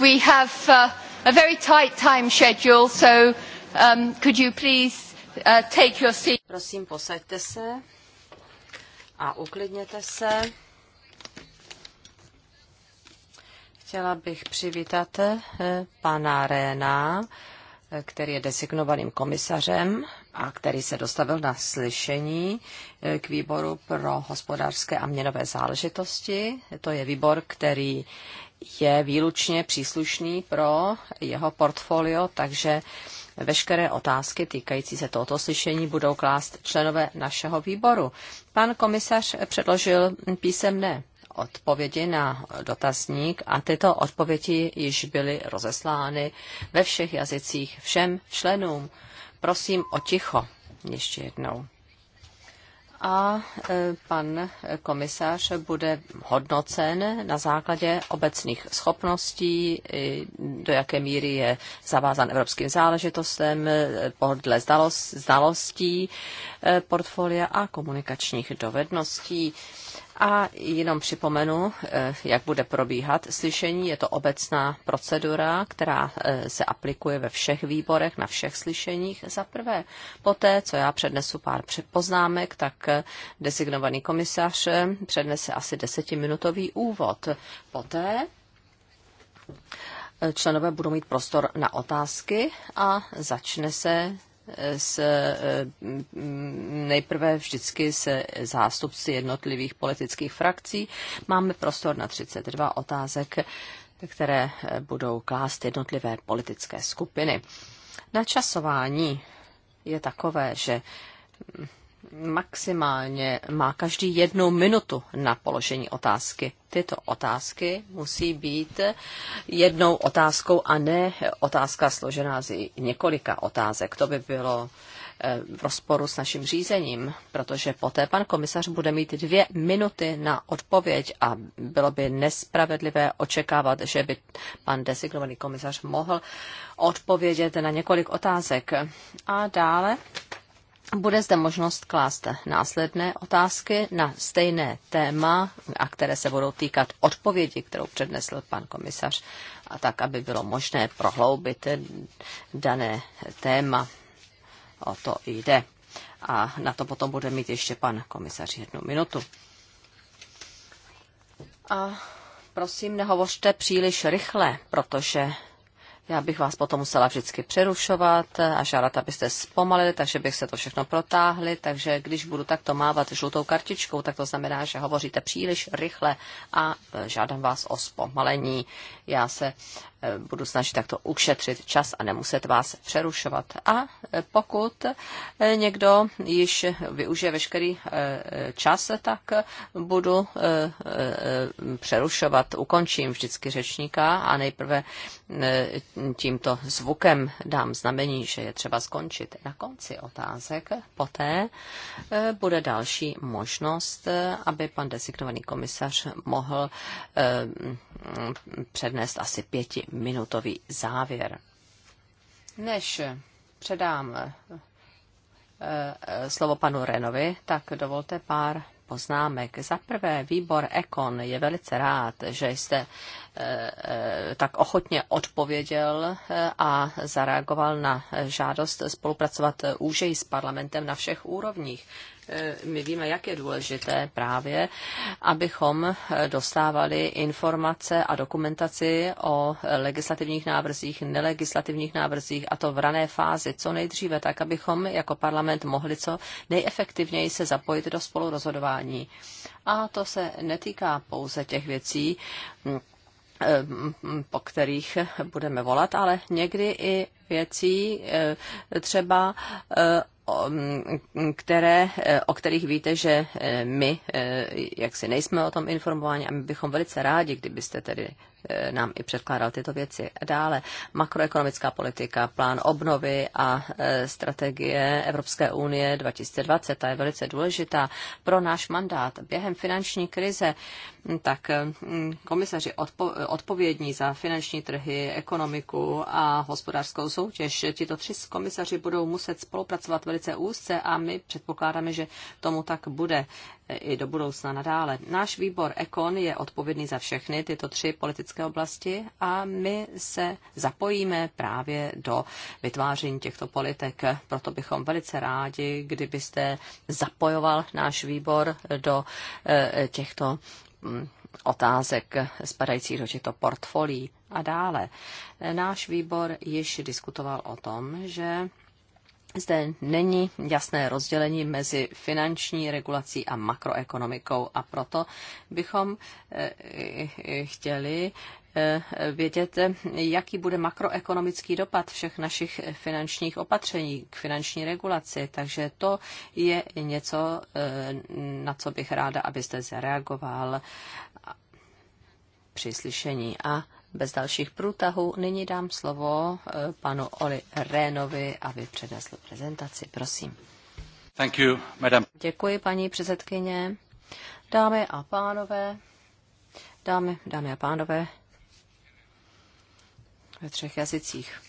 we have uh, a very tight time schedule, so um, could you please uh, take your seat? Prosím, posaďte se a uklidněte se. Chtěla bych přivítat eh, pana Réna, eh, který je designovaným komisařem a který se dostavil na slyšení eh, k výboru pro hospodářské a měnové záležitosti. To je výbor, který je výlučně příslušný pro jeho portfolio, takže veškeré otázky týkající se tohoto slyšení budou klást členové našeho výboru. Pan komisař předložil písemné odpovědi na dotazník a tyto odpovědi již byly rozeslány ve všech jazycích všem členům. Prosím o ticho ještě jednou a e, pan komisař bude hodnocen na základě obecných schopností, do jaké míry je zavázan evropským záležitostem, e, podle znalostí Eh, portfolia a komunikačních dovedností. A jenom připomenu, eh, jak bude probíhat slyšení. Je to obecná procedura, která eh, se aplikuje ve všech výborech, na všech slyšeních. Za prvé, poté, co já přednesu pár poznámek, tak designovaný komisař přednese asi desetiminutový úvod. Poté členové budou mít prostor na otázky a začne se s, e, nejprve vždycky se zástupci jednotlivých politických frakcí. Máme prostor na 32 otázek, které e, budou klást jednotlivé politické skupiny. Načasování je takové, že maximálně má každý jednu minutu na položení otázky. Tyto otázky musí být jednou otázkou a ne otázka složená z několika otázek. To by bylo eh, v rozporu s naším řízením, protože poté pan komisař bude mít dvě minuty na odpověď a bylo by nespravedlivé očekávat, že by pan designovaný komisař mohl odpovědět na několik otázek. A dále bude zde možnost klást následné otázky na stejné téma, a které se budou týkat odpovědi, kterou přednesl pan komisař, a tak, aby bylo možné prohloubit dané téma. O to jde. A na to potom bude mít ještě pan komisař jednu minutu. A prosím, nehovořte příliš rychle, protože já bych vás potom musela vždycky přerušovat a žádat, abyste zpomalili, takže bych se to všechno protáhli. Takže když budu takto mávat žlutou kartičkou, tak to znamená, že hovoříte příliš rychle a e, žádám vás o zpomalení. Já se budu snažit takto ušetřit čas a nemuset vás přerušovat. A pokud někdo již využije veškerý e, e, čas, tak budu e, přerušovat, ukončím vždycky řečníka a nejprve tímto zvukem dám znamení, že je třeba skončit. Na konci otázek poté bude další možnost, aby pan designovaný komisař mohl přednést asi pětiminutový závěr. Než předám eh, eh, slovo panu Renovi, tak dovolte pár poznámek. Za prvé, výbor Ekon je velice rád, že jste eh, tak ochotně odpověděl a zareagoval na žádost spolupracovat úžej s parlamentem na všech úrovních. Eh, my víme, jak je důležité právě, abychom eh, dostávali informace a dokumentaci o legislativních návrzích, nelegislativních návrzích a to v rané fázi, co nejdříve, tak abychom jako parlament mohli co nejefektivněji se zapojit do spolurozhodování. A to se netýká pouze těch věcí, hm, hm, hm, po kterých budeme volat, ale někdy i věcí eh, třeba které, e, o kterých víte, že e, my, e, jaksi nejsme o tom informováni a my bychom velice rádi, kdybyste tedy E, nám i předkládal tyto věci. Dále makroekonomická politika, plán obnovy a e, strategie Evropské unie 2020, ta je velice důležitá pro náš mandát. Během finanční krize tak e, komisaři odpo- odpovědní za finanční trhy, ekonomiku a hospodářskou soutěž, tito tři komisaři budou muset spolupracovat velice úzce a my předpokládáme, že tomu tak bude i do budoucna nadále. Náš výbor Ekon je odpovědný za všechny tyto tři politické energetické oblasti a my se zapojíme právě do vytváření těchto politik. Proto bychom velice rádi, kdybyste zapojoval náš výbor do e, těchto mm, otázek spadajících do těchto portfolií a dále. E, náš výbor již diskutoval o tom, že zde není jasné rozdělení mezi finanční regulací a makroekonomikou a proto bychom eh, chtěli eh, vědět, jaký bude makroekonomický dopad všech našich finančních opatření k finanční regulaci. Takže to je něco, eh, na co bych ráda, abyste zareagoval při slyšení. A bez dalších průtahů nyní dám slovo eh, panu Oli Rénovi, aby přednesl prezentaci. Prosím. Thank you, madam. Děkuji, paní předsedkyně. Dámy a pánové, dámy, dámy a pánové, ve třech jazycích.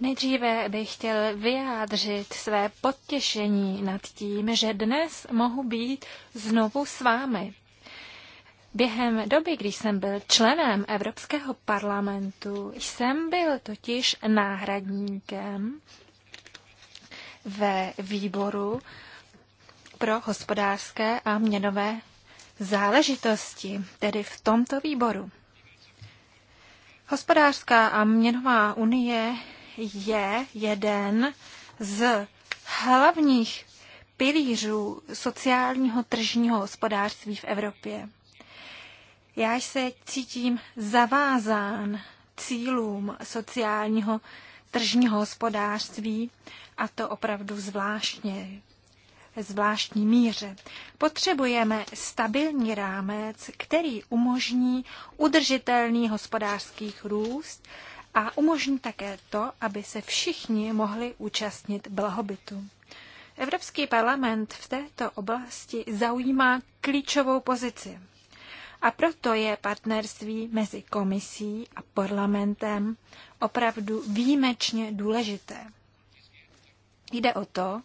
Nejdříve bych chtěl vyjádřit své potěšení nad tím, že dnes mohu být znovu s vámi. Během doby, když jsem byl členem Evropského parlamentu, jsem byl totiž náhradníkem ve výboru pro hospodářské a měnové záležitosti, tedy v tomto výboru. Hospodářská a měnová unie je jeden z hlavních pilířů sociálního tržního hospodářství v Evropě. Já se cítím zavázán cílům sociálního tržního hospodářství a to opravdu zvláštně, zvláštní míře. Potřebujeme stabilní rámec, který umožní udržitelný hospodářský růst a umožní také to, aby se všichni mohli účastnit blahobytu. Evropský parlament v této oblasti zaujímá klíčovou pozici. A proto je partnerství mezi komisí a parlamentem opravdu výjimečně důležité. Jde o to,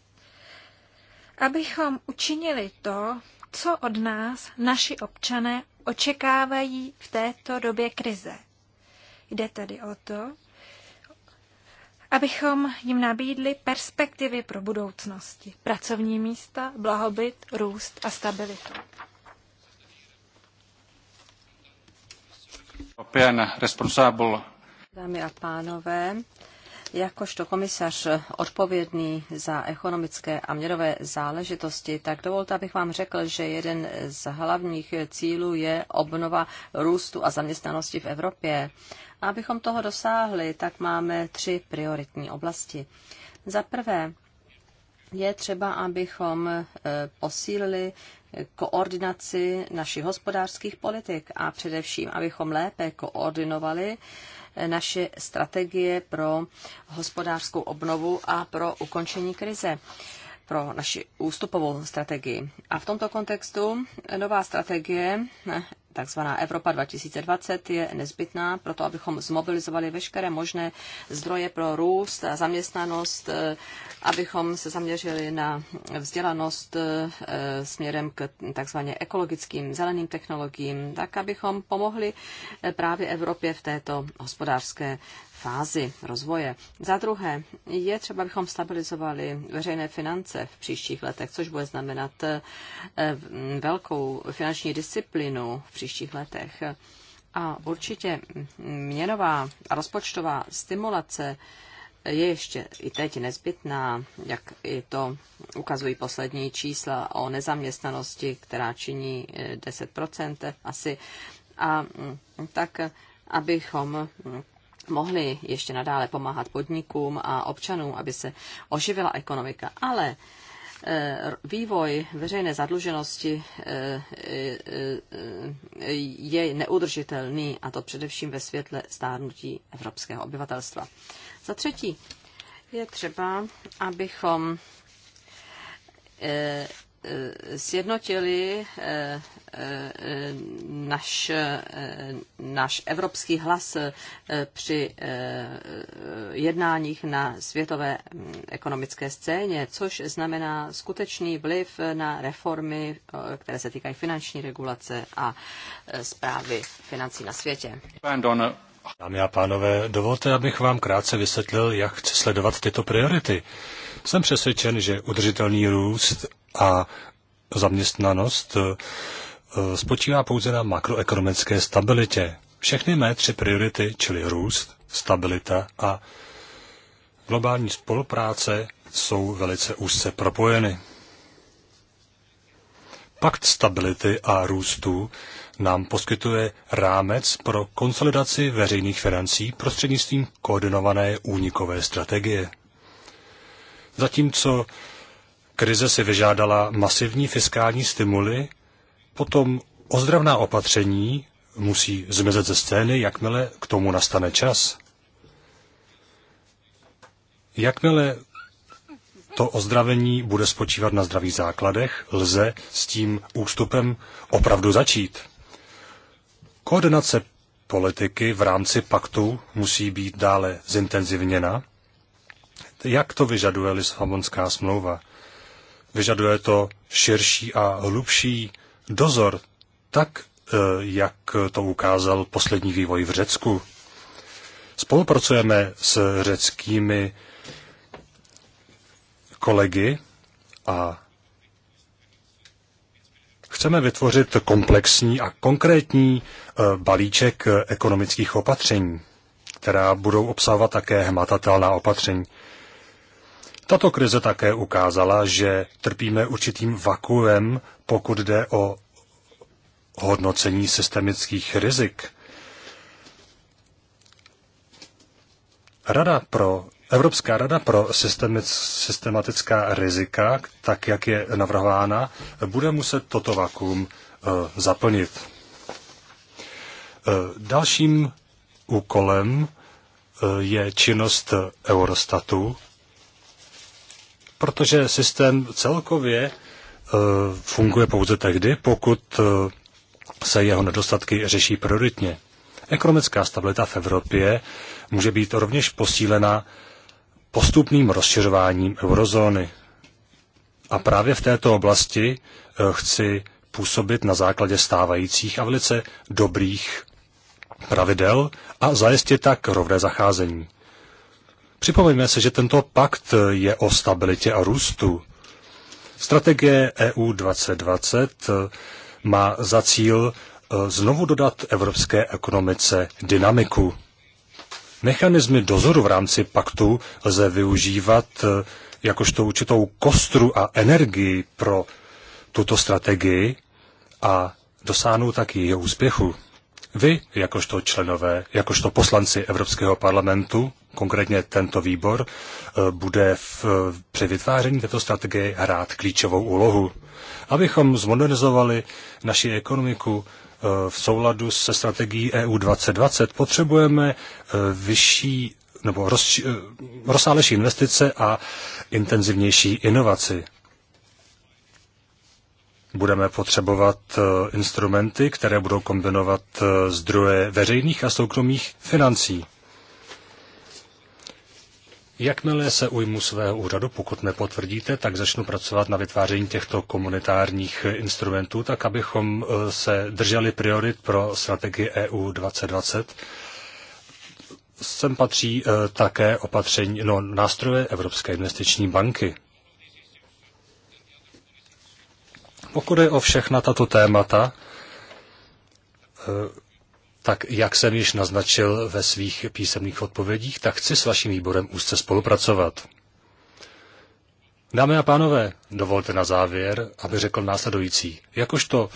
abychom učinili to, co od nás naši občané očekávají v této době krize. Jde tedy o to, abychom jim nabídli perspektivy pro budoucnosti, pracovní místa, blahobyt, růst a stabilitu. Dámy a pánové, jakožto komisař odpovědný za ekonomické a měnové záležitosti, tak dovolte, abych vám řekl, že jeden z hlavních cílů je obnova růstu a zaměstnanosti v Evropě. A abychom toho dosáhli, tak máme tři prioritní oblasti. Za prvé, je třeba, abychom eh, posílili koordinaci našich hospodářských politik a především, abychom lépe koordinovali eh, naše strategie pro hospodářskou obnovu a pro ukončení krize pro naši ústupovou strategii. A v tomto kontextu nová strategie eh, takzvaná Evropa 2020 je nezbytná proto, abychom zmobilizovali veškeré možné zdroje pro růst a zaměstnanost, eh, abychom se zaměřili na vzdělanost eh, eh, směrem k takzvaně ekologickým zeleným technologiím, tak abychom pomohli právě Evropě v této hospodářské fázi rozvoje. Za druhé, je třeba, abychom stabilizovali veřejné finance v příštích letech, což bude znamenat eh, velkou finanční disciplinu v příštích letech. A určitě měnová a rozpočtová stimulace je ještě i teď nezbytná, jak i to ukazují poslední čísla o nezaměstnanosti, která činí 10% eh, asi. A mm, tak, abychom mohli ještě nadále pomáhat podnikům a občanům, aby se oživila ekonomika. Ale eh, vývoj veřejné zadluženosti eh, eh, je neudržitelný, a to především ve světle stárnutí evropského obyvatelstva. Za třetí, je třeba, abychom sjednotili eh, eh, eh, náš naš evropský hlas při jednáních na světové mm, ekonomické scéně, což znamená skutečný vliv na reformy, které se týkají finanční regulace a zprávy financí na světě. Dámy a pánové, dovolte, abych vám krátce vysvětlil, jak chci sledovat tyto priority. Jsem přesvědčen, že udržitelný růst a zaměstnanost eh, spočívá pouze na makroekonomické stabilitě. Všechny mé tři priority, čili růst, stabilita a globální spolupráce, jsou velice úzce propojeny. Pakt stability a růstu nám poskytuje rámec pro konsolidaci veřejných financí prostřednictvím koordinované únikové strategie. Zatímco krize si vyžádala masivní fiskální stimuly, potom ozdravná opatření musí zmizet ze scény, jakmile k tomu nastane čas. Jakmile to ozdravení bude spočívat na zdravých základech, lze s tím ústupem opravdu začít. Koordinace politiky v rámci paktu musí být dále zintenzivněna jak to vyžaduje Lisabonská smlouva. Vyžaduje to širší a hlubší dozor, tak e, jak to ukázal poslední vývoj v Řecku. Spolupracujeme s řeckými kolegy a chceme vytvořit komplexní a konkrétní e, balíček ekonomických opatření, která budou obsahovat také hmatatelná opatření. Tato krize také ukázala, že trpíme určitým vakuem, pokud jde o hodnocení systemických rizik. Rada pro, Evropská rada pro systemic, systematická rizika, tak jak je navrhována, bude muset toto vakuum uh, zaplnit. Uh, dalším úkolem uh, je činnost Eurostatu, protože systém celkově eh, funguje pouze tehdy, pokud eh, se jeho nedostatky řeší prioritně. Ekonomická stabilita v Evropě může být rovněž posílena postupným rozšiřováním eurozóny. A právě v této oblasti eh, chci působit na základě stávajících a velice dobrých pravidel a zajistit tak rovné zacházení. Připomeňme se, že tento pakt je o stabilitě a růstu. Strategie EU 2020 eh, má za cíl eh, znovu dodat evropské ekonomice dynamiku. Mechanismy dozoru v rámci paktu lze využívat eh, jakožto určitou kostru a energii pro tuto strategii a dosáhnout tak jejího úspěchu. Vy, jakožto členové, jakožto poslanci Evropského parlamentu, konkrétně tento výbor, eh, bude v, při vytváření této strategie hrát klíčovou úlohu. Abychom zmodernizovali naši ekonomiku eh, v souladu se strategií EU 2020, potřebujeme eh, vyšší nebo roz, rozsálejší investice a intenzivnější inovaci. Budeme potřebovat instrumenty, které budou kombinovat zdroje veřejných a soukromých financí. Jakmile se ujmu svého úřadu, pokud nepotvrdíte, tak začnu pracovat na vytváření těchto komunitárních instrumentů, tak abychom eh, se drželi priorit pro strategii EU 2020. Sem patří eh, také opatření, no, nástroje Evropské investiční banky. Pokud je o všechna tato témata, eh, tak jak jsem již naznačil ve svých písemných odpovědích, tak chci s vaším výborem úzce spolupracovat. Dámy a pánové, dovolte na závěr, aby řekl následující. Jakožto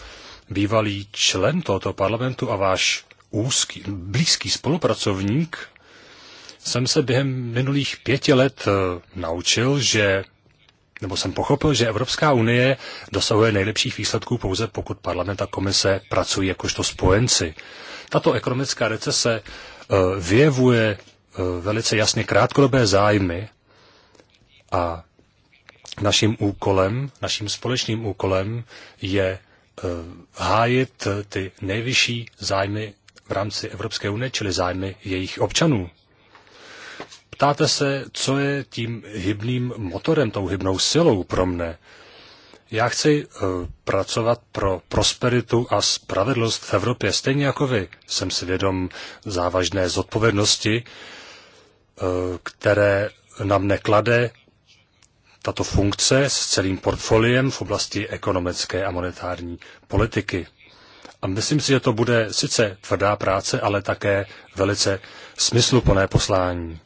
bývalý člen tohoto parlamentu a váš úzký, blízký spolupracovník, jsem se během minulých pěti let eh, naučil, že nebo jsem pochopil, že Evropská unie dosahuje nejlepších výsledků pouze pokud parlament a komise pracují jakožto spojenci. Tato ekonomická recese eh, vyjevuje eh, velice jasně krátkodobé zájmy a naším úkolem, naším společným úkolem je eh, hájit ty nejvyšší zájmy v rámci Evropské unie, čili zájmy jejich občanů. Ptáte se, co je tím hybným motorem, tou hybnou silou pro mne. Já chci eh, pracovat pro prosperitu a spravedlnost v Evropě, stejně jako vy. Jsem si vědom závažné zodpovědnosti, eh, které nám neklade tato funkce s celým portfoliem v oblasti ekonomické a monetární politiky. A myslím si, že to bude sice tvrdá práce, ale také velice smysluplné poslání.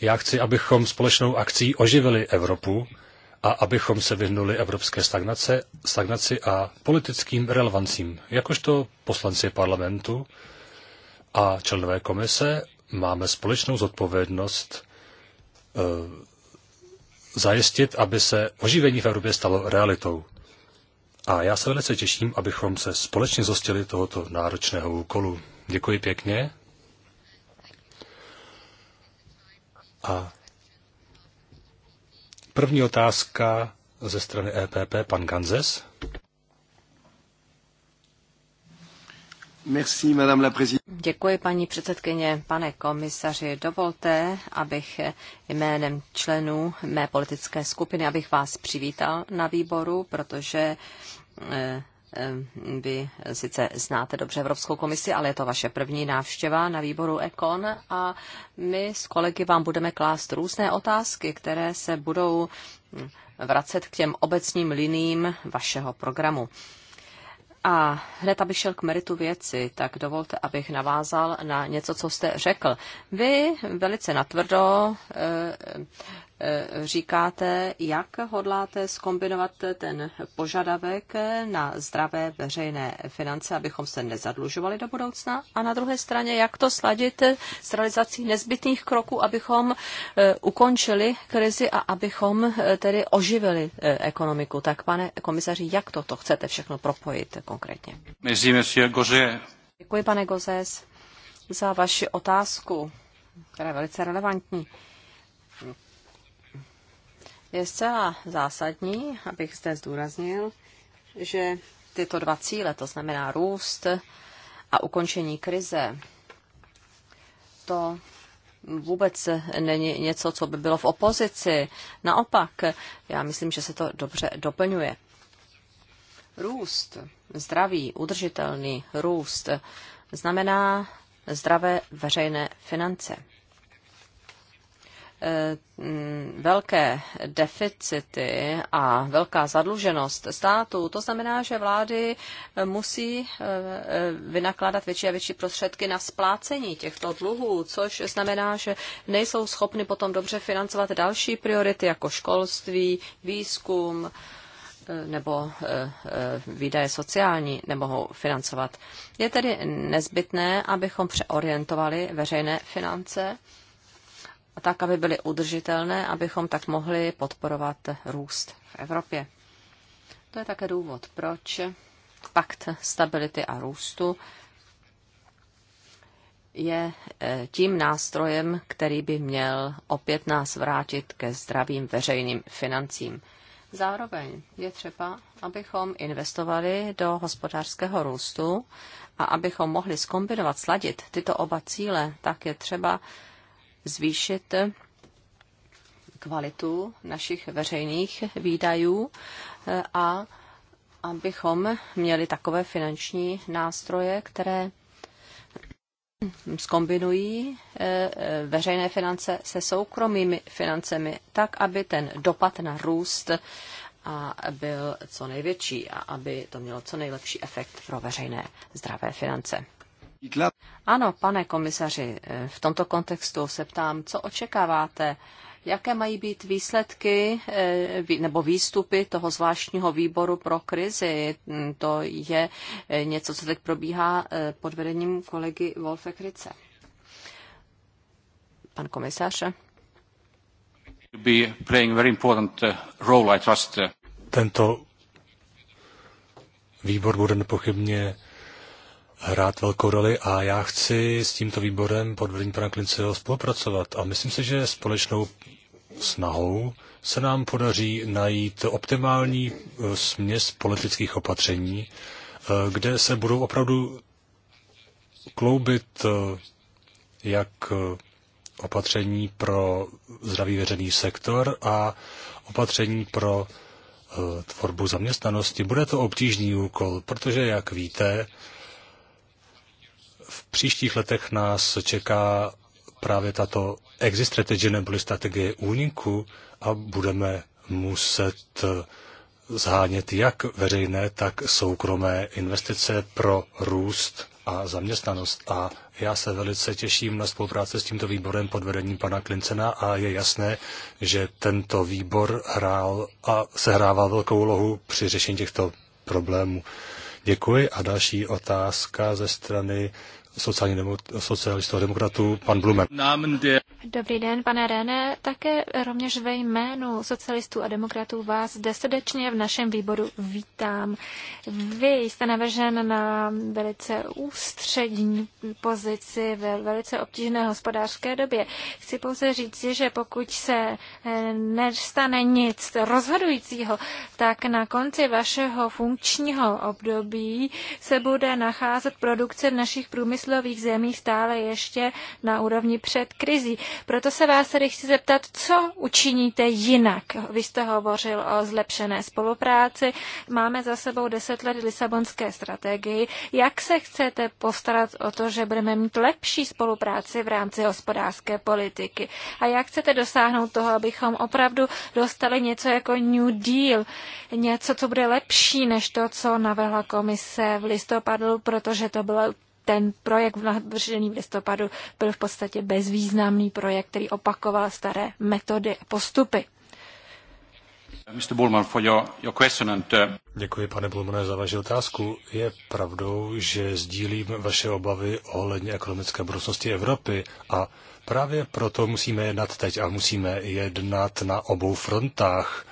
Já chci, abychom společnou akcí oživili Evropu a abychom se vyhnuli evropské stagnace, stagnaci a politickým relevancím. Jakožto poslanci parlamentu a členové komise máme společnou zodpovědnost e, zajistit, aby se oživení v Evropě stalo realitou. A já se velice těším, abychom se společně zostili tohoto náročného úkolu. Děkuji pěkně. A první otázka ze strany EPP, pan Ganzes. Merci, madame la Děkuji, paní předsedkyně. Pane komisaři, dovolte, abych jménem členů mé politické skupiny, abych vás přivítal na výboru, protože eh, Ehm, vy sice znáte dobře Evropskou komisi, ale je to vaše první návštěva na výboru Econ a my s kolegy vám budeme klást různé otázky, které se budou hm, vracet k těm obecním liním vašeho programu. A hned, abych šel k meritu věci, tak dovolte, abych navázal na něco, co jste řekl. Vy velice natvrdo eh, Eh, říkáte, jak hodláte skombinovat ten požadavek na zdravé veřejné finance, abychom se nezadlužovali do budoucna a na druhé straně, jak to sladit s realizací nezbytných kroků, abychom eh, ukončili krizi a abychom eh, tedy oživili ekonomiku. Tak pane komisaři, jak toto chcete všechno propojit konkrétně? Děkuji, pane Gozes, za vaši otázku, která je velice relevantní. Je zcela zásadní, abych zde zdůraznil, že tyto dva cíle, to znamená růst a ukončení krize, to vůbec není něco, co by bylo v opozici. Naopak, já myslím, že se to dobře doplňuje. Růst, zdravý, udržitelný růst, znamená zdravé veřejné finance. Eh, velké deficity a velká zadluženost státu. to znamená, že vlády eh, musí eh, vynakládat větší a větší prostředky na splácení těchto dluhů, což znamená, že nejsou schopny potom dobře financovat další priority jako školství, výzkum, nebo výdaje sociální nemohou financovat. Je tedy nezbytné, abychom přeorientovali veřejné finance tak, aby byly udržitelné, abychom tak mohli podporovat růst v Evropě. To je také důvod, proč pakt stability a růstu je e, tím nástrojem, který by měl opět nás vrátit ke zdravým veřejným financím. Zároveň je třeba, abychom investovali do hospodářského růstu a abychom mohli skombinovat, sladit tyto oba cíle, tak je třeba zvýšit kvalitu našich veřejných výdajů eh, a abychom měli takové finanční nástroje, které skombinují eh, eh, veřejné finance se soukromými financemi, tak aby ten dopad na růst a byl co největší a aby to mělo co nejlepší efekt pro veřejné zdravé finance. Ano, pane komisaři, eh, v tomto kontextu se ptám, co očekáváte, jaké mají být výsledky eh, nebo výstupy toho zvláštního výboru pro krizi. Mm, to je eh, něco, co teď probíhá pod vedením kolegy Wolfe Krice. Pan komisař. Tento výbor bude nepochybně hrát velkou roli a já chci s tímto výborem pod vedením pana Klinceho spolupracovat a myslím si, že společnou snahou se nám podaří najít optimální eh, směs politických opatření, eh, kde se budou opravdu kloubit eh, jak opatření pro zdravý veřejný sektor a opatření pro tvorbu zaměstnanosti. Bude to obtížný úkol, protože, jak víte, příštích letech nás čeká právě tato exit strategy neboli strategie úniku a budeme muset eh, zhánět jak veřejné, tak soukromé investice pro růst a zaměstnanost. A já se velice těším na spolupráci s tímto výborem pod vedením pana Klincena a je jasné, že tento výbor hrál a sehrává velkou úlohu při řešení těchto problémů. Děkuji a další otázka ze strany sociální demo, socialistů a demokratů, pan Blumen. Dobrý den, pane René. Také rovněž ve jménu socialistů a demokratů vás zde srdečně v našem výboru vítám. Vy jste navržen na velice ústřední pozici ve velice obtížné hospodářské době. Chci pouze říct, že pokud se eh, nestane nic rozhodujícího, tak na konci vašeho funkčního období se bude nacházet produkce našich průmyslech průmyslových zemích stále ještě na úrovni před krizí. Proto se vás tady chci zeptat, co učiníte jinak? Vy jste hovořil o zlepšené spolupráci, máme za sebou deset let Lisabonské strategii. Jak se chcete postarat o to, že budeme mít lepší spolupráci v rámci hospodářské politiky? A jak chcete dosáhnout toho, abychom opravdu dostali něco jako New Deal, něco, co bude lepší než to, co navrhla komise v listopadu, protože to bylo ten projekt navržený v listopadu byl v podstatě bezvýznamný projekt, který opakoval staré metody a postupy. Mr. Bullman, for your, your question and, uh... Děkuji, pane Bulmane, za vaši otázku. Je pravdou, že sdílím vaše obavy ohledně ekonomické budoucnosti Evropy a právě proto musíme jednat teď a musíme jednat na obou frontách.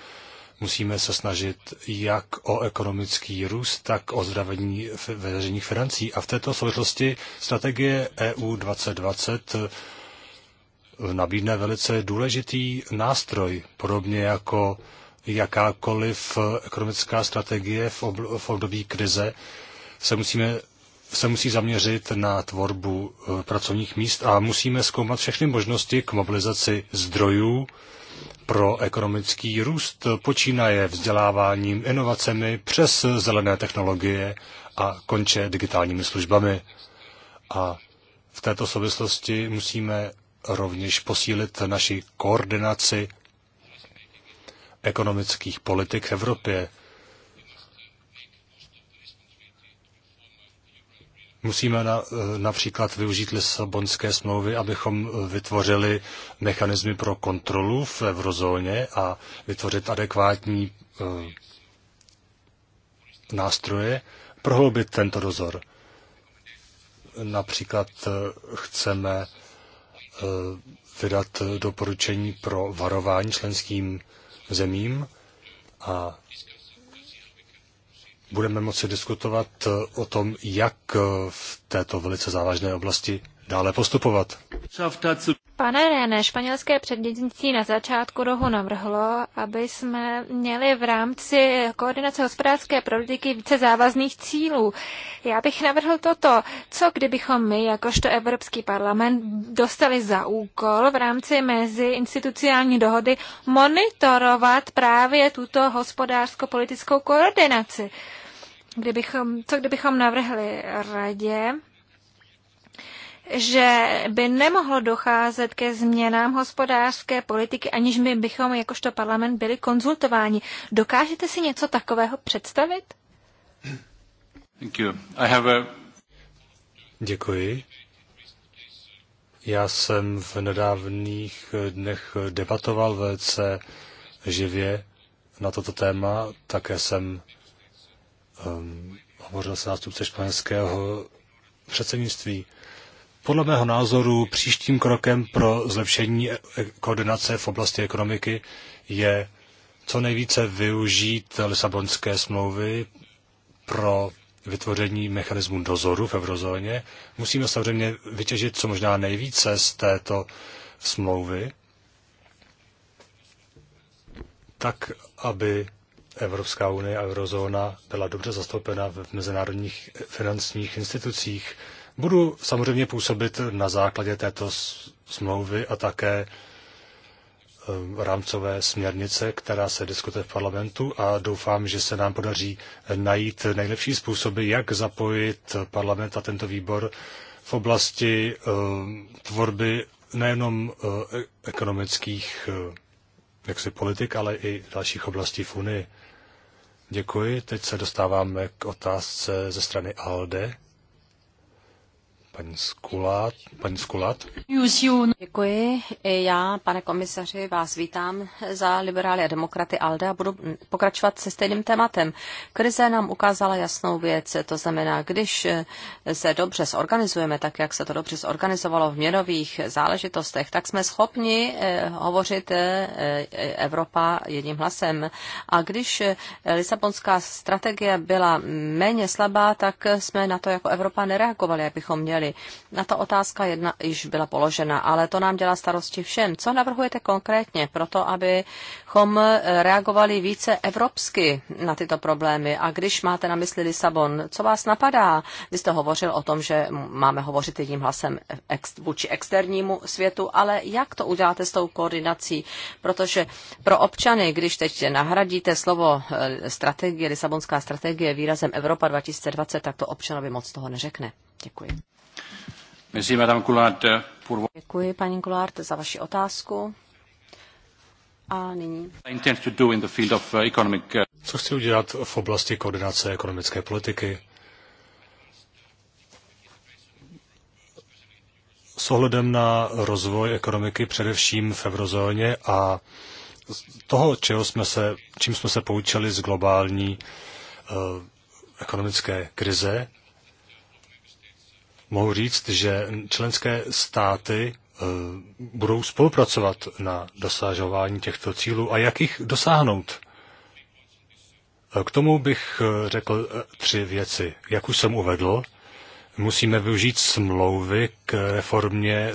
Musíme se snažit jak o ekonomický růst, tak o zdravení veřejných financí. A v této souvislosti strategie EU 2020 eh, nabídne velice důležitý nástroj, podobně jako jakákoliv eh, ekonomická strategie v, obl- v období krize, se, musíme, se musí zaměřit na tvorbu eh, pracovních míst a musíme zkoumat všechny možnosti k mobilizaci zdrojů, pro ekonomický růst počínaje vzděláváním, inovacemi přes zelené technologie a konče digitálními službami. A v této souvislosti musíme rovněž posílit naši koordinaci ekonomických politik v Evropě. Musíme na, například využít Lisabonské smlouvy, abychom vytvořili mechanismy pro kontrolu v eurozóně a vytvořit adekvátní eh, nástroje, prohloubit tento dozor. Například eh, chceme eh, vydat doporučení pro varování členským zemím a budeme moci diskutovat eh, o tom, jak eh, v této velice závažné oblasti dále postupovat. Pane René, španělské předsednictví na začátku rohu navrhlo, aby jsme měli v rámci koordinace hospodářské politiky více závazných cílů. Já bych navrhl toto. Co kdybychom my, jakožto Evropský parlament, dostali za úkol v rámci mezi institucionální dohody monitorovat právě tuto hospodářsko-politickou koordinaci? kdybychom, co kdybychom navrhli radě, že by nemohlo docházet ke změnám hospodářské politiky, aniž my bychom jakožto parlament byli konzultováni. Dokážete si něco takového představit? Thank you. I have a... Děkuji. Já jsem v nedávných dnech debatoval velice živě na toto téma. Také jsem um, hovořil se zástupce španělského předsednictví. Podle mého názoru příštím krokem pro zlepšení e-, e-, koordinace v oblasti ekonomiky je co nejvíce využít Lisabonské smlouvy pro vytvoření mechanismu dozoru v eurozóně. Musíme samozřejmě vytěžit co možná nejvíce z této smlouvy, tak aby Evropská unie a eurozóna byla dobře zastoupena v mezinárodních finančních institucích. Budu samozřejmě působit na základě této smlouvy a také ehm, rámcové směrnice, která se diskutuje v parlamentu a doufám, že se nám podaří najít nejlepší způsoby, jak zapojit parlament a tento výbor v oblasti ehm, tvorby nejenom e, ekonomických e, jaksi politik, ale i dalších oblastí v Unii. Děkuji. Teď se dostáváme k otázce ze strany ALDE. Paní Skulát. Paní Skulát. Děkuji. Já, pane komisaři, vás vítám za liberály a demokraty ALDE a budu pokračovat se stejným tématem. Krize nám ukázala jasnou věc, to znamená, když se dobře zorganizujeme, tak jak se to dobře zorganizovalo v měnových záležitostech, tak jsme schopni eh, hovořit eh, Evropa jedním hlasem. A když eh, Lisabonská strategie byla méně slabá, tak jsme na to jako Evropa nereagovali, abychom měli názory. Na to otázka jedna již byla položena, ale to nám dělá starosti všem. Co navrhujete konkrétně pro to, abychom eh, reagovali více evropsky na tyto problémy? A když máte na mysli Lisabon, co vás napadá? Vy jste hovořil o tom, že máme hovořit jedním hlasem ex, vůči externímu světu, ale jak to uděláte s tou koordinací? Protože pro občany, když teď nahradíte slovo eh, strategie, Lisabonská strategie výrazem Evropa 2020, tak to občanovi moc toho neřekne. Děkuji. Děkuji, paní Goulart, za vaši otázku. A nyní. Uh, uh, Co chci udělat v oblasti koordinace ekonomické politiky? S ohledem na rozvoj ekonomiky především v eurozóně a toho, čeho jsme se, čím jsme se poučili z globální uh, ekonomické krize, mohu říct, že členské státy e, budou spolupracovat na dosažování těchto cílů a jak jich dosáhnout. E, k tomu bych e, řekl tři věci. Jak už jsem uvedl, musíme využít smlouvy k reformě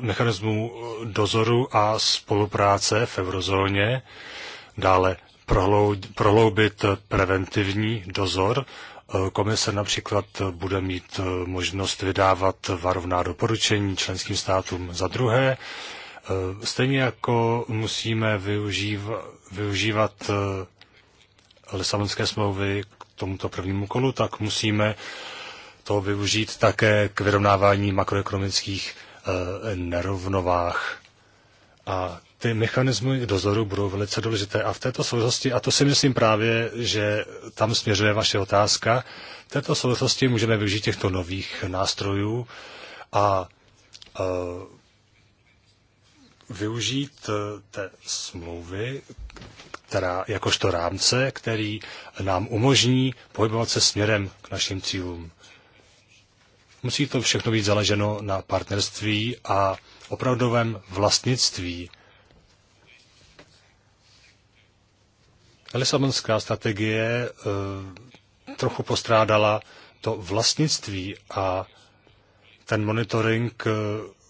mechanismů dozoru a spolupráce v eurozóně, dále prohloubit preventivní dozor Komise například bude mít eh, možnost vydávat varovná doporučení členským státům za druhé. Eh, stejně jako musíme využívat, využívat eh, Lisabonské smlouvy k tomuto prvnímu kolu, tak musíme to využít také k vyrovnávání makroekonomických nerovnovách. A ty mechanismy dozoru budou velice důležité. A v této souvislosti, a to si myslím právě, že tam směřuje vaše otázka, v této souvislosti můžeme využít těchto nových nástrojů a uh, využít e, té smlouvy, která jakožto rámce, který nám umožní pohybovat se směrem k našim cílům. Musí to všechno být založeno na partnerství a opravdovém vlastnictví Lisabonská strategie eh, trochu postrádala to vlastnictví a ten monitoring, eh,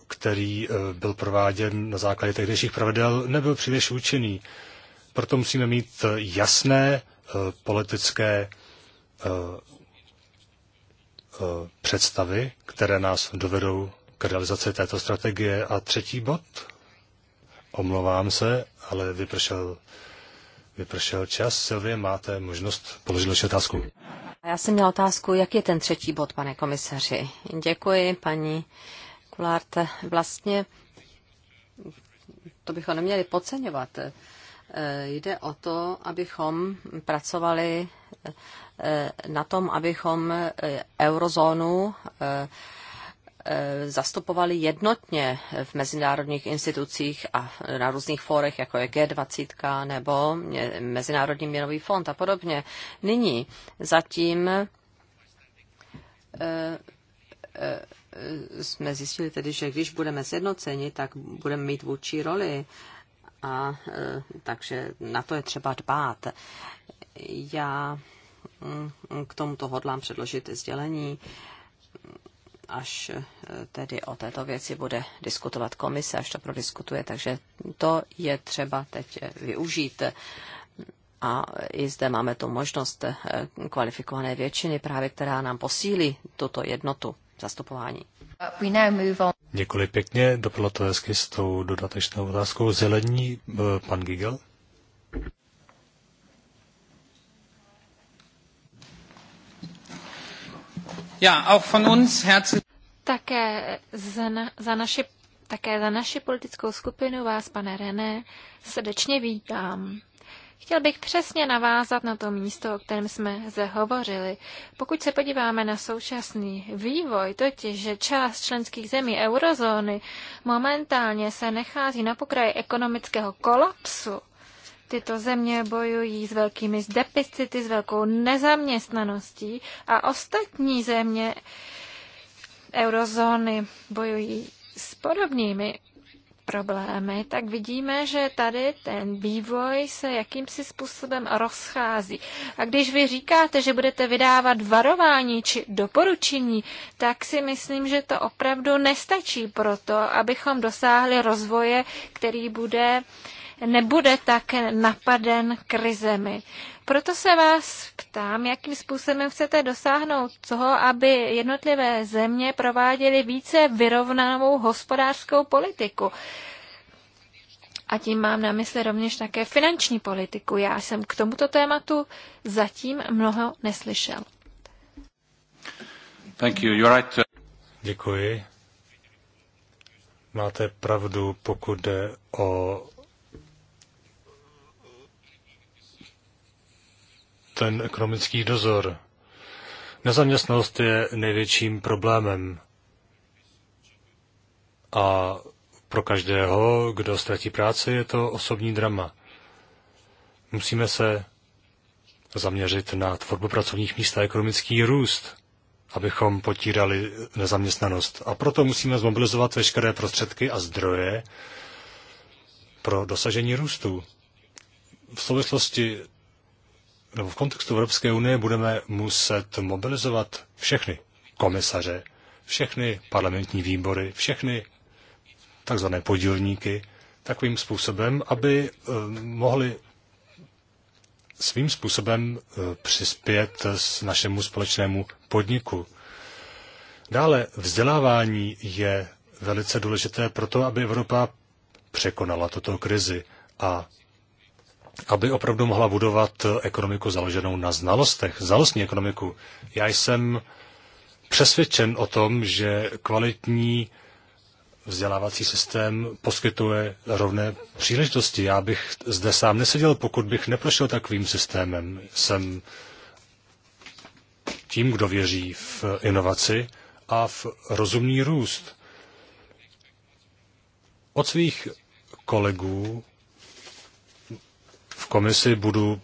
který eh, byl prováděn na základě tehdejších pravidel, nebyl příliš účinný. Proto musíme mít jasné politické představy, které nás dovedou k realizaci této strategie. A třetí bod, omlouvám se, ale vypršel vypršel čas. Silvie, máte možnost položit další otázku. Já jsem měla otázku, jak je ten třetí bod, pane komisaři. Děkuji, paní Kulárt. Vlastně to bychom neměli podceňovat. E, jde o to, abychom pracovali e, na tom, abychom e, eurozónu Eh, zastupovali jednotně v mezinárodních institucích a na různých fórech, jako je G20 nebo Mezinárodní měnový fond a podobně. Nyní zatím eh, eh, jsme zjistili tedy, že když budeme sjednoceni, tak budeme mít vůči roli a takže na to je třeba dbát. Já hm, k tomuto hodlám předložit sdělení až eh, tedy o této věci bude diskutovat komise, až to prodiskutuje. Takže to je třeba teď eh, využít. A i zde máme tu možnost eh, kvalifikované většiny, právě která nám posílí tuto jednotu zastupování. Uh, Děkuji pěkně, dopadlo to hezky s tou dodatečnou otázkou. Zelení, pan Gigel. Také za, naši také za naši politickou skupinu vás, pane René, srdečně vítám. Chtěl bych přesně navázat na to místo, o kterém jsme zde hovořili. Pokud se podíváme na současný vývoj, totiž, že část členských zemí eurozóny momentálně se nechází na pokraji ekonomického kolapsu, Tyto země bojují s velkými deficity, s velkou nezaměstnaností a ostatní země eurozóny bojují s podobnými problémy, tak vidíme, že tady ten vývoj se jakýmsi způsobem rozchází. A když vy říkáte, že budete vydávat varování či doporučení, tak si myslím, že to opravdu nestačí pro to, abychom dosáhli rozvoje, který bude uh, nebude tak napaden krizemi. Proto se vás ptám, jakým způsobem chcete dosáhnout toho, aby jednotlivé země prováděly více vyrovnanou hospodářskou politiku. A tím mám na mysli rovněž také finanční politiku. Já jsem k tomuto tématu zatím mnoho neslyšel. Thank you. You're right. Děkuji. Máte pravdu, pokud jde o ten ekonomický dozor. Nezaměstnost je největším problémem. A pro každého, kdo ztratí práci, je to osobní drama. Musíme se zaměřit na tvorbu pracovních míst a ekonomický růst, abychom potírali nezaměstnanost. A proto musíme zmobilizovat veškeré prostředky a zdroje pro dosažení růstu. V souvislosti nebo v kontextu Evropské unie budeme muset mobilizovat všechny komisaře, všechny parlamentní výbory, všechny takzvané podílníky takovým způsobem, aby eh, mohli svým způsobem eh, přispět s našemu společnému podniku. Dále vzdělávání je velice důležité pro to, aby Evropa překonala toto krizi a aby opravdu mohla budovat ekonomiku založenou na znalostech, znalostní ekonomiku. Já jsem přesvědčen o tom, že kvalitní vzdělávací systém poskytuje rovné příležitosti. Já bych zde sám neseděl, pokud bych neprošel takovým systémem. Jsem tím, kdo věří v inovaci a v rozumný růst. Od svých kolegů komisi budu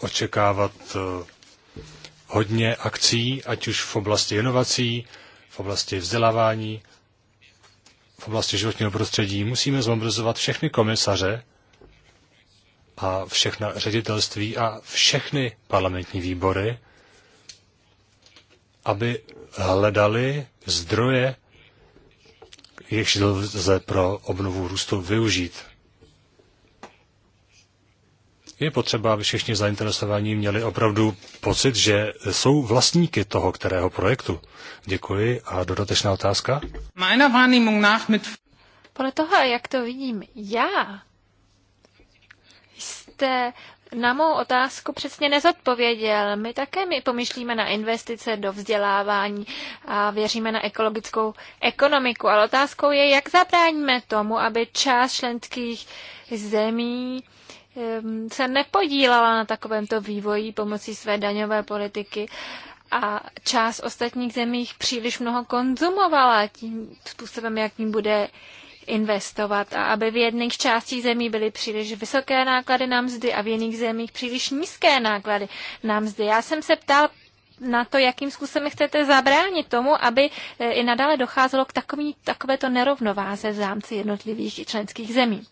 očekávat eh, hodně akcí, ať už v oblasti inovací, v oblasti vzdělávání, v oblasti životního prostředí. Musíme zmobilizovat všechny komisaře a všechna ředitelství a všechny parlamentní výbory, aby hledali zdroje, jejichž lze pro obnovu růstu využít. Je potřeba, aby všichni zainteresovaní měli opravdu pocit, že jsou vlastníky toho kterého projektu. Děkuji a dodatečná otázka. Podle toho, jak to vidím já, jste na mou otázku přesně nezodpověděl. My také my pomyšlíme na investice do vzdělávání a věříme na ekologickou ekonomiku, ale otázkou je, jak zabráníme tomu, aby část členských zemí se nepodílala na takovémto vývoji pomocí své daňové politiky a část ostatních zemích příliš mnoho konzumovala tím způsobem, jim bude investovat a aby v jedných částí zemí byly příliš vysoké náklady na mzdy a v jiných zemích příliš nízké náklady na mzdy. Já jsem se ptal na to, jakým způsobem chcete zabránit tomu, aby e, i nadále docházelo k takový, takovéto nerovnováze v zámci jednotlivých členských zemí.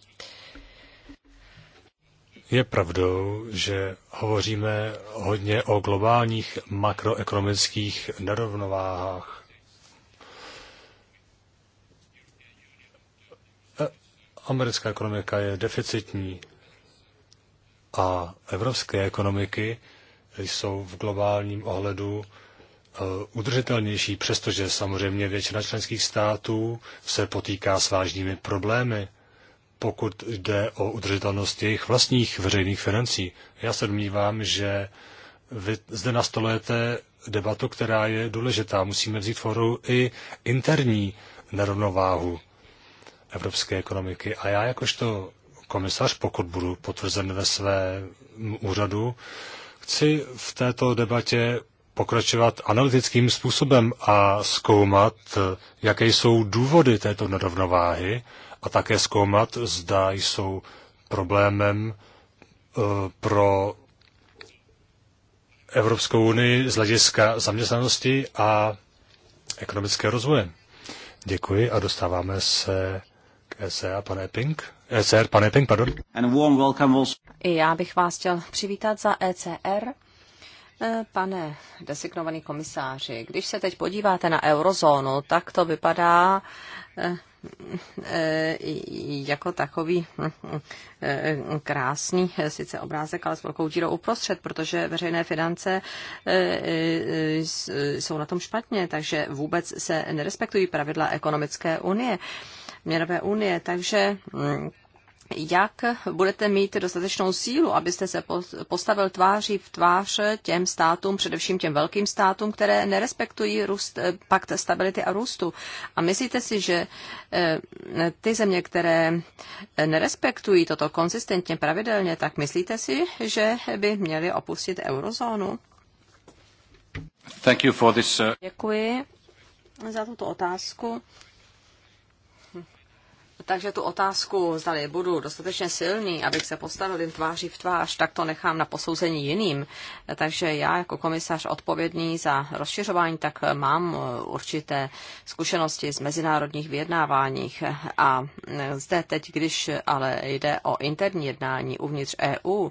Je pravdou, že hovoříme hodně o globálních makroekonomických nerovnováhách. E, americká ekonomika je deficitní a evropské ekonomiky jsou v globálním ohledu e, udržitelnější, přestože samozřejmě většina členských států se potýká s vážnými problémy pokud jde o udržitelnost jejich vlastních veřejných financí. Já se domnívám, že vy zde nastolujete debatu, která je důležitá. Musíme vzít foru i interní nerovnováhu evropské ekonomiky. A já jakožto komisař, pokud budu potvrzen ve své úřadu, chci v této debatě pokračovat analytickým způsobem a zkoumat, jaké jsou důvody této nerovnováhy a také zkoumat, zda jsou problémem e, pro Evropskou unii z hlediska zaměstnanosti a ekonomické rozvoje. Děkuji a dostáváme se k ECR, pane Epping. ECR, pane Epping, pardon. And warm welcome also. I já bych vás chtěl přivítat za ECR. E, pane designovaný komisáři, když se teď podíváte na eurozónu, tak to vypadá e, jako takový eh, krásný eh, sice obrázek, ale s velkou dírou uprostřed, protože veřejné finance eh, jsou na tom špatně, takže vůbec se nerespektují pravidla ekonomické unie, měnové unie, takže hm, jak budete mít dostatečnou sílu, abyste se postavil tváří v tvář těm státům, především těm velkým státům, které nerespektují růst, eh, pakt stability a růstu. A myslíte si, že eh, ty země, které eh, nerespektují toto konzistentně, pravidelně, tak myslíte si, že by měly opustit eurozónu? Thank you for this, uh... Děkuji za tuto otázku. Takže tu otázku, zdali budu dostatečně silný, abych se postavil jim tváří v tvář, tak to nechám na posouzení jiným. Takže já jako komisař odpovědný za rozšiřování, tak mám eh, určité zkušenosti z mezinárodních vyjednáváních. A eh, zde teď, když ale jde o interní jednání uvnitř EU,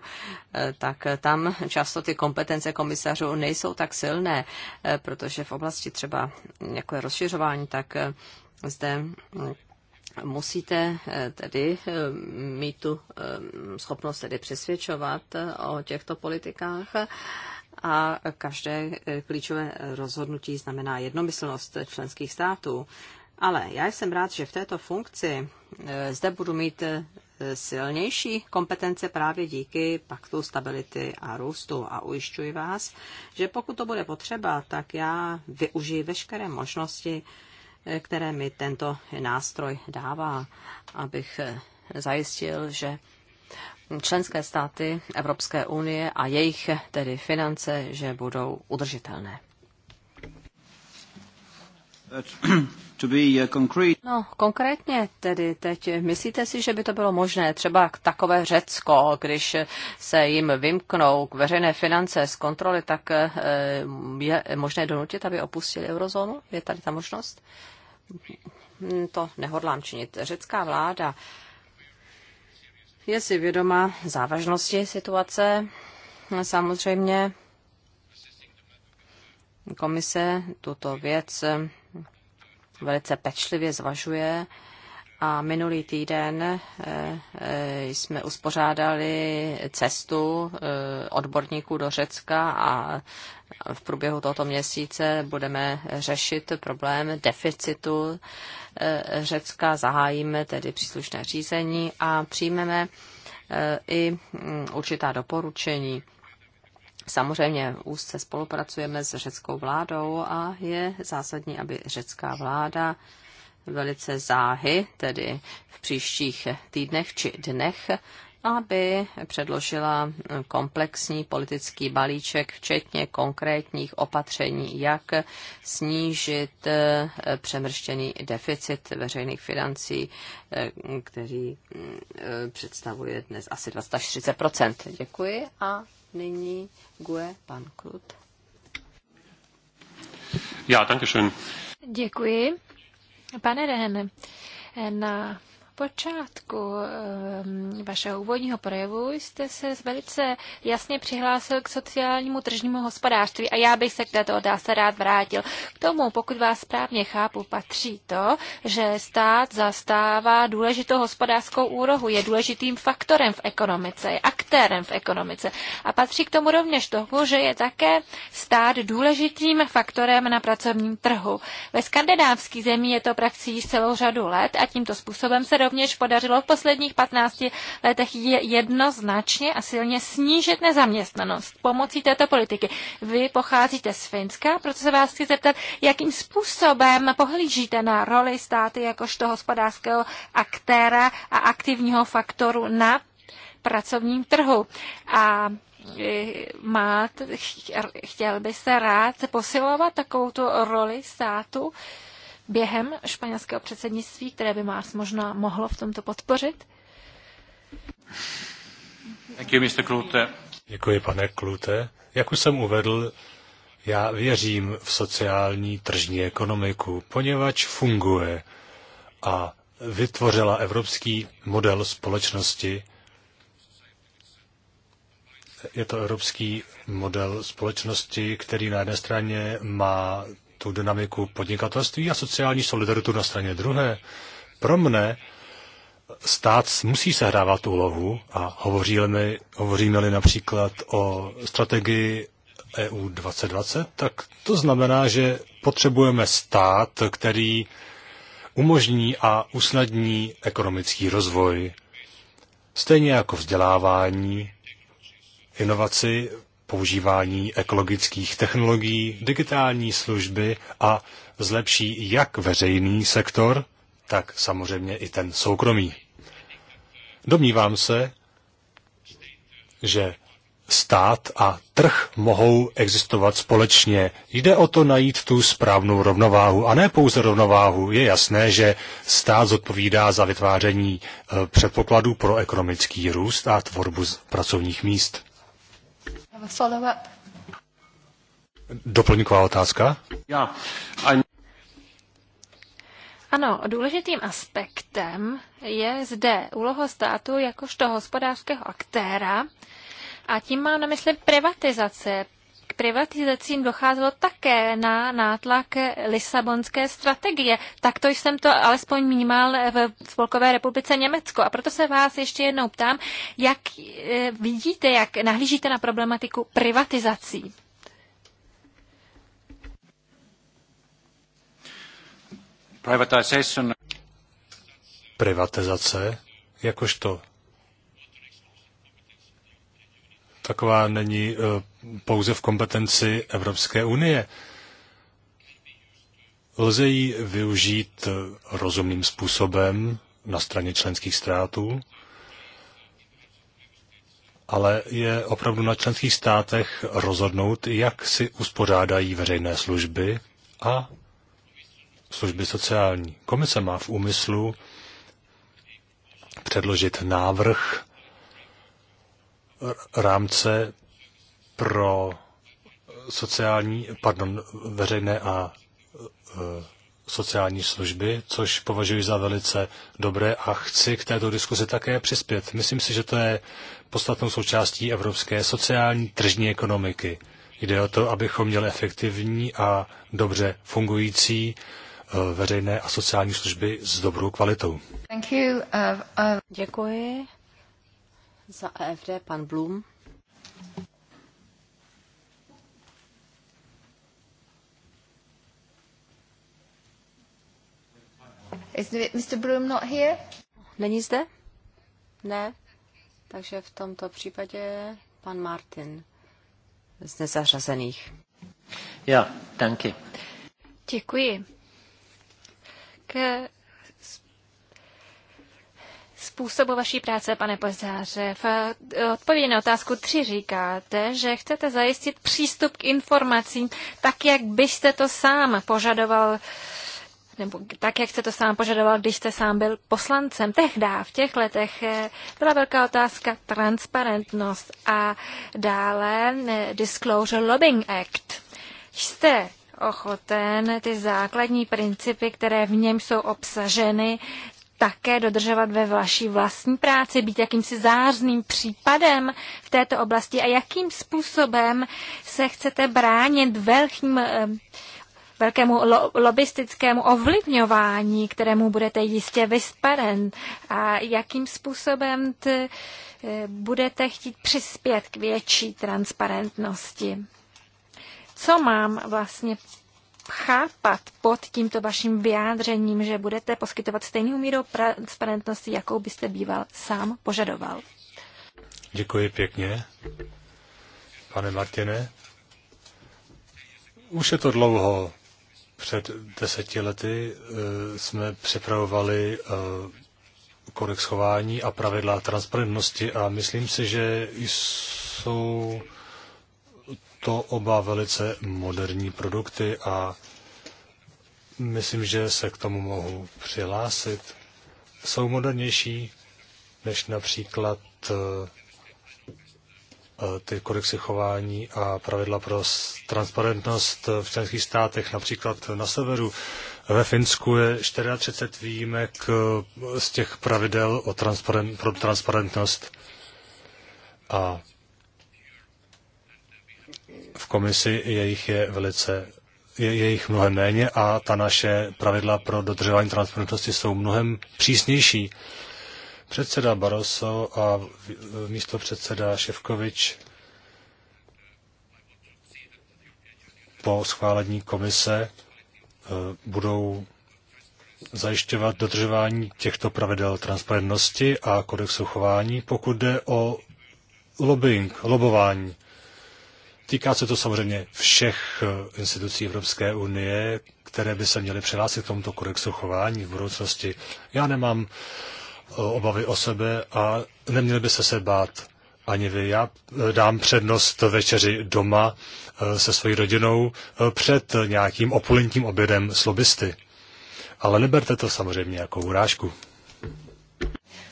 eh, tak tam často ty kompetence komisařů nejsou tak silné, protože v oblasti třeba jako je rozšiřování, tak zde hm, musíte eh, tedy eh, mít tu eh, schopnost tedy přesvědčovat o těchto politikách a každé klíčové rozhodnutí znamená jednomyslnost členských států. Ale já jsem rád, že v této funkci zde budu mít silnější kompetence právě díky paktu stability a růstu. A ujišťuji vás, že pokud to bude potřeba, tak já využiji veškeré možnosti, které mi tento nástroj dává, abych eh, zajistil, že členské státy Evropské unie a jejich eh, tedy finance, že budou udržitelné. Uh, no, konkrétně tedy teď, myslíte si, že by to bylo možné třeba takové Řecko, když se jim vymknou k veřejné finance z kontroly, tak eh, je možné donutit, aby opustili eurozónu? Je tady ta možnost? to nehodlám činit. Řecká vláda je si vědoma závažnosti situace. Samozřejmě komise tuto věc velice pečlivě zvažuje a minulý týden eh, eh, jsme uspořádali cestu eh, odborníků do Řecka a v průběhu tohoto měsíce budeme řešit problém deficitu Řecka, zahájíme tedy příslušné řízení a přijmeme i mm, určitá doporučení. Samozřejmě úzce spolupracujeme s řeckou vládou a je zásadní, aby řecká vláda velice záhy, tedy v příštích týdnech či dnech, aby předložila komplexní politický balíček, včetně konkrétních opatření, jak snížit eh, přemrštěný deficit veřejných financí, eh, který eh, představuje dnes asi 240 Děkuji a nyní Gue Pan Klut. Já, danke schön. Děkuji. Pane Rehene, na počátku ehm, vašeho úvodního projevu jste se velice jasně přihlásil k sociálnímu tržnímu hospodářství a já bych se k této otázce rád vrátil. K tomu, pokud vás správně chápu, patří to, že stát zastává důležitou hospodářskou úrohu, je důležitým faktorem v ekonomice, je aktérem v ekonomice a patří k tomu rovněž toho, že je také stát důležitým faktorem na pracovním trhu. Ve skandinávských zemích je to praxí celou řadu let a tímto způsobem se rovněž podařilo v posledních 15 letech jednoznačně a silně snížit nezaměstnanost pomocí této politiky. Vy pocházíte z Finska, proto se vás chci zeptat, jakým způsobem pohlížíte na roli státy jakožto hospodářského aktéra a aktivního faktoru na pracovním trhu. A e, má, chtěl by se rád posilovat takovou tu roli státu během španělského předsednictví, které by vás možná mohlo v tomto podpořit? Děkuji, Klute. pane Klute. Jak už jsem uvedl, já věřím v sociální tržní ekonomiku, poněvadž funguje a vytvořila evropský model společnosti. Je to evropský model společnosti, který na jedné straně má tu dynamiku podnikatelství a sociální solidaritu na straně druhé. Pro mne stát musí sehrávat úlohu a hovoříme-li, hovoříme-li například o strategii EU 2020, tak to znamená, že potřebujeme stát, který umožní a usnadní ekonomický rozvoj, stejně jako vzdělávání, inovaci, používání ekologických technologií, digitální služby a zlepší jak veřejný sektor, tak samozřejmě i ten soukromý. Domnívám se, že stát a trh mohou existovat společně. Jde o to najít tu správnou rovnováhu a ne pouze rovnováhu. Je jasné, že stát zodpovídá za vytváření eh, předpokladů pro ekonomický růst a tvorbu pracovních míst. Doplňková otázka? Já. Ano, důležitým aspektem je zde úloha státu jakožto hospodářského aktéra, a tím mám na mysli privatizace privatizacím docházelo také na nátlak Lisabonské strategie. Tak to jsem to alespoň vnímal v Spolkové republice Německo. A proto se vás ještě jednou ptám, jak eh, vidíte, jak nahlížíte na problematiku privatizací? Privatizace jakožto taková není eh, pouze v kompetenci Evropské unie. Lze ji využít eh, rozumným způsobem na straně členských států, ale je opravdu na členských státech rozhodnout, jak si uspořádají veřejné služby a služby sociální. Komise má v úmyslu předložit návrh rámce pro sociální, pardon, veřejné a e, sociální služby, což považuji za velice dobré a chci k této diskuzi také přispět. Myslím si, že to je podstatnou součástí evropské sociální tržní ekonomiky. Jde o to, abychom měli efektivní a dobře fungující e, veřejné a sociální služby s dobrou kvalitou. Uh, uh, Děkuji. Za EFD pan Blum. Is Mr. Bloom not here? Není zde? Ne. Takže v tomto případě pan Martin z nezařazených. Jo, danke. Děkuji. K způsobu vaší práce, pane Pozdáře. V eh, odpovědi na otázku 3 říkáte, že chcete zajistit přístup k informacím tak, jak byste to sám požadoval nebo tak, jak jste to sám požadoval, když jste sám byl poslancem. Tehdy, v těch letech, eh, byla velká otázka transparentnost a dále eh, Disclosure Lobbying Act. Jste ochoten ty základní principy, které v něm jsou obsaženy, také dodržovat ve vaší vlastní práci, být jakýmsi zářným případem v této oblasti a jakým způsobem se chcete bránit velkým, velkému lo, lobistickému ovlivňování, kterému budete jistě vyspaden a jakým způsobem t, eh, budete chtít přispět k větší transparentnosti. Co mám vlastně chápat pod tímto vaším vyjádřením, že budete poskytovat stejnou míru transparentnosti, jakou byste býval sám požadoval. Děkuji pěkně, pane Martine. Už je to dlouho. Před deseti lety eh, jsme připravovali eh, kodex chování a pravidla transparentnosti a myslím si, že jsou to oba velice moderní produkty a myslím, že se k tomu mohu přihlásit. Jsou modernější než například eh, eh, ty kodexy chování a pravidla pro transparentnost v členských státech, například na severu. Ve Finsku je 34 výjimek eh, z těch pravidel o transparent, pro transparentnost a v komisi jejich je velice je, je jich mnohem méně a ta naše pravidla pro dodržování transparentnosti jsou mnohem přísnější. Předseda Barroso a místo předseda Ševkovič po schválení komise eh, budou zajišťovat dodržování těchto pravidel transparentnosti a kodexu chování, pokud jde o lobbying, lobování. Týká se to samozřejmě všech eh, institucí Evropské unie, které by se měly přihlásit k tomuto kodexu chování v budoucnosti. Já nemám eh, obavy o sebe a neměli by se se bát ani vy. Já eh, dám přednost večeři doma se svojí rodinou před nějakým opulentním obědem s lobbysty. Ale neberte to samozřejmě jako urážku.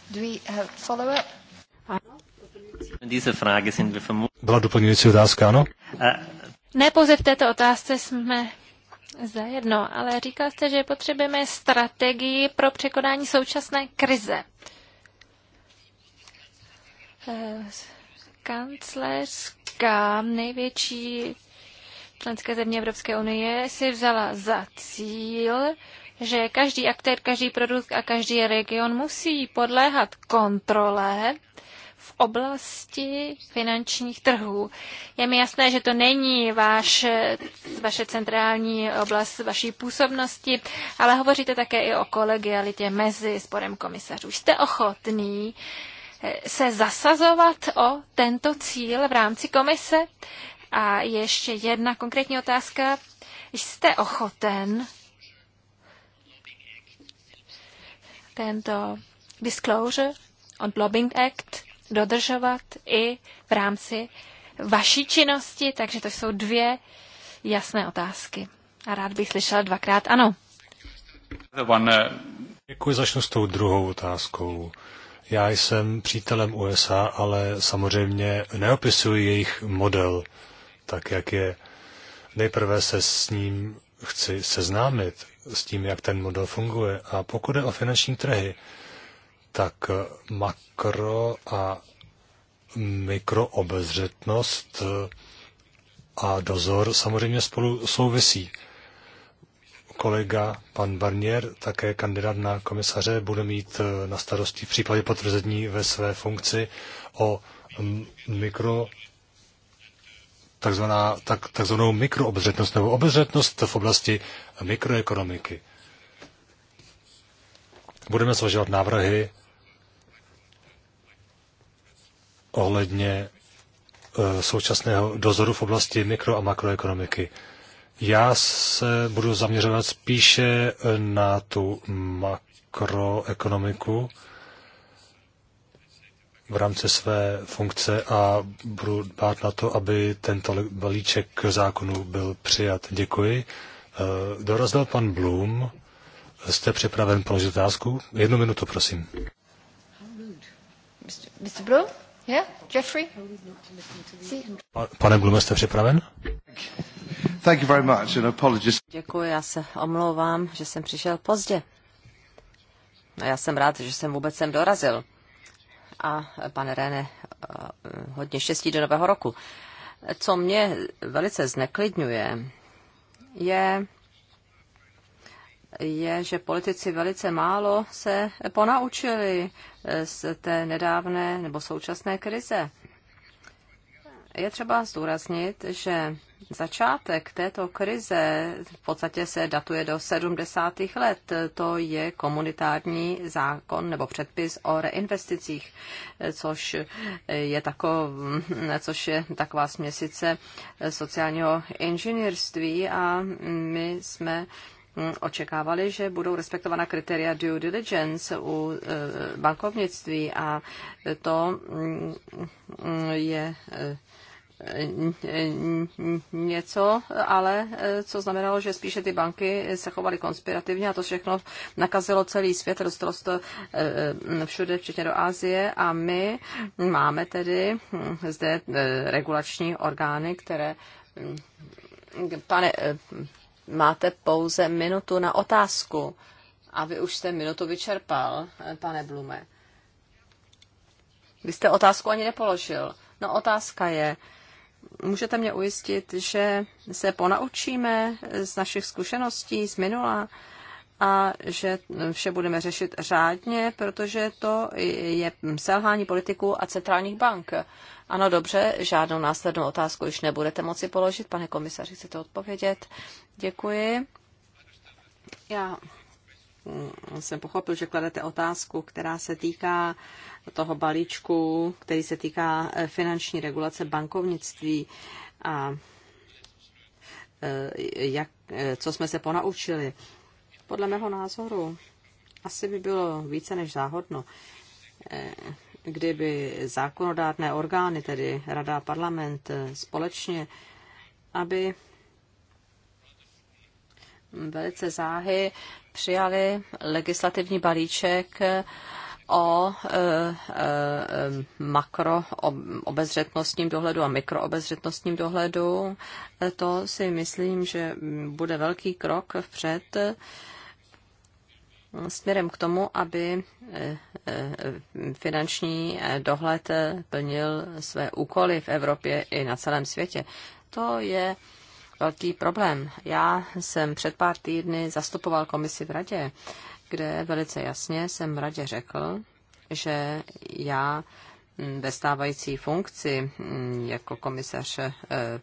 Do we have follow-up? Byla doplňující otázka, ano? Äh, ne pouze v této otázce jsme zajedno, ale říkal jste, že potřebujeme strategii pro překonání současné krize. Eh, Kancelářská největší členské země Evropské unie si vzala za cíl, že každý aktér, každý produkt a každý region musí podléhat kontrole v oblasti finančních trhů. Je mi jasné, že to není váš, vaše centrální oblast vaší působnosti, ale hovoříte také i o kolegialitě mezi sporem komisařů. Jste ochotný eh, se zasazovat o tento cíl v rámci komise? A ještě jedna konkrétní otázka. Jste ochoten tento disclosure on Lobbying Act dodržovat i v rámci vaší činnosti? Takže to jsou dvě jasné otázky. A rád bych slyšel dvakrát ano. Děkuji, začnu s tou druhou otázkou. Já jsem přítelem USA, ale samozřejmě neopisuji jejich model tak, jak je. Nejprve se s ním chci seznámit, s tím, jak ten model funguje. A pokud je o finanční trhy, tak makro a mikroobezřetnost a dozor samozřejmě spolu souvisí. Kolega pan Barnier, také kandidát na komisaře, bude mít eh, na starosti v případě potvrzení ve své funkci o mikro takzvaná, tak, takzvanou mikroobezřetnost nebo obezřetnost v oblasti mikroekonomiky. Budeme zvažovat návrhy ohledně eh, současného dozoru v oblasti mikro- a makroekonomiky. Já se budu zaměřovat spíše eh, na tu makroekonomiku v rámci své funkce a budu dbát na to, aby tento balíček zákonu byl přijat. Děkuji. Eh, dorazil pan Blum. Jste připraven položit otázku? Jednu minutu, prosím. Mr. Blum? Yeah, Jeffrey? Pane Blume, jste připraven? Thank you very much and apologies. Děkuji, já se omlouvám, že jsem přišel pozdě. A já jsem rád, že jsem vůbec sem dorazil. A pane René, eh, hodně štěstí do nového roku. Co mě velice zneklidňuje, je je, že politici velice málo se ponaučili z té nedávné nebo současné krize. Je třeba zdůraznit, že začátek této krize v podstatě se datuje do 70. let. To je komunitární zákon nebo předpis o reinvesticích, což je, takov, což je taková směsice sociálního inženýrství a my jsme očekávali, že budou respektována kritéria due diligence u eh, bankovnictví a to mm, mm, je eh, něco, ale eh, co znamenalo, že spíše ty banky se chovaly konspirativně a to všechno nakazilo celý svět, dostalo to všude, včetně do Asie a my máme tedy hm, zde regulační orgány, které hm, pane máte pouze minutu na otázku. A vy už jste minutu vyčerpal, pane Blume. Vy jste otázku ani nepoložil. No otázka je, můžete mě ujistit, že se ponaučíme z našich zkušeností z minula? a že vše budeme řešit řádně, protože to je selhání politiků a centrálních bank. Ano, dobře, žádnou následnou otázku již nebudete moci položit. Pane komisaři, chcete odpovědět? Děkuji. Já mm, jsem pochopil, že kladete otázku, která se týká toho balíčku, který se týká eh, finanční regulace bankovnictví a eh, jak, eh, co jsme se ponaučili podle mého názoru asi by bylo více než záhodno, eh, kdyby zákonodárné orgány, tedy Rada a parlament eh, společně, aby velice záhy přijali legislativní balíček eh, o e, e, makro obezřetnostním dohledu a mikroobezřetnostním dohledu. To si myslím, že bude velký krok vpřed Eh, směrem k tomu, aby eh, eh, finanční dohled plnil své úkoly v Evropě i na celém světě. To je velký problém. Já jsem před pár týdny zastupoval komisi v radě, kde velice jasně jsem radě řekl, že já Mm, ve stávající funkci mm, jako komisař eh,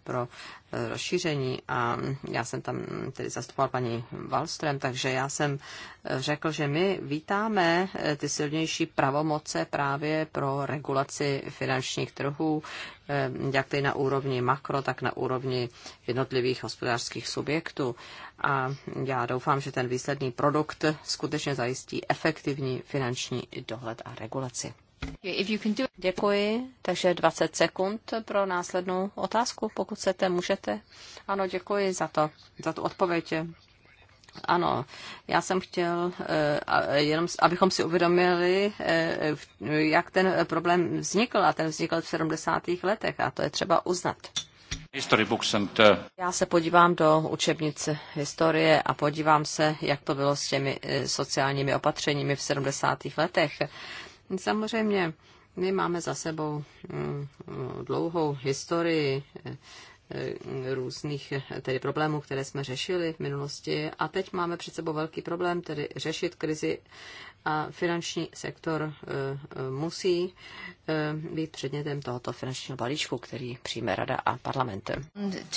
pro eh, rozšíření a já jsem tam tedy zastupoval paní Wallström, takže já jsem eh, řekl, že my vítáme ty silnější pravomoce právě pro regulaci finančních trhů, jak tedy na úrovni makro, tak na úrovni jednotlivých hospodářských subjektů. A já doufám, že ten výsledný produkt skutečně zajistí efektivní finanční dohled a regulaci. Děkuji, takže 20 sekund pro následnou otázku, pokud chcete, můžete. Ano, děkuji za to, za tu odpověď. Ano, já jsem chtěl, eh, jenom abychom si uvědomili, eh, jak ten problém vznikl, a ten vznikl v 70. letech, a to je třeba uznat. Eh, já se podívám do učebnice historie a podívám se, jak to bylo s těmi sociálními opatřeními v 70. letech. Samozřejmě my máme za sebou mm, dlouhou historii eh, eh, různých eh, tedy problémů, které jsme řešili v minulosti a teď máme před sebou velký problém, tedy řešit krizi a finanční sektor musí být předmětem tohoto finančního balíčku, který přijme Rada a parlament.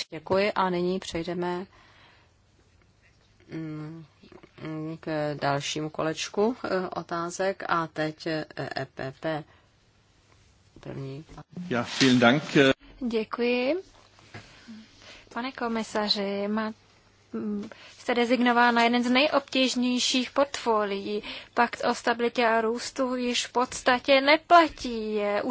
Děkuji a nyní přejdeme mm, k dalšímu kolečku eh, otázek a teď EPP. Eh, e První. Ja, vielen Dank. Děkuji. Pane komisaři, má, jste rezignoval na jeden z nejobtěžnějších portfolií. Pakt o stabilitě a růstu již v podstatě neplatí. Je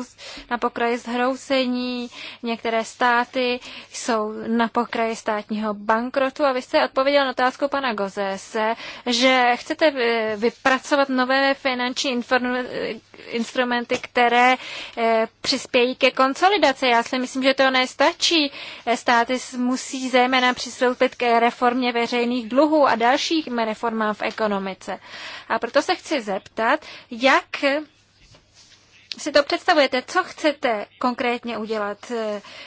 na pokraji zhroucení, některé státy jsou na pokraji státního bankrotu a vy jste odpověděl na otázku pana Gozese, že chcete vypracovat nové finanční instrumenty, které eh, přispějí ke konsolidaci. Já si myslím, že to nestačí. Eh, státy musí zejména přistoupit k reformě reformě veřejných dluhů a dalším reformám v ekonomice. A proto se chci zeptat, jak si to představujete, co chcete konkrétně udělat,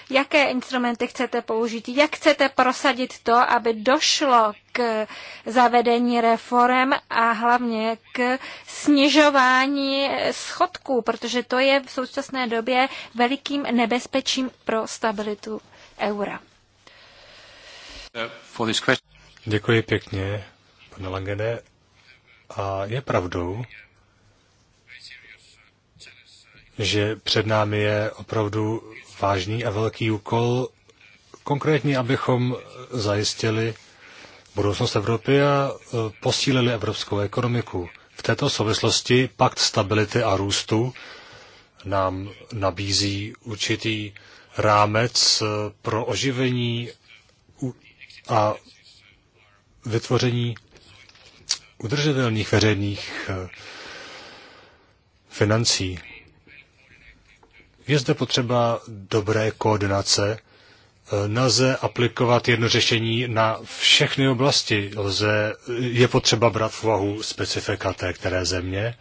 jaké instrumenty chcete použít, jak chcete prosadit to, aby došlo k zavedení reform a hlavně k snižování schodků, protože to je v současné době velikým nebezpečím pro stabilitu eura. Děkuji pěkně, pane Langene. A je pravdou, že před námi je opravdu vážný a velký úkol, konkrétně abychom zajistili budoucnost Evropy a e, posílili evropskou ekonomiku. V této souvislosti Pakt stability a růstu nám nabízí určitý rámec e, pro oživení a vytvoření udržitelných veřejných eh, financí. Je zde potřeba dobré koordinace. Eh, nelze aplikovat jedno řešení na všechny oblasti. Lze, je potřeba brát v úvahu specifika té které země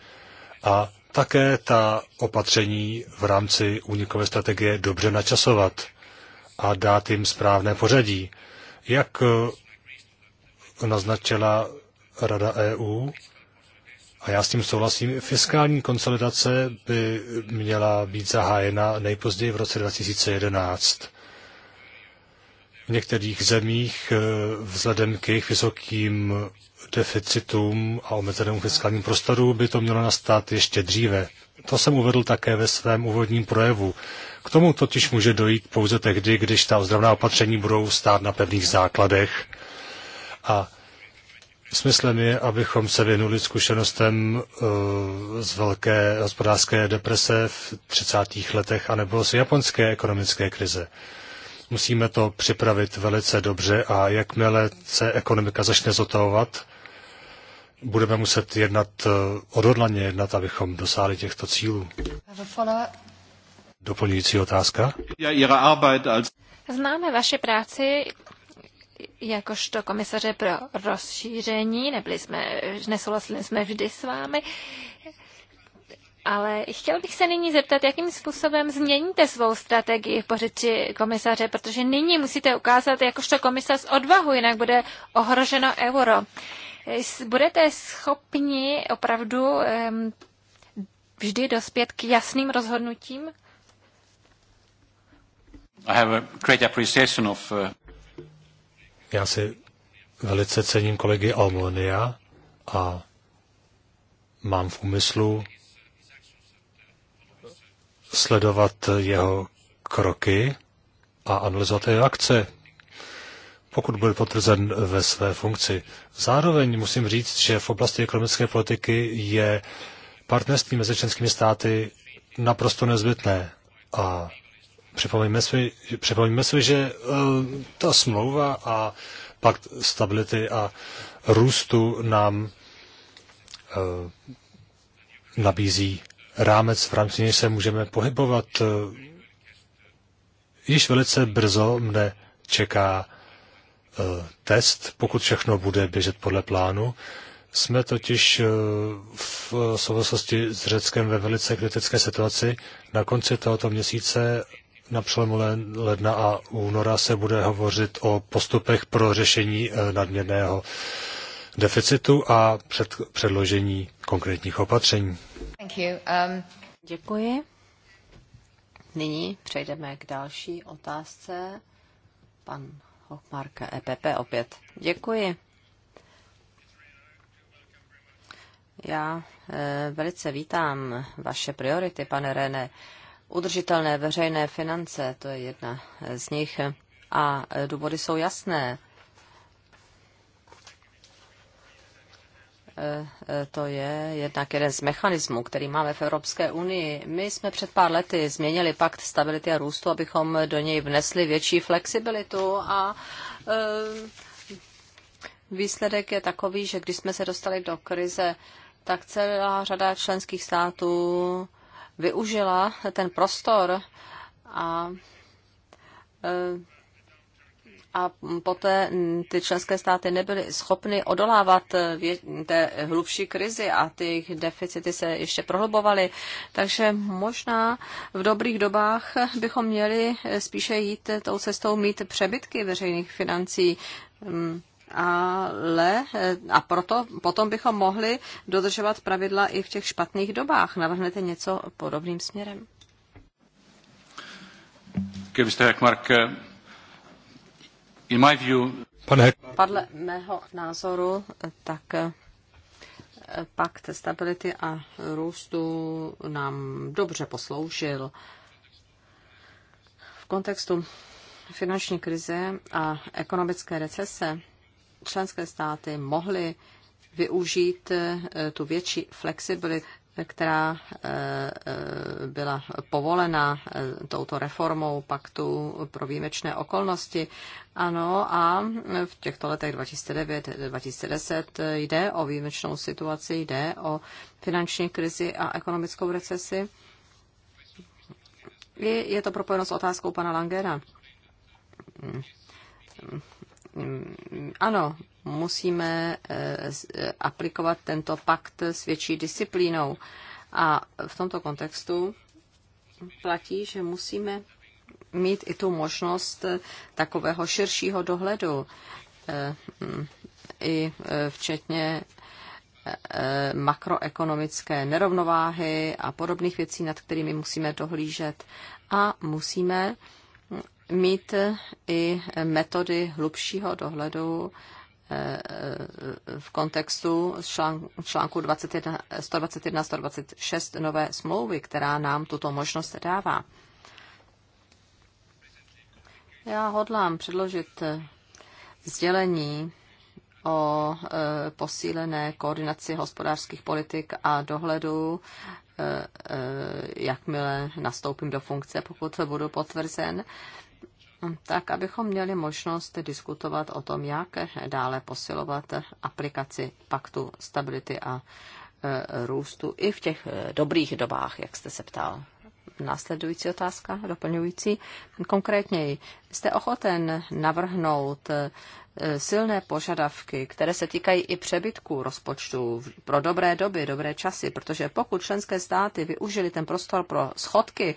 a také ta opatření v rámci únikové strategie dobře načasovat a dát jim správné pořadí. Jak eh, naznačila Rada EU, a já s tím souhlasím, fiskální konsolidace by měla být zahájena nejpozději v roce 2011. V některých zemích eh, vzhledem k jejich vysokým deficitům a omezenému fiskálním prostoru by to mělo nastat ještě dříve. To jsem uvedl také ve svém úvodním projevu. K tomu totiž může dojít pouze tehdy, když ta ozdravná opatření budou stát na pevných základech. A smyslem je, abychom se věnuli zkušenostem eh, z velké hospodářské deprese v 30. letech anebo z japonské ekonomické krize. Musíme to připravit velice dobře a jakmile se ekonomika začne zotavovat, budeme muset jednat eh, odhodlaně jednat, abychom dosáhli těchto cílů. Doplňující otázka? Známe vaše práci jakožto komisaře pro rozšíření, nebyli jsme, nesouhlasili jsme vždy s vámi, ale chtěl bych se nyní zeptat, jakým způsobem změníte svou strategii v pořeči komisaře, protože nyní musíte ukázat jakožto komisař odvahu, jinak bude ohroženo euro budete schopni opravdu vždy dospět k jasným rozhodnutím? I have a great appreciation of, uh... Já si velice cením kolegy Almonia a mám v úmyslu sledovat jeho kroky a analyzovat jeho akce pokud bude potvrzen ve své funkci. Zároveň musím říct, že v oblasti ekonomické politiky je partnerství mezi členskými státy naprosto nezbytné. A připomeňme si, si že eh, ta smlouva a pakt stability a růstu nám eh, nabízí rámec, v rámci něj se můžeme pohybovat. Eh, již velice brzo mne čeká Eh, test, pokud všechno bude běžet podle plánu. Jsme totiž eh, v souvislosti s Řeckem ve velice kritické situaci. Na konci tohoto měsíce na přelomu ledna a února se bude hovořit o postupech pro řešení eh, nadměrného deficitu a před, předložení konkrétních opatření. Um... Děkuji. Nyní přejdeme k další otázce. Pan Hofmarka EPP opět. Děkuji. Já e, velice vítám vaše priority, pane René. Udržitelné veřejné finance, to je jedna z nich. A důvody jsou jasné. Eh, to je jednak jeden z mechanismů, který máme v Evropské unii. My jsme před pár lety změnili pakt stability a růstu, abychom do něj vnesli větší flexibilitu a eh, výsledek je takový, že když jsme se dostali do krize, tak celá řada členských států využila ten prostor a eh, a poté ty členské státy nebyly schopny odolávat e, té hlubší krizi a ty deficity se ještě prohlubovaly. Takže možná v dobrých dobách bychom měli e, spíše jít tou cestou mít přebytky veřejných financí mm, ale e, a proto potom bychom mohli dodržovat pravidla i v těch špatných dobách. Navrhnete něco podobným směrem? Kdybyste, jak Mark, podle mého názoru, tak eh, pakt stability a růstu nám dobře posloužil v kontextu finanční krize a ekonomické recese členské státy mohly využít eh, tu větší flexibilitu která eh, eh, byla povolena eh, touto reformou paktu pro výjimečné okolnosti. Ano, a v těchto letech 2009-2010 jde o výjimečnou situaci, jde o finanční krizi a ekonomickou recesi. Je to propojeno s otázkou pana Langera Mm, ano, musíme eh, eh, aplikovat tento pakt s větší disciplínou. A v tomto kontextu platí, že musíme mít i tu možnost eh, takového širšího dohledu, mm, i včetně makroekonomické nerovnováhy a podobných věcí, nad kterými musíme dohlížet. A musíme mít i metody hlubšího dohledu eh, v kontextu článku 121 126 nové smlouvy, která nám tuto možnost dává. Já hodlám předložit eh, sdělení o eh, posílené koordinaci hospodářských politik a dohledu, jakmile nastoupím do funkce, pokud budu potvrzen tak abychom měli možnost diskutovat o tom, jak dále posilovat aplikaci paktu stability a e, růstu i v těch e, dobrých dobách, jak jste se ptal. Následující otázka, doplňující. Konkrétněji, jste ochoten navrhnout e, silné požadavky, které se týkají i přebytků rozpočtu pro dobré doby, dobré časy, protože pokud členské státy využili ten prostor pro schodky,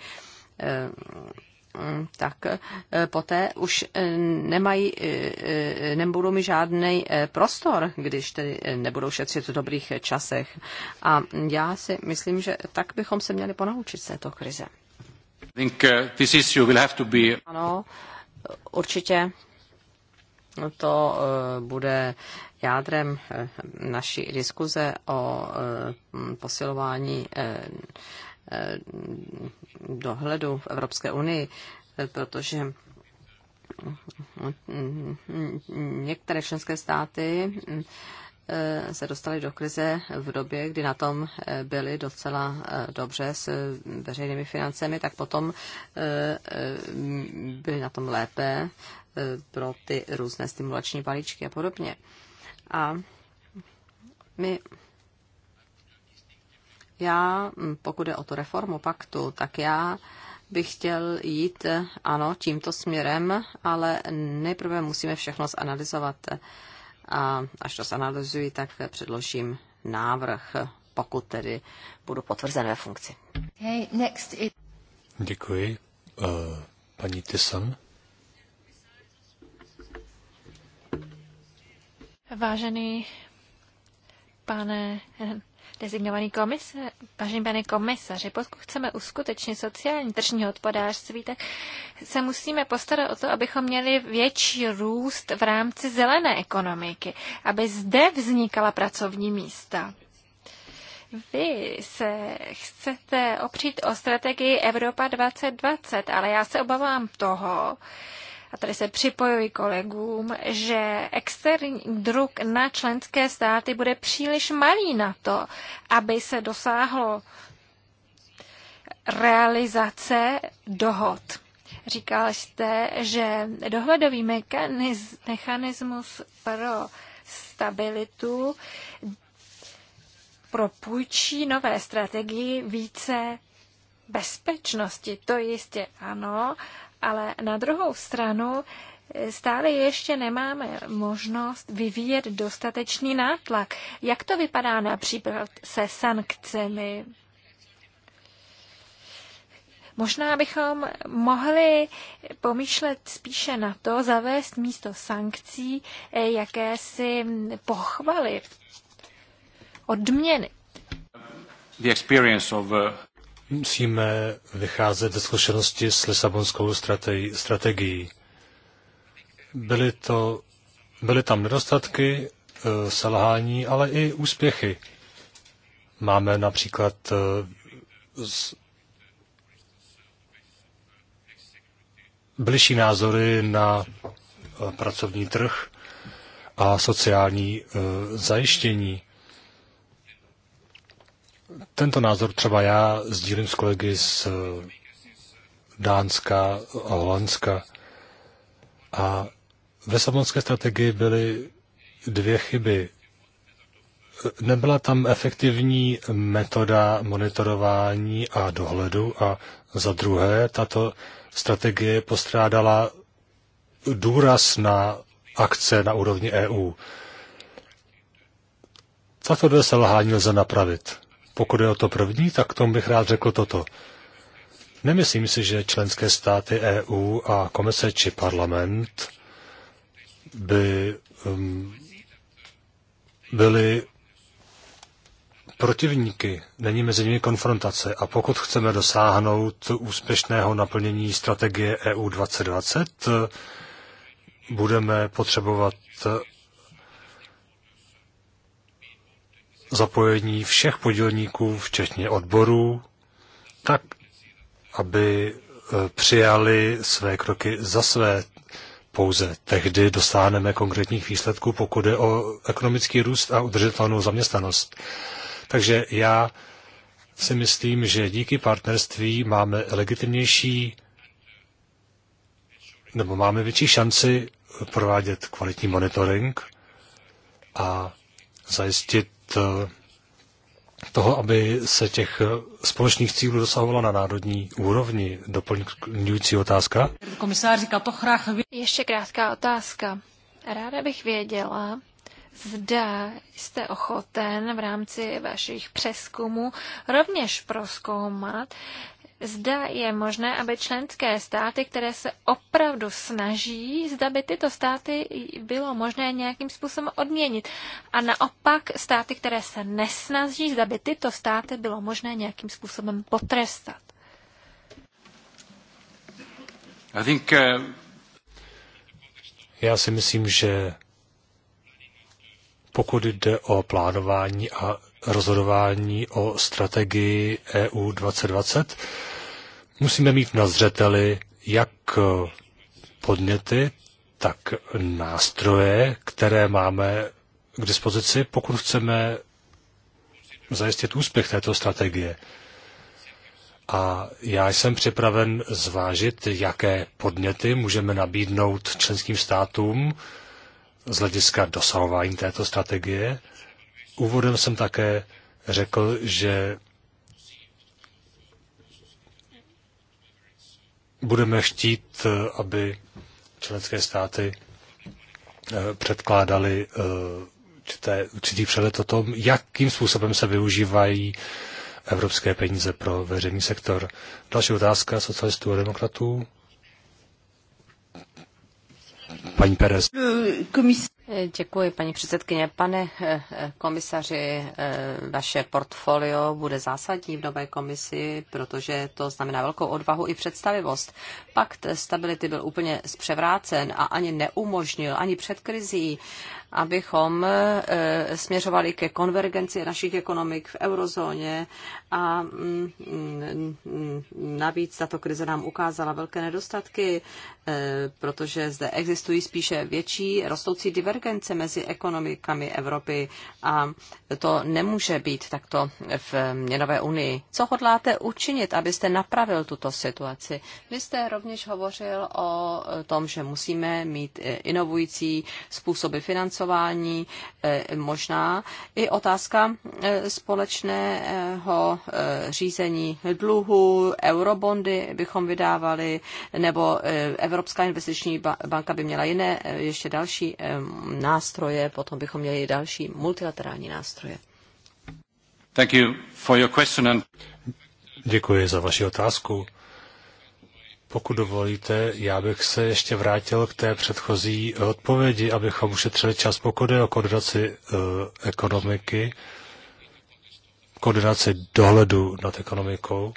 Mm, tak eh, poté už eh, nemají, eh, nebudou mi žádný prostor, když tedy nebudou šetřit v dobrých časech. A já si myslím, že tak bychom se měli ponaučit z této krize. Ano, určitě to bude jádrem naší diskuze o posilování Eh, dohledu v Evropské unii, eh, protože eh, některé členské státy se dostali do krize v době, kdy na tom byli docela dobře s veřejnými financemi, tak potom byli na tom lépe pro ty různé stimulační balíčky a podobně. A my já, mm, pokud je o tu reformu paktu, tak já bych chtěl jít, ano, tímto směrem, ale nejprve musíme všechno zanalizovat. A až to zanalizuji, tak předložím návrh, pokud tedy budu potvrzen ve funkci. Hey, next it... Děkuji. Uh, paní Tyson. Vážený pane Designovaný komise, vážený pane komisaři, pokud chceme uskutečnit sociální tržní hospodářství, tak se musíme postarat o to, abychom měli větší růst v rámci zelené ekonomiky, aby zde vznikala pracovní místa. Vy se chcete opřít o strategii Evropa 2020, ale já se obávám toho, a tady se připojuji kolegům, že externí druk na členské státy bude příliš malý na to, aby se dosáhlo realizace dohod. Říkal jste, že dohledový mechanismus pro stabilitu propůjčí nové strategii více bezpečnosti. To jistě ano, ale na druhou stranu eh, stále ještě nemáme možnost vyvíjet dostatečný nátlak. Jak to vypadá například se sankcemi? Možná bychom mohli pomýšlet spíše na to, zavést místo sankcí eh, jakési pochvaly, odměny. The experience of, uh musíme vycházet ze zkušenosti s Lisabonskou strategi- strategií. Byly, to, byly tam nedostatky, eh, selhání, ale i úspěchy. Máme například eh, z... bližší názory na eh, pracovní trh a sociální zajištění. Tento názor třeba já sdílím s kolegy z eh, Dánska a Holandska. A ve samotné strategii byly dvě chyby. Nebyla tam efektivní metoda monitorování a dohledu a za druhé tato strategie postrádala důraz na akce na úrovni EU. Tato dvě selhání lze napravit. Pokud je o to první, tak tomu bych rád řekl toto. Nemyslím si, že členské státy EU a komise či parlament by um, byli protivníky, není mezi nimi konfrontace a pokud chceme dosáhnout úspěšného naplnění strategie EU 2020, budeme potřebovat zapojení všech podílníků, včetně odborů, tak, aby e, přijali své kroky za své. Pouze tehdy dostáneme konkrétních výsledků, pokud je o ekonomický růst a udržitelnou zaměstnanost. Takže já si myslím, že díky partnerství máme legitimnější nebo máme větší šanci provádět kvalitní monitoring a zajistit Eh, toho, aby se těch společných cílů dosahovalo na národní úrovni. Doplňující otázka. Komisář říká to chrách. Ještě krátká otázka. Ráda bych věděla, zda jste ochoten v rámci vašich přeskumů rovněž proskoumat, zda je možné, aby členské státy, které se opravdu snaží, zda by tyto státy bylo možné nějakým způsobem odměnit. A naopak státy, které se nesnaží, zda by tyto státy bylo možné nějakým způsobem potrestat. I think, uh... Já si myslím, že pokud jde o plánování a rozhodování o strategii EU 2020, musíme mít na zřeteli jak podněty, tak nástroje, které máme k dispozici, pokud chceme zajistit úspěch této strategie. A já jsem připraven zvážit, jaké podněty můžeme nabídnout členským státům z hlediska dosahování této strategie Úvodem jsem také řekl, že budeme chtít, aby členské státy eh, předkládali eh, určité, určitý přelet o tom, jakým způsobem se využívají evropské peníze pro veřejný sektor. Další otázka socialistů a demokratů. Paní Perez. Komis... Děkuji, paní předsedkyně. Pane eh, komisaři, eh, vaše portfolio bude zásadní v nové komisi, protože to znamená velkou odvahu i představivost pakt stability byl úplně zpřevrácen a ani neumožnil, ani před krizí, abychom e, směřovali ke konvergenci našich ekonomik v eurozóně a mm, mm, navíc tato krize nám ukázala velké nedostatky, e, protože zde existují spíše větší rostoucí divergence mezi ekonomikami Evropy a to nemůže být takto v měnové unii. Co hodláte učinit, abyste napravil tuto situaci? Vy jste rovně rovněž hovořil o tom, že musíme mít inovující způsoby financování, e, možná i otázka e, společného e, řízení dluhu, eurobondy bychom vydávali, nebo Evropská investiční banka by měla jiné, ještě další nástroje, potom bychom měli další multilaterální nástroje. Thank you for your question and... Děkuji za vaši otázku. Pokud dovolíte, já bych se ještě vrátil k té předchozí odpovědi, abychom ušetřili čas, pokud je o koordinaci uh, ekonomiky, koordinaci dohledu nad ekonomikou,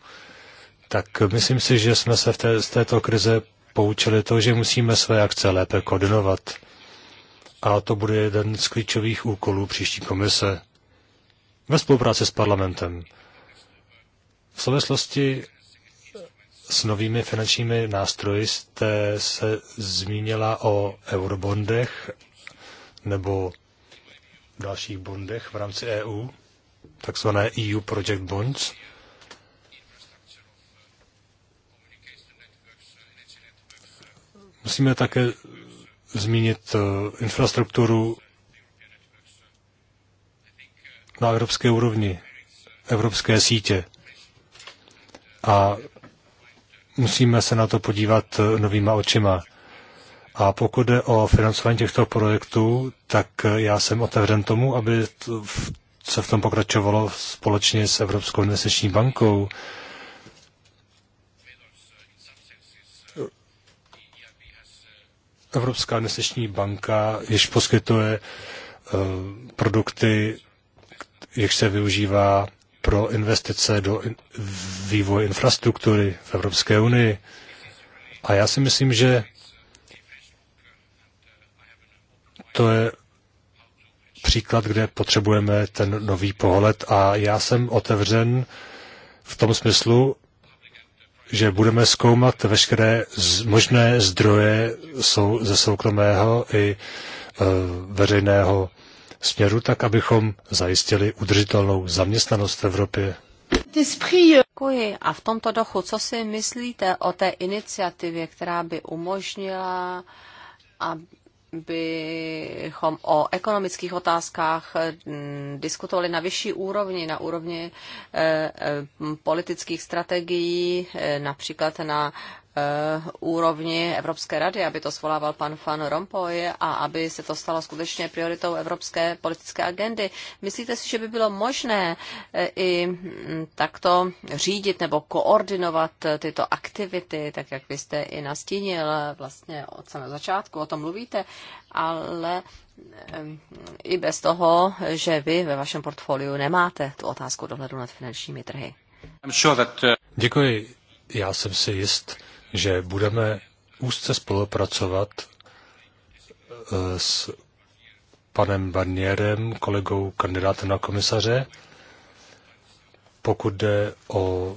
tak myslím si, že jsme se v té, z této krize poučili to, že musíme své akce lépe koordinovat. A to bude jeden z klíčových úkolů příští komise ve spolupráci s parlamentem. V souvislosti s novými finančními nástroji jste se zmínila o eurobondech nebo dalších bondech v rámci EU, takzvané EU Project Bonds. Musíme také zmínit eh, infrastrukturu na evropské úrovni, evropské sítě. A musíme se na to podívat eh, novýma očima. A pokud jde o financování těchto projektů, tak eh, já jsem otevřen tomu, aby se v tom pokračovalo společně s Evropskou investiční bankou. Evropská investiční banka již poskytuje eh, produkty, jak se využívá pro investice do vývoje infrastruktury v Evropské unii. A já si myslím, že to je příklad, kde potřebujeme ten nový pohled a já jsem otevřen v tom smyslu, že budeme zkoumat veškeré z, možné zdroje jsou ze soukromého i e, veřejného směru, tak abychom zajistili udržitelnou zaměstnanost v Evropě. Euh, Děkuji. A v tomto dochu, co si myslíte o té iniciativě, která by umožnila, abychom o ekonomických otázkách mm, diskutovali na vyšší úrovni, na úrovni eh, eh, politických strategií, eh, například na Eh, úrovni Evropské rady, aby to svolával pan Van Rompuy a aby se to stalo skutečně prioritou evropské politické agendy. Myslíte si, že by bylo možné eh, i mm, takto řídit nebo koordinovat eh, tyto aktivity, tak jak vy jste i nastínil vlastně od samého začátku, o tom mluvíte, ale i bez toho, že vy ve vašem portfoliu nemáte tu otázku dohledu nad finančními trhy. Děkuji. Já jsem si jist, že budeme úzce spolupracovat eh, s panem Barnierem, kolegou kandidátem na komisaře, pokud jde o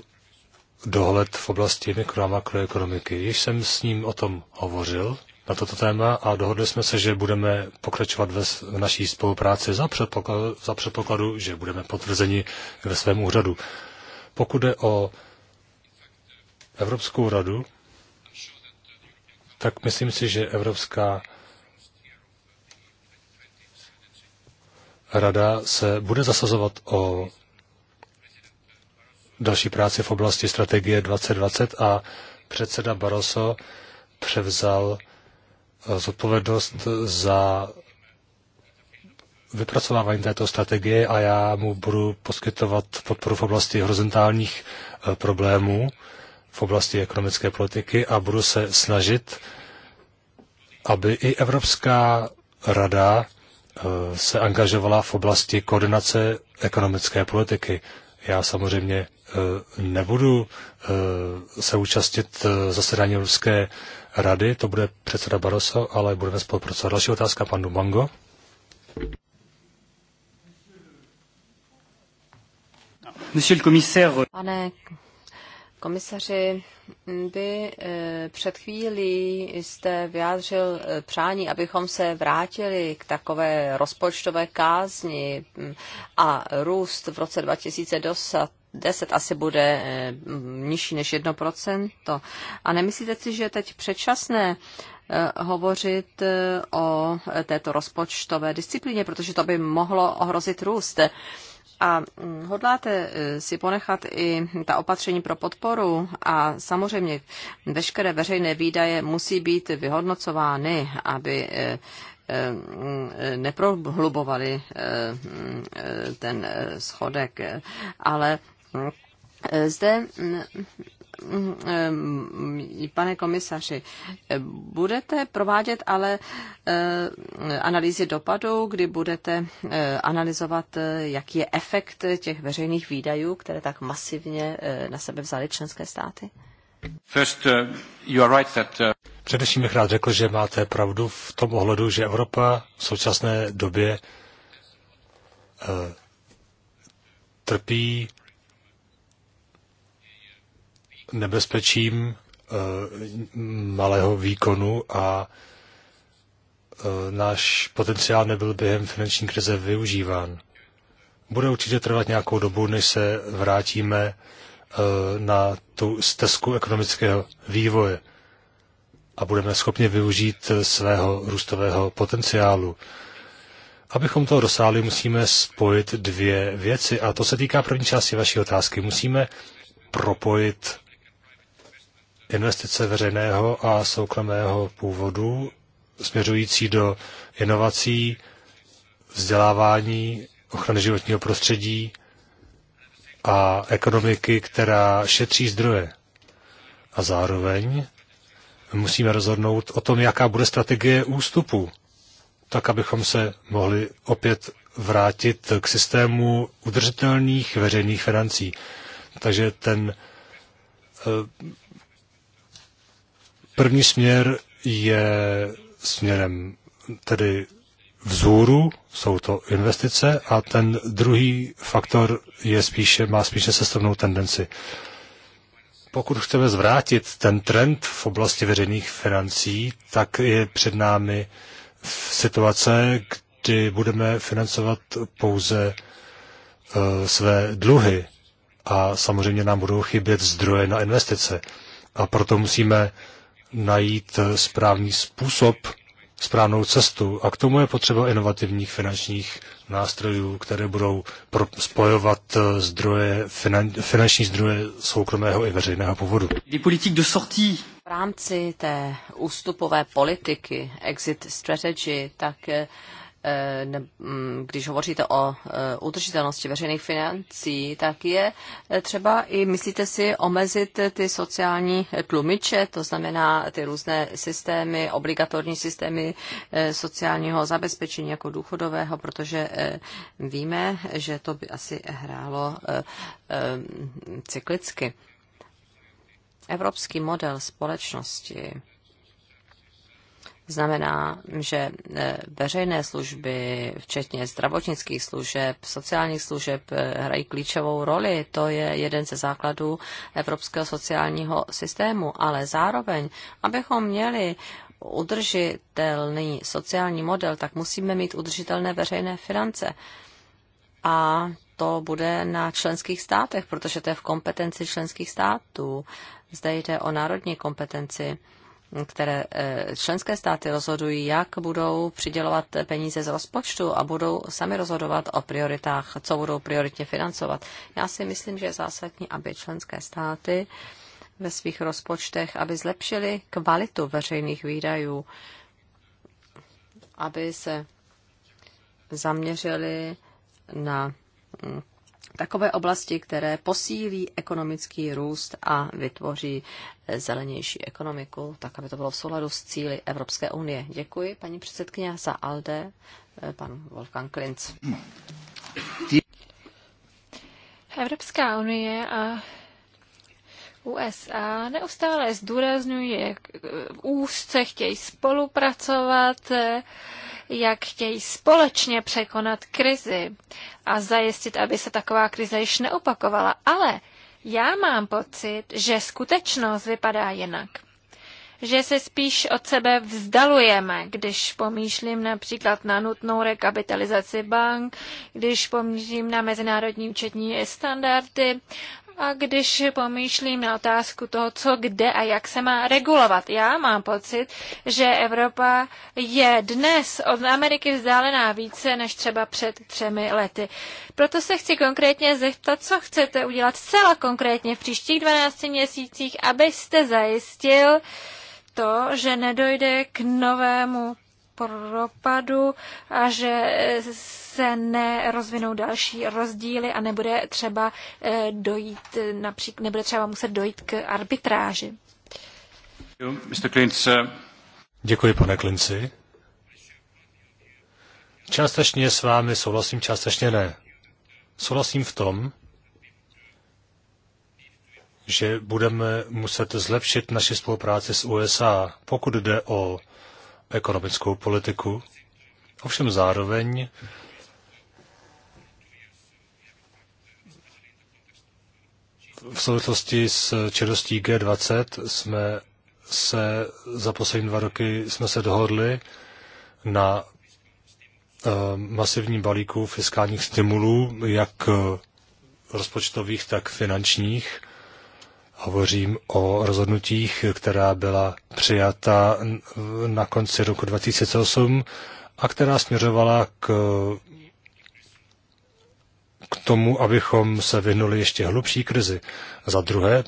dohled v oblasti mikro a makroekonomiky. Již jsem s ním o tom hovořil na toto téma a dohodli jsme se, že budeme pokračovat ve, v naší spolupráci za předpokladu, za předpokladu, že budeme potvrzeni ve svém úřadu. Pokud jde o Evropskou radu, tak myslím si, že Evropská rada se bude zasazovat o další práci v oblasti strategie 2020 a předseda Barroso převzal eh, zodpovědnost za vypracovávání této strategie a já mu budu poskytovat podporu v oblasti horizontálních eh, problémů v oblasti ekonomické politiky a budu se snažit, aby i Evropská rada e, se angažovala v oblasti koordinace ekonomické politiky. Já samozřejmě e, nebudu e, se účastnit zasedání Evropské rady, to bude předseda Baroso, ale budeme spolupracovat. Další otázka, pan Dumango. Pane komisaři, vy eh, před chvílí jste vyjádřil eh, přání, abychom se vrátili k takové rozpočtové kázni hm, a růst v roce 2010 10 asi bude eh, nižší než 1%. A nemyslíte si, že je teď předčasné hovořit o této rozpočtové disciplíně, protože to by mohlo ohrozit růst? A mm, hodláte e, si ponechat i ta opatření pro podporu a samozřejmě veškeré veřejné výdaje musí být vyhodnocovány, aby e, e, mm, neprohlubovali mm, ten schodek, ale zde Mm, pane komisaři, budete provádět ale eh, analýzy dopadu, kdy budete eh, analyzovat, eh, jaký je efekt těch veřejných výdajů, které tak masivně na sebe vzaly členské státy? First, you are right that, uh... Především bych rád řekl, že máte pravdu v tom ohledu, že Evropa v současné době uh, trpí nebezpečím eh, malého výkonu a eh, náš potenciál nebyl během finanční krize využíván. Bude určitě trvat nějakou dobu, než se vrátíme eh, na tu stezku ekonomického vývoje a budeme schopni využít svého růstového potenciálu. Abychom toho dosáhli, musíme spojit dvě věci a to se týká první části vaší otázky. Musíme propojit investice veřejného a soukromého původu směřující do inovací, vzdělávání, ochrany životního prostředí a ekonomiky, která šetří zdroje. A zároveň musíme rozhodnout o tom, jaká bude strategie ústupu, tak abychom se mohli opět vrátit k systému udržitelných veřejných financí. Takže ten eh, První směr je směrem tedy vzhůru, jsou to investice, a ten druhý faktor je spíše, má spíše sestavnou tendenci. Pokud chceme zvrátit ten trend v oblasti veřejných financí, tak je před námi situace, kdy budeme financovat pouze uh, své dluhy a samozřejmě nám budou chybět zdroje na investice. A proto musíme uh, najít správný způsob, správnou cestu. A k tomu je potřeba inovativních finančních nástrojů, které budou spojovat eh, zdroje, finan, finanční zdroje soukromého i veřejného původu. V rámci té ústupové politiky, exit strategy, tak eh, Eh, mm, když hovoříte o eh, udržitelnosti veřejných financí, tak je eh, třeba i, myslíte si, omezit ty sociální tlumiče, to znamená ty různé systémy, obligatorní systémy sociálního zabezpečení jako důchodového, protože víme, že to by asi hrálo cyklicky. Evropský model společnosti znamená, že e, veřejné služby, včetně zdravotnických služeb, sociálních služeb, e, hrají klíčovou roli. To je jeden ze základů evropského sociálního systému. Ale zároveň, abychom měli udržitelný sociální model, tak musíme mít udržitelné veřejné finance. A to bude na členských státech, protože to je v kompetenci členských států. Zde jde o národní kompetenci které eh, členské státy rozhodují, jak budou přidělovat peníze z rozpočtu a budou sami rozhodovat o prioritách, co budou prioritně financovat. Já si myslím, že je zásadní, aby členské státy ve svých rozpočtech, aby zlepšili kvalitu veřejných výdajů, aby se zaměřili na mm, takové oblasti, které posílí ekonomický růst a vytvoří zelenější ekonomiku, tak aby to bylo v souladu s cíly Evropské unie. Děkuji, paní předsedkyně, za ALDE, eh, pan Wolfgang Klinc. Evropská unie a USA neustále zdůrazňují, jak eh, úzce chtějí spolupracovat, eh, jak chtějí společně překonat krizi a zajistit, aby se taková krize již neopakovala. Ale já mám pocit, že skutečnost vypadá jinak že se spíš od sebe vzdalujeme, když pomýšlím například na nutnou rekapitalizaci bank, když pomýšlím na mezinárodní účetní standardy a když pomýšlím na otázku toho, co kde a jak se má regulovat, já mám pocit, že Evropa je dnes od Ameriky vzdálená více než třeba před třemi lety. Proto se chci konkrétně zeptat, co chcete udělat zcela konkrétně v příštích 12 měsících, abyste zajistil to, že nedojde k novému propadu a že se nerozvinou další rozdíly a nebude třeba eh, dojít, eh, například, nebude třeba muset dojít k arbitráži. Eh. Děkuji, pane Klinci. Částečně s vámi souhlasím, částečně ne. Souhlasím v tom, že budeme muset zlepšit naši spolupráci s USA, pokud jde o ekonomickou politiku. Ovšem zároveň v souvislosti s činností G20 jsme se za poslední dva roky jsme se dohodli na eh, masivním balíku fiskálních stimulů, jak eh, rozpočtových, tak finančních. Hovořím o rozhodnutích, která byla přijata na konci roku 2008 a která směřovala k k tomu, abychom se vyhnuli ještě hlubší krizi. Za druhé,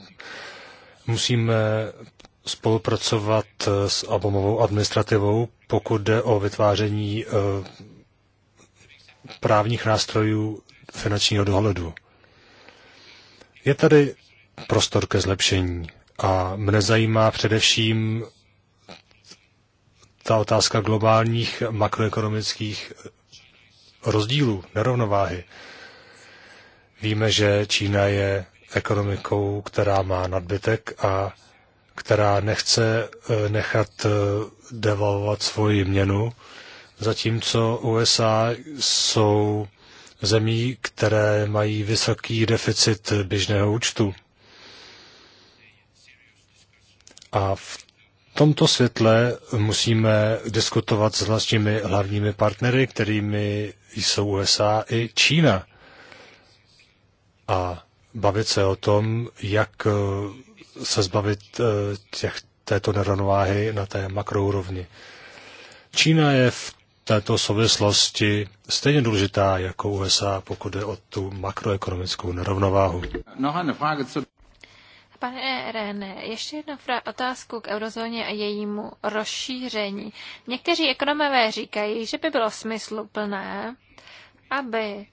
musíme spolupracovat s Obamovou administrativou, pokud jde o vytváření eh, právních nástrojů finančního dohledu. Je tady prostor ke zlepšení a mne zajímá především ta otázka globálních makroekonomických rozdílů, nerovnováhy. Víme, že Čína je ekonomikou, která má nadbytek a která nechce eh, nechat eh, devalvovat svoji měnu, zatímco USA jsou zemí, které mají vysoký deficit běžného účtu. A v tomto světle musíme diskutovat s našimi hlavními partnery, kterými jsou USA i Čína a bavit se o tom, jak eh, se zbavit eh, těch, této nerovnováhy na té makroúrovni. Čína je v této souvislosti stejně důležitá jako USA, pokud jde o tu makroekonomickou nerovnováhu. Pane René, ještě jedna otázku k eurozóně a jejímu rozšíření. Někteří ekonomové říkají, že by bylo smysluplné, aby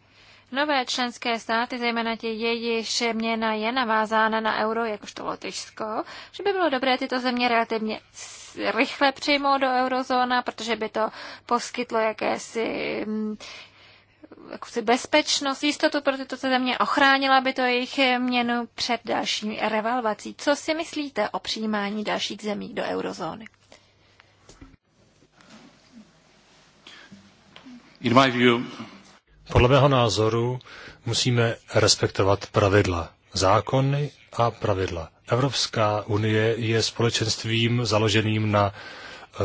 Nové členské státy, zejména tě jejich měna je navázána na euro, jakožto Lotyšsko, že by bylo dobré tyto země relativně rychle přijmout do eurozóna, protože by to poskytlo jakési mm, jakousi bezpečnost, jistotu pro tyto země, ochránila by to jejich měnu před další revalvací. Co si myslíte o přijímání dalších zemí do eurozóny? In my view, podle mého názoru musíme respektovat pravidla, zákony a pravidla. Evropská unie je společenstvím založeným na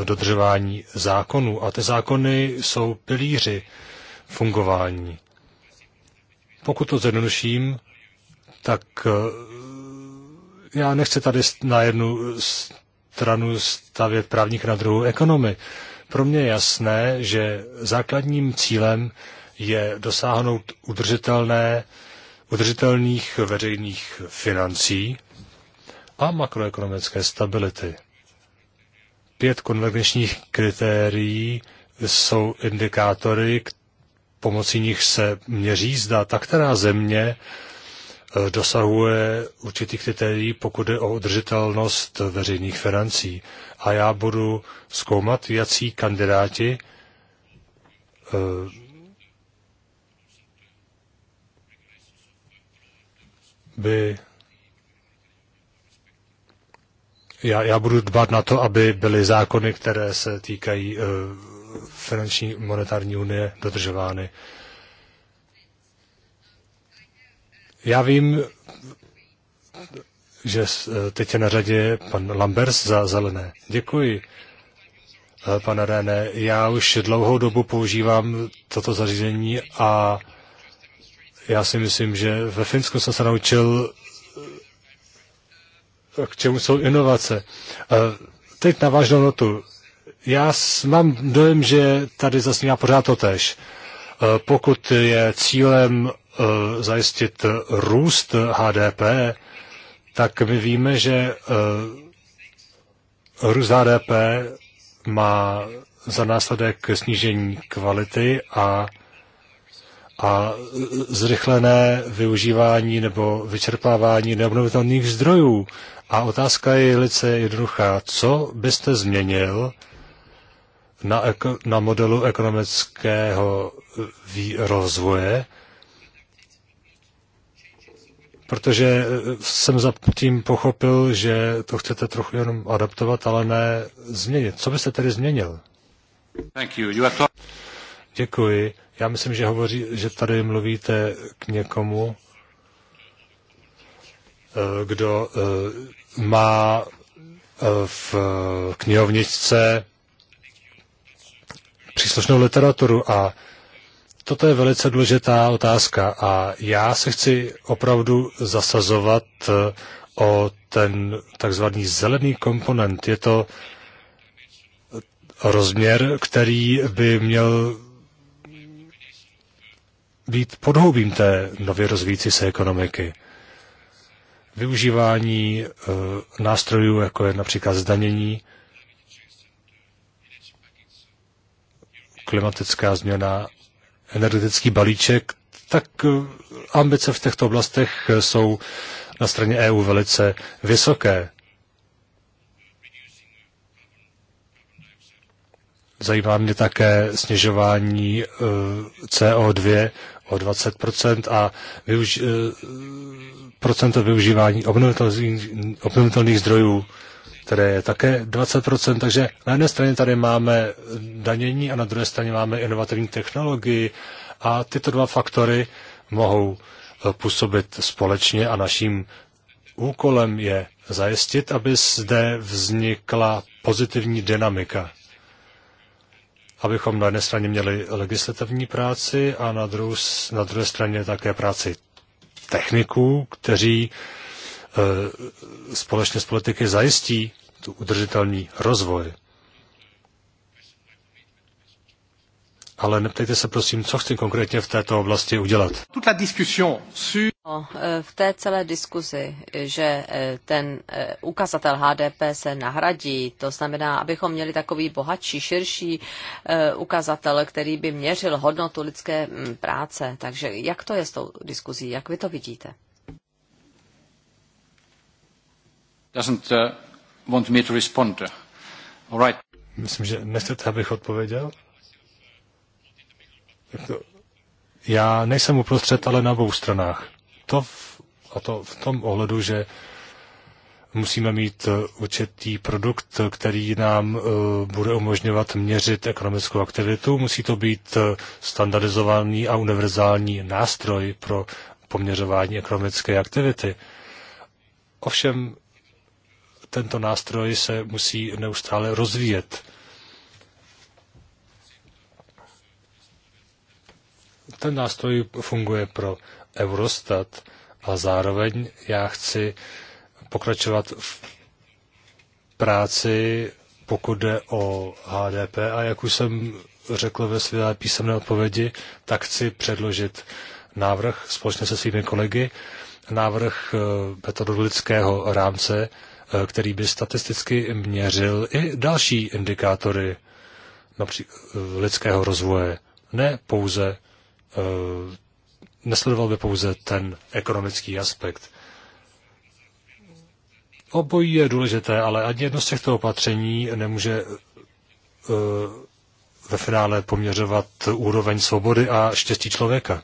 eh, dodržování zákonů a ty zákony jsou pilíři fungování. Pokud to zjednoduším, tak eh, já nechci tady na jednu stranu stavět právník na druhou ekonomy. Pro mě je jasné, že základním cílem je dosáhnout udržitelné, udržitelných veřejných financí a makroekonomické stability. Pět konvergenčních kritérií jsou indikátory, pomocí nich se měří, zda ta která země eh, dosahuje určitých kritérií, pokud je o udržitelnost veřejných financí. A já budu zkoumat, jací kandidáti eh, by já, já budu dbát na to, aby byly zákony, které se týkají uh, finanční monetární unie, dodržovány. Já vím, že eh, teď je na řadě pan Lambers za zelené. Děkuji, eh, pane René. Já už dlouhou dobu používám toto zařízení a já si myslím, že ve Finsku jsem se naučil, k čemu jsou inovace. Teď na vážnou notu. Já mám dojem, že tady zasnívá pořád to tež. E, pokud je cílem e, zajistit růst HDP, tak my víme, že e, růst HDP má za následek snížení kvality a a zrychlené využívání nebo vyčerpávání neobnovitelných zdrojů. A otázka je velice jednoduchá. Co byste změnil na, na modelu ekonomického rozvoje, protože eh, jsem za tím pochopil, že to chcete trochu jenom adaptovat, ale ne změnit. Co byste tedy změnil? Děkuji. Já myslím, že hovoří, že tady mluvíte k někomu, eh, kdo eh, má eh, v knihovničce příslušnou literaturu a toto je velice důležitá otázka a já se chci opravdu zasazovat o ten takzvaný zelený komponent. Je to rozměr, který by měl být podhoubím té nově rozvíjící se ekonomiky. Využívání e, nástrojů, jako je například zdanění, klimatická změna, energetický balíček, tak eh, ambice v těchto oblastech eh, jsou na straně EU velice vysoké. Zajímá mě také snižování CO2 o 20 a využ- eh, procento využívání obnovitelných, obnovitelných zdrojů, které je také 20 takže na jedné straně tady máme danění a na druhé straně máme inovativní technologii a tyto dva faktory mohou eh, působit společně a naším úkolem je zajistit, aby zde vznikla pozitivní dynamika abychom na jedné straně měli legislativní práci a na, druhou, na druhé straně také práci techniků, kteří e, společně s politiky zajistí tu udržitelný rozvoj. ale neptejte se prosím, co chci konkrétně v této oblasti udělat. No, v té celé diskuzi, že eh, ten eh, ukazatel HDP se nahradí, to znamená, abychom měli takový bohatší, širší eh, ukazatel, který by měřil hodnotu lidské mm, práce. Takže jak to je s tou diskuzí, jak vy to vidíte? Doesn't want me to respond. All right. Myslím, že nechcete, abych odpověděl? já nejsem uprostřed, ale na obou stranách. To v, a to v tom ohledu, že musíme mít eh, určitý produkt, který nám eh, bude umožňovat měřit ekonomickou aktivitu. Musí to být eh, standardizovaný a univerzální nástroj pro poměřování ekonomické aktivity. Ovšem, tento nástroj se musí neustále rozvíjet. Ten nástroj funguje pro Eurostat a zároveň já chci pokračovat v práci, pokud jde o HDP a jak už jsem řekl ve své písemné odpovědi, tak chci předložit návrh společně se svými kolegy, návrh eh, metodologického rámce, eh, který by statisticky měřil i další indikátory například eh, lidského rozvoje, ne pouze Eh, nesledoval by pouze ten ekonomický aspekt. Obojí je důležité, ale ani jedno z těchto opatření nemůže eh, ve finále poměřovat úroveň svobody a štěstí člověka.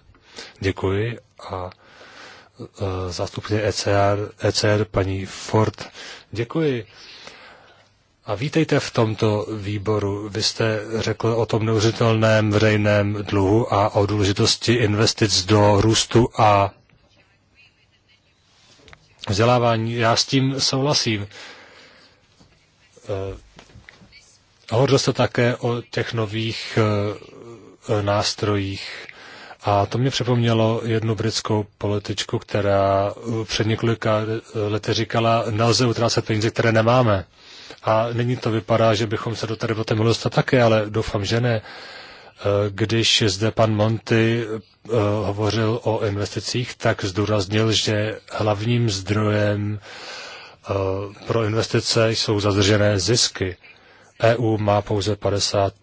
Děkuji a eh, zástupně ECR, ECR paní Ford. Děkuji. A vítejte v tomto výboru. Vy jste řekl o tom neuvěřitelném veřejném dluhu a o důležitosti investic do růstu a vzdělávání. Já s tím souhlasím. Eh, hovořil jste také o těch nových eh, nástrojích. A to mě připomnělo jednu britskou političku, která eh, před několika lety říkala, nelze utrácet peníze, které nemáme. A nyní to vypadá, že bychom se do té debaty mohli dostat také, ale doufám, že ne. Eh, když zde pan Monty eh, hovořil o investicích, tak zdůraznil, že hlavním zdrojem eh, pro investice jsou zadržené zisky. EU má pouze 50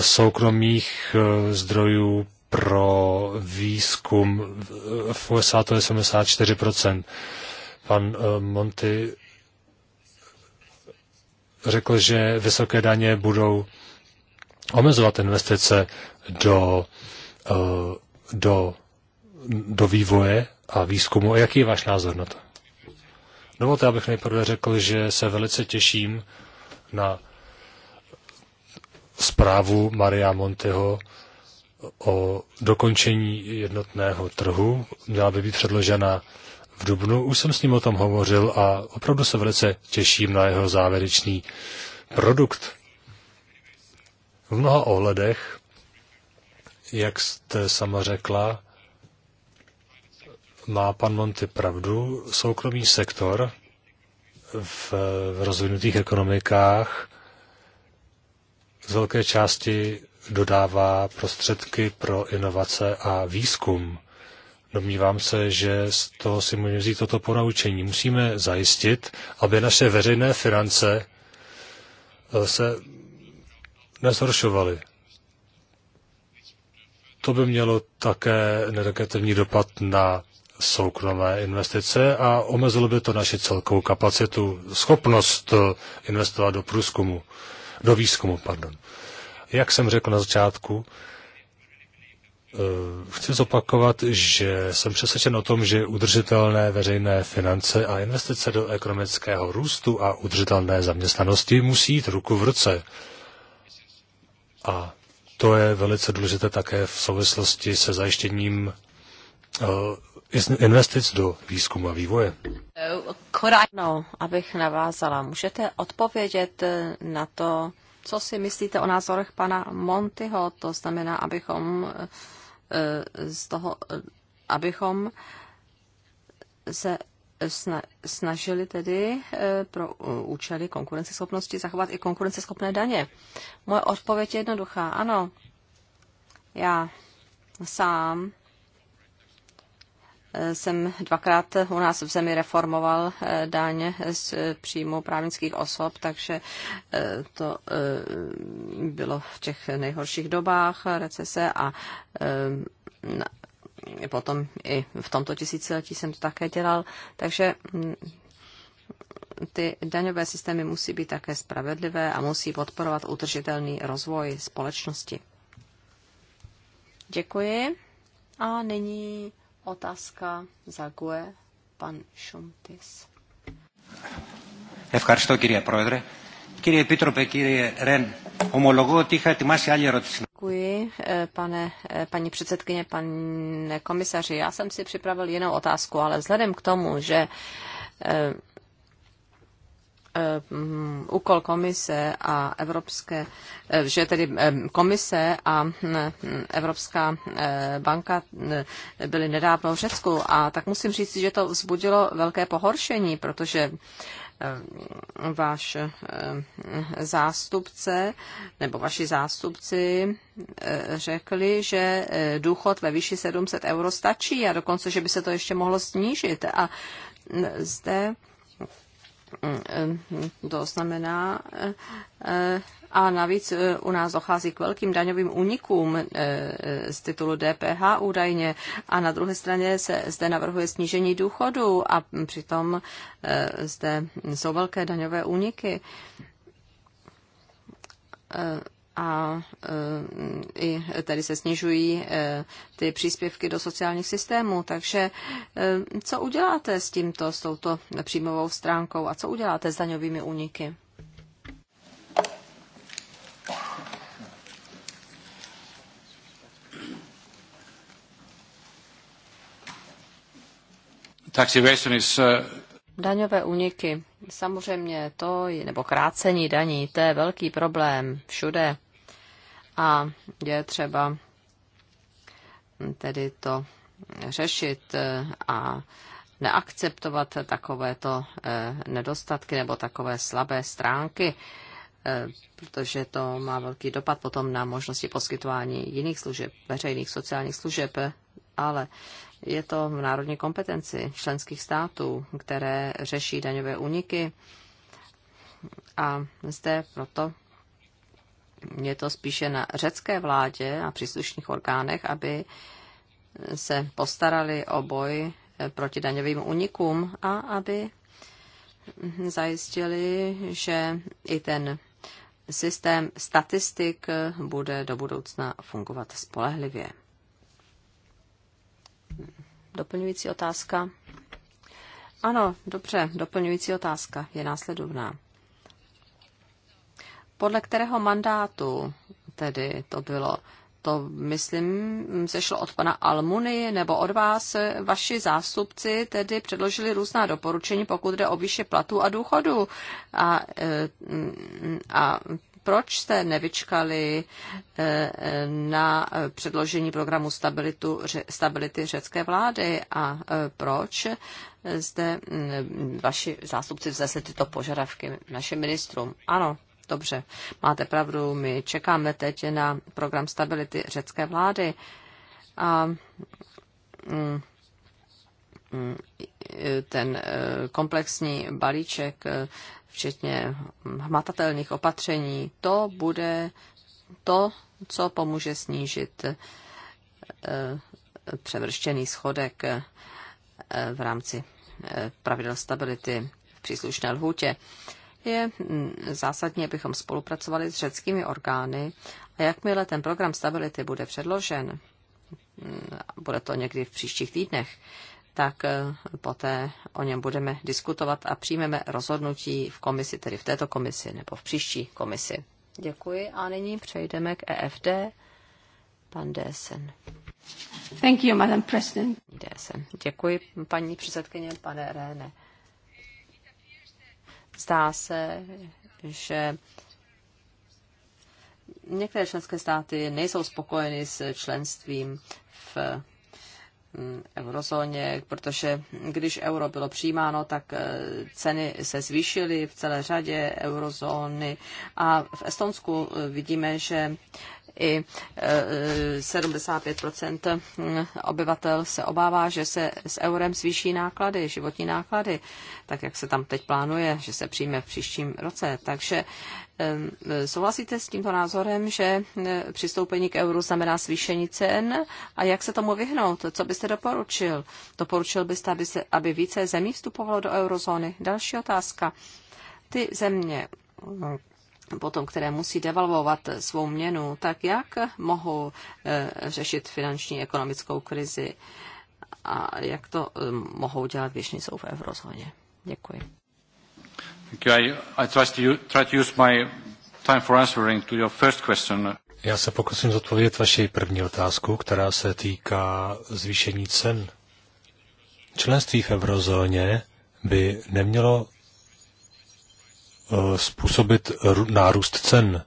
soukromých zdrojů pro výzkum. V USA to je 74 Pan Monty řekl, že vysoké daně budou omezovat investice do, eh, do, do vývoje a výzkumu. A jaký je váš názor na to? Dovolte, abych nejprve řekl, že se velice těším na zprávu Maria Monteho o dokončení jednotného trhu. Měla by být předložena v Dubnu. Už jsem s ním o tom hovořil a opravdu se velice těším na jeho závěrečný produkt. V mnoha ohledech, jak jste sama řekla, má pan Monty pravdu, soukromý sektor v, v rozvinutých ekonomikách z velké části dodává prostředky pro inovace a výzkum. Domnívám se, že z toho si můžeme vzít toto ponaučení. Musíme zajistit, aby naše veřejné finance eh, se nezhoršovaly. To by mělo také negativní dopad na soukromé investice a omezilo by to naši celkovou kapacitu, schopnost eh, investovat do průzkumu, do výzkumu. Pardon. Jak jsem řekl na začátku, Eh, chci zopakovat, že jsem přesvědčen o tom, že udržitelné veřejné finance a investice do ekonomického růstu a udržitelné zaměstnanosti musí jít ruku v ruce. A to je velice důležité také v souvislosti se zajištěním eh, investic do výzkumu a vývoje. No, abych navázala, můžete odpovědět eh, na to, co si myslíte o názorech pana Montyho, to znamená, abychom Eh, z toho, eh, abychom se snažili tedy eh, pro účely konkurenceschopnosti zachovat i konkurenceschopné daně. Moje odpověď je jednoduchá. Ano, já sám jsem dvakrát u nás v zemi reformoval eh, daň z eh, příjmu právnických osob, takže eh, to bylo v těch nejhorších dobách recese a potom i v tomto tisíciletí jsem to také dělal. Takže hm, ty daňové systémy musí být také spravedlivé a musí podporovat udržitelný rozvoj společnosti. Děkuji. A nyní otázka za GUE, pan Šuntis. Ευχαριστώ κύριε Πρόεδρε. Κύριε Επίτροπε, κύριε Ρεν, ομολογώ ότι είχα ετοιμάσει άλλη ερώτηση. Děkuji, eh, pane, eh, paní předsedkyně, pane komisaři. Já jsem si připravil jinou otázku, ale vzhledem k tomu, že eh, Eh, mm, úkol komise a evropské, eh, že tedy eh, komise a hm, Evropská banka byly nedávno v Řecku a tak musím říct, že to vzbudilo velké pohoršení, protože váš zástupce nebo vaši zástupci řekli, že důchod ve výši 700 euro stačí a dokonce, že by se to ještě mohlo snížit. A hm, zde Mm, eh, mm, to znamená, eh, eh, a navíc u nás dochází k velkým daňovým únikům z titulu DPH údajně a na druhé straně se zde navrhuje snížení důchodu a přitom zde jsou velké daňové úniky a e, i tady se snižují e, ty příspěvky do sociálních systémů. Takže e, co uděláte s tímto, s touto příjmovou stránkou a co uděláte s daňovými úniky? Uh, Daňové úniky. Samozřejmě to, nebo krácení daní, to je velký problém všude a je třeba tedy to řešit e, a neakceptovat takovéto e, nedostatky nebo takové slabé stránky, e, protože to má velký dopad potom na možnosti poskytování jiných služeb, veřejných sociálních služeb, ale je to v národní kompetenci členských států, které řeší daňové úniky. A zde proto je to spíše na řecké vládě a příslušných orgánech, aby se postarali o boj eh, proti daňovým unikům a aby zajistili, že i ten systém statistik bude do budoucna fungovat spolehlivě. Doplňující otázka? Ano, dobře, doplňující otázka je následovná. Podle kterého mandátu tedy to bylo? To, myslím, sešlo šlo od pana Almuny nebo od vás. Vaši zástupci tedy předložili různá doporučení, pokud jde o výše platů a důchodu. A, eh, a proč jste nevyčkali eh, na předložení programu stabilitu, stability řecké vlády a eh, proč zde hm, vaši zástupci vznesli tyto požadavky našim ministrům? Ano, Dobře, máte pravdu, my čekáme teď na program stability řecké vlády. A mm, mm, ten e, komplexní balíček, e, včetně mm, hmatatelných opatření, to bude to, co pomůže snížit e, převrštěný schodek v rámci pravidel stability v příslušné lhůtě je mm, zásadní, abychom spolupracovali s řeckými orgány a jakmile ten program stability bude předložen, mm, bude to někdy v příštích týdnech, tak eh, poté o něm budeme diskutovat a přijmeme rozhodnutí v komisi, tedy v této komisi nebo v příští komisi. Děkuji a nyní přejdeme k EFD. Pan Désen. Thank you, Madam President. Desen. Děkuji, paní předsedkyně, pane Réne. Zdá se, že některé členské státy nejsou spokojeny s členstvím v mm, eurozóně, protože když euro bylo přijímáno, tak eh, ceny se zvýšily v celé řadě eurozóny a v Estonsku eh, vidíme, že i 75 e, obyvatel se obává, že se s eurem zvýší náklady, životní náklady, tak jak se tam teď plánuje, že se přijme v příštím roce. Takže e, Souhlasíte s tímto názorem, že e, přistoupení k euru znamená zvýšení cen a jak se tomu vyhnout? Co byste doporučil? Doporučil byste, aby, se, aby více zemí vstupovalo do eurozóny? Další otázka. Ty země, potom, které musí devalvovat svou měnu, tak jak mohou e, řešit finanční ekonomickou krizi a jak to e, mohou dělat, když nejsou v eurozóně. Děkuji. Já se pokusím zodpovědět vaši první otázku, která se týká zvýšení cen. Členství v eurozóně by nemělo Eh, způsobit nárůst cen.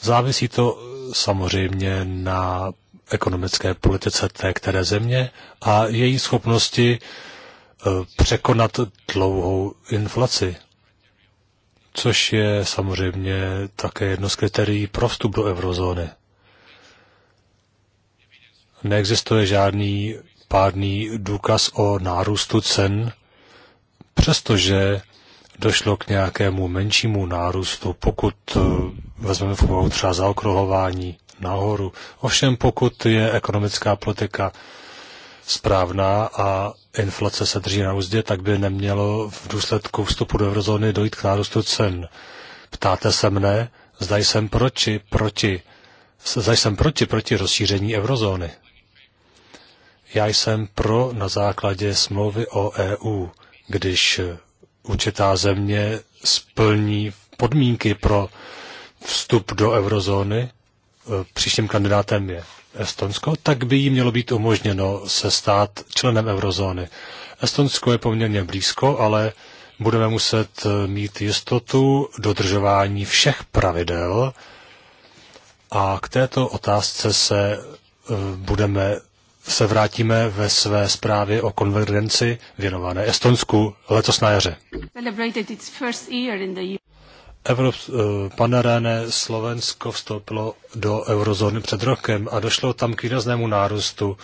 Závisí to eh, samozřejmě na ekonomické politice té které země a její schopnosti eh, překonat dlouhou inflaci, což je samozřejmě také jedno z kritérií pro vstup do eurozóny. Neexistuje žádný pádný důkaz o nárůstu cen, přestože došlo k nějakému menšímu nárůstu, pokud eh, vezmeme v úvahu třeba zaokrohování nahoru. Ovšem pokud je ekonomická politika správná a inflace se drží na úzdě, tak by nemělo v důsledku vstupu do eurozóny dojít k nárůstu cen. Ptáte se mne, zda jsem proti, proti, zda jsem proti, proti rozšíření eurozóny. Já jsem pro na základě smlouvy o EU, když určitá země splní podmínky pro vstup do eurozóny, e, příštím kandidátem je Estonsko, tak by jí mělo být umožněno se stát členem eurozóny. Estonsko je poměrně blízko, ale budeme muset e, mít jistotu dodržování všech pravidel a k této otázce se e, budeme se vrátíme ve své zprávě o konvergenci věnované Estonsku letos na jaře. Evrop, eh, panarené Slovensko vstoupilo do eurozóny před rokem a došlo tam k výraznému nárůstu,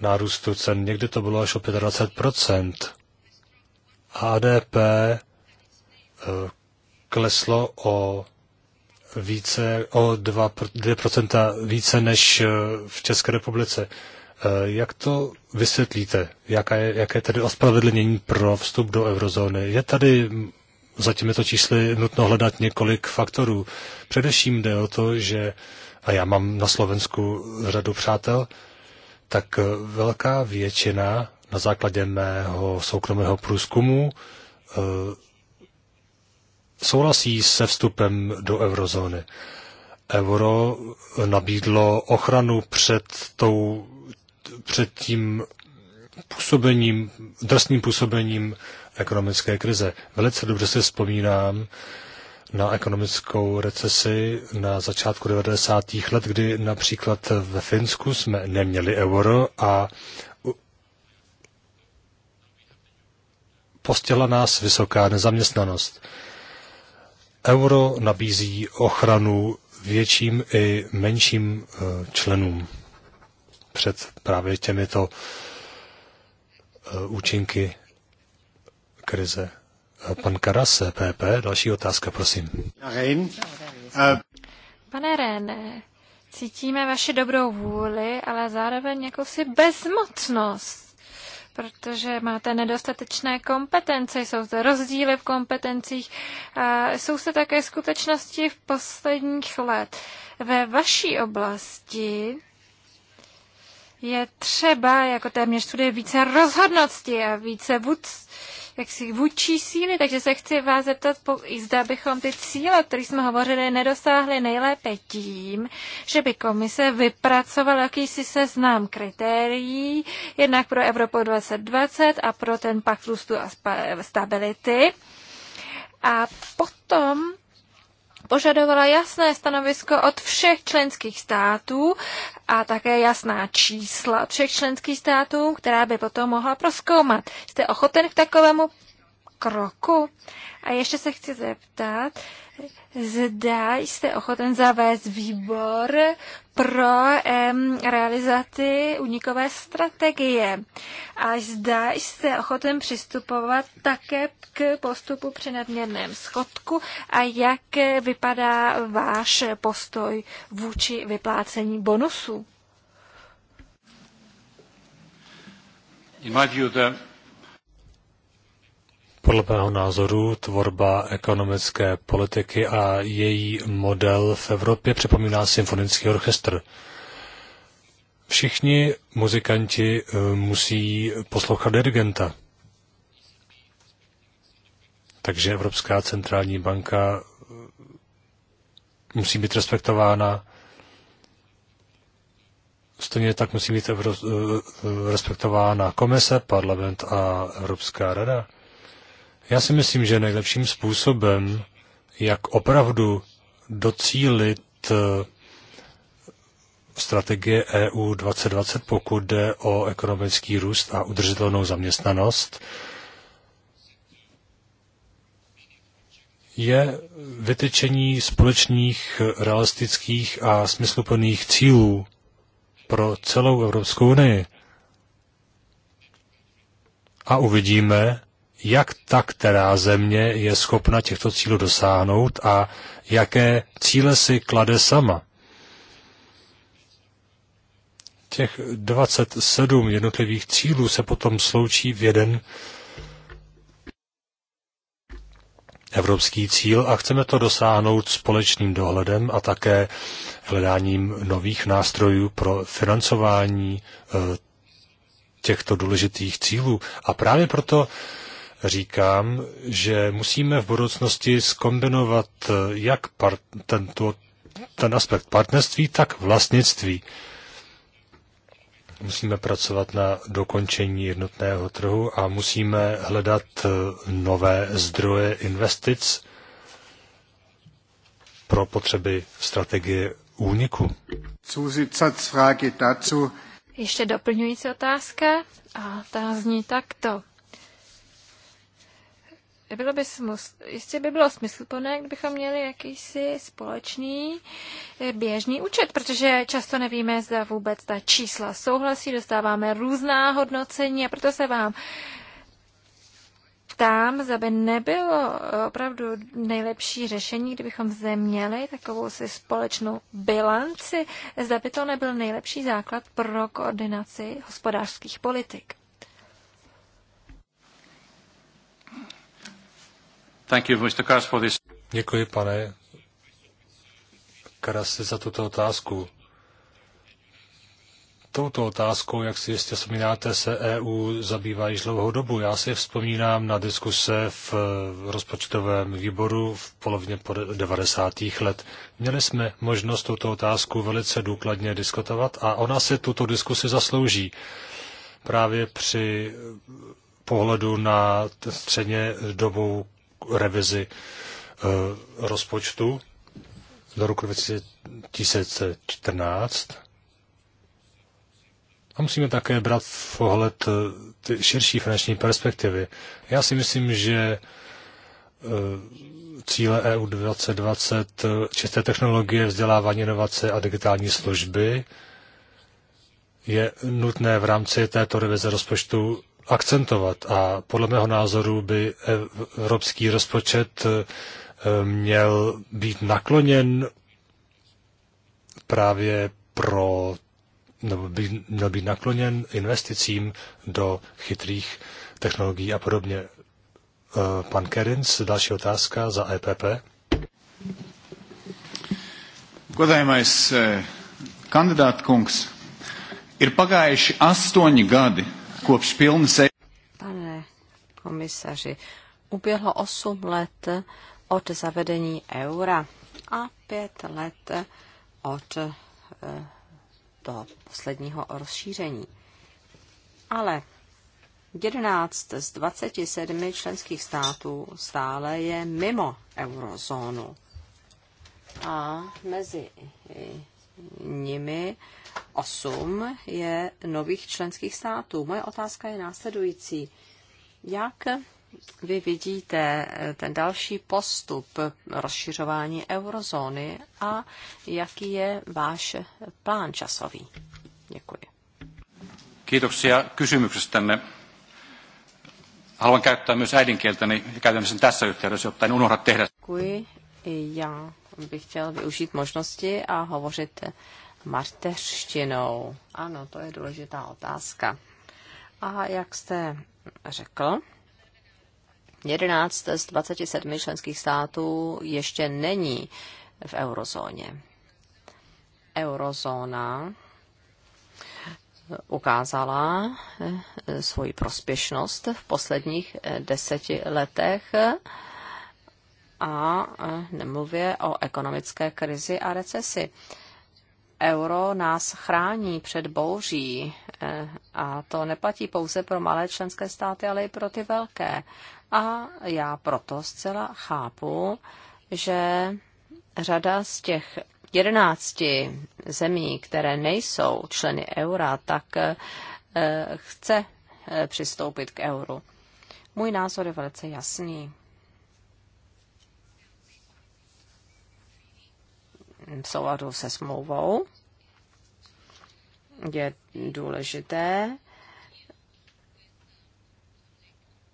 nárůstu cen. Někdy to bylo až o 25%. HDP eh, kleslo o více o 2%, 2% více než eh, v České republice. Eh, jak to vysvětlíte? Jaká je, jaké je tedy ospravedlnění pro vstup do eurozóny? Je tady za těmito čísly nutno hledat několik faktorů. Především jde o to, že, a já mám na Slovensku řadu přátel, tak eh, velká většina na základě mého soukromého průzkumu souhlasí se vstupem do eurozóny. Euro nabídlo ochranu před, tou, před tím působením, drsným působením ekonomické krize. Velice dobře si vzpomínám na ekonomickou recesi na začátku 90. let, kdy například ve Finsku jsme neměli euro a postihla nás vysoká nezaměstnanost. Euro nabízí ochranu větším i menším eh, členům před právě těmito eh, účinky krize. Eh, pan Karas, PP, další otázka, prosím. Pane René, cítíme vaši dobrou vůli, ale zároveň jakousi bezmocnost protože máte nedostatečné kompetence, jsou zde rozdíly v kompetencích, a jsou se také skutečnosti v posledních let. Ve vaší oblasti je třeba jako téměř všude více rozhodnosti a více vůdce, jaksi vůči síly, takže se chci vás zeptat, zda bychom ty cíle, o kterých jsme hovořili, nedosáhli nejlépe tím, že by komise vypracovala jakýsi seznam kritérií, jednak pro Evropu 2020 a pro ten pakt růstu a stability. A potom požadovala jasné stanovisko od všech členských států a také jasná čísla od všech členských států, která by potom mohla proskoumat. Jste ochoten k takovému kroku? A ještě se chci zeptat, zda jste ochoten zavést výbor pro um, realizaci unikové strategie a zda jste ochoten přistupovat také k postupu při nadměrném schodku a jak vypadá váš postoj vůči vyplácení bonusů? In my view, the podle mého názoru tvorba ekonomické politiky a její model v Evropě připomíná symfonický orchestr. Všichni muzikanti eh, musí poslouchat dirigenta. Takže Evropská centrální banka eh, musí být respektována. Stejně tak musí být eh, respektována komise, parlament a Evropská rada. Já si myslím, že nejlepším způsobem, jak opravdu docílit eh, strategie EU 2020, pokud jde o ekonomický růst a udržitelnou zaměstnanost, je vytyčení společných, realistických a smysluplných cílů pro celou Evropskou unii. A uvidíme, jak ta která země je schopna těchto cílů dosáhnout a jaké cíle si klade sama. Těch 27 jednotlivých cílů se potom sloučí v jeden evropský cíl a chceme to dosáhnout společným dohledem a také hledáním nových nástrojů pro financování eh, těchto důležitých cílů. A právě proto říkám, že musíme v budoucnosti skombinovat eh, jak ten tento, ten aspekt partnerství, tak vlastnictví. Musíme pracovat na dokončení jednotného trhu a musíme hledat eh, nové zdroje investic pro potřeby strategie úniku. Ještě doplňující otázka a ta zní takto bylo by smysl, jistě by bylo smysluplné, kdybychom měli jakýsi společný eh, běžný účet, protože často nevíme, zda vůbec ta čísla souhlasí, dostáváme různá hodnocení a proto se vám tam zda by nebylo eh, opravdu nejlepší řešení, kdybychom zde měli takovou si společnou bilanci, zda by to nebyl nejlepší základ pro koordinaci hospodářských politik. Thank you, Mr. for this. Děkuji, pane Karasi, za tuto otázku. Touto otázkou, jak si jistě vzpomínáte, se EU zabývá již dlouhou dobu. Já si vzpomínám na diskuse v rozpočtovém výboru v polovině 90. let. Měli jsme možnost tuto otázku velice důkladně diskutovat a ona si tuto diskusi zaslouží. Právě při pohledu na středně dobou revizi eh, rozpočtu do roku 2014. A musíme také brát v ohled eh, ty širší finanční perspektivy. Já si myslím, že eh, cíle EU 2020, čisté technologie, vzdělávání, inovace a digitální služby je nutné v rámci této revize rozpočtu akcentovat a podle mého názoru by evropský rozpočet eh, měl být nakloněn právě pro, nebo by měl být nakloněn investicím do chytrých technologií a podobně. Eh, pan Kerins, další otázka za EPP. Eh, Kandidát Kungs, ir pagājuši astoņi gadi Pane komisaři, uběhlo 8 let od zavedení eura a 5 let od eh, toho posledního rozšíření. Ale 11 z 27 členských států stále je mimo eurozónu. A mezi nimi 8 je nových členských států. Moje otázka je následující. Jak vy vidíte ten další postup rozšiřování eurozóny a jaký je váš plán časový? Děkuji. Kiitoksia kysymyksestänne. Haluan käyttää myös äidinkieltäni ja käytän sen tässä yhteydessä, jotta en unohda tehdä. Děkuji. Já bych chtěl využít možnosti a hovořit mateřštinou? Ano, to je důležitá otázka. A jak jste řekl, 11 z 27 členských států ještě není v eurozóně. Eurozóna ukázala eh, svoji prospěšnost v posledních eh, deseti letech a eh, nemluvě o ekonomické krizi a recesi euro nás chrání před bouří eh, a to neplatí pouze pro malé členské státy, ale i pro ty velké. A já proto zcela chápu, že řada z těch jedenácti zemí, které nejsou členy eura, tak eh, chce eh, přistoupit k euru. Můj názor je velice jasný. v souladu se smlouvou. Je důležité,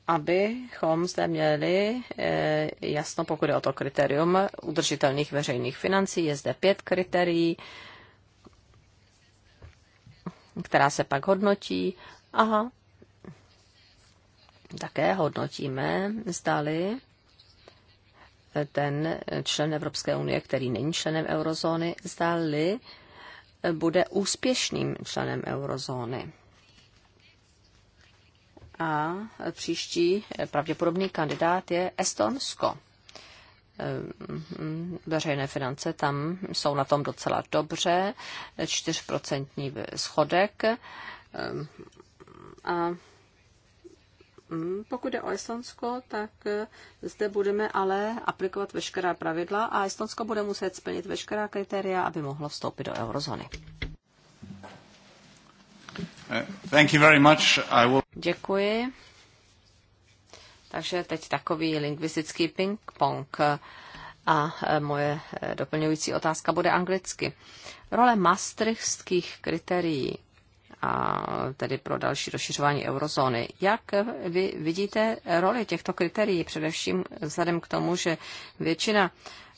abychom zde měli eh, jasno, pokud je o to kritérium udržitelných veřejných financí. Je zde pět kritérií, která se pak hodnotí. Aha, také hodnotíme, zdali ten člen Evropské unie, který není členem eurozóny, zdali bude úspěšným členem eurozóny. A příští pravděpodobný kandidát je Estonsko. Ehm, veřejné finance tam jsou na tom docela dobře, 4% schodek ehm, a Mm, pokud je o Estonsko, tak eh, zde budeme ale aplikovat veškerá pravidla a Estonsko bude muset splnit veškerá kritéria, aby mohlo vstoupit do eurozóny. Eh, thank you very much. I will... Děkuji. Takže teď takový lingvistický ping-pong. A eh, moje doplňující otázka bude anglicky. Role maastrichtských kritérií a tedy pro další rozšiřování eurozóny. Jak vy vidíte roli těchto kritérií, především vzhledem k tomu, že většina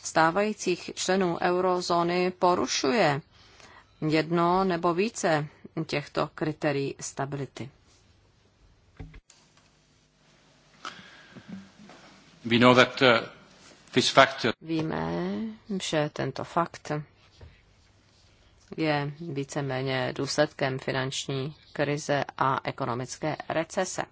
stávajících členů eurozóny porušuje jedno nebo více těchto kritérií stability? Uh, Víme, že tento fakt je víceméně důsledkem finanční krize a ekonomické recese.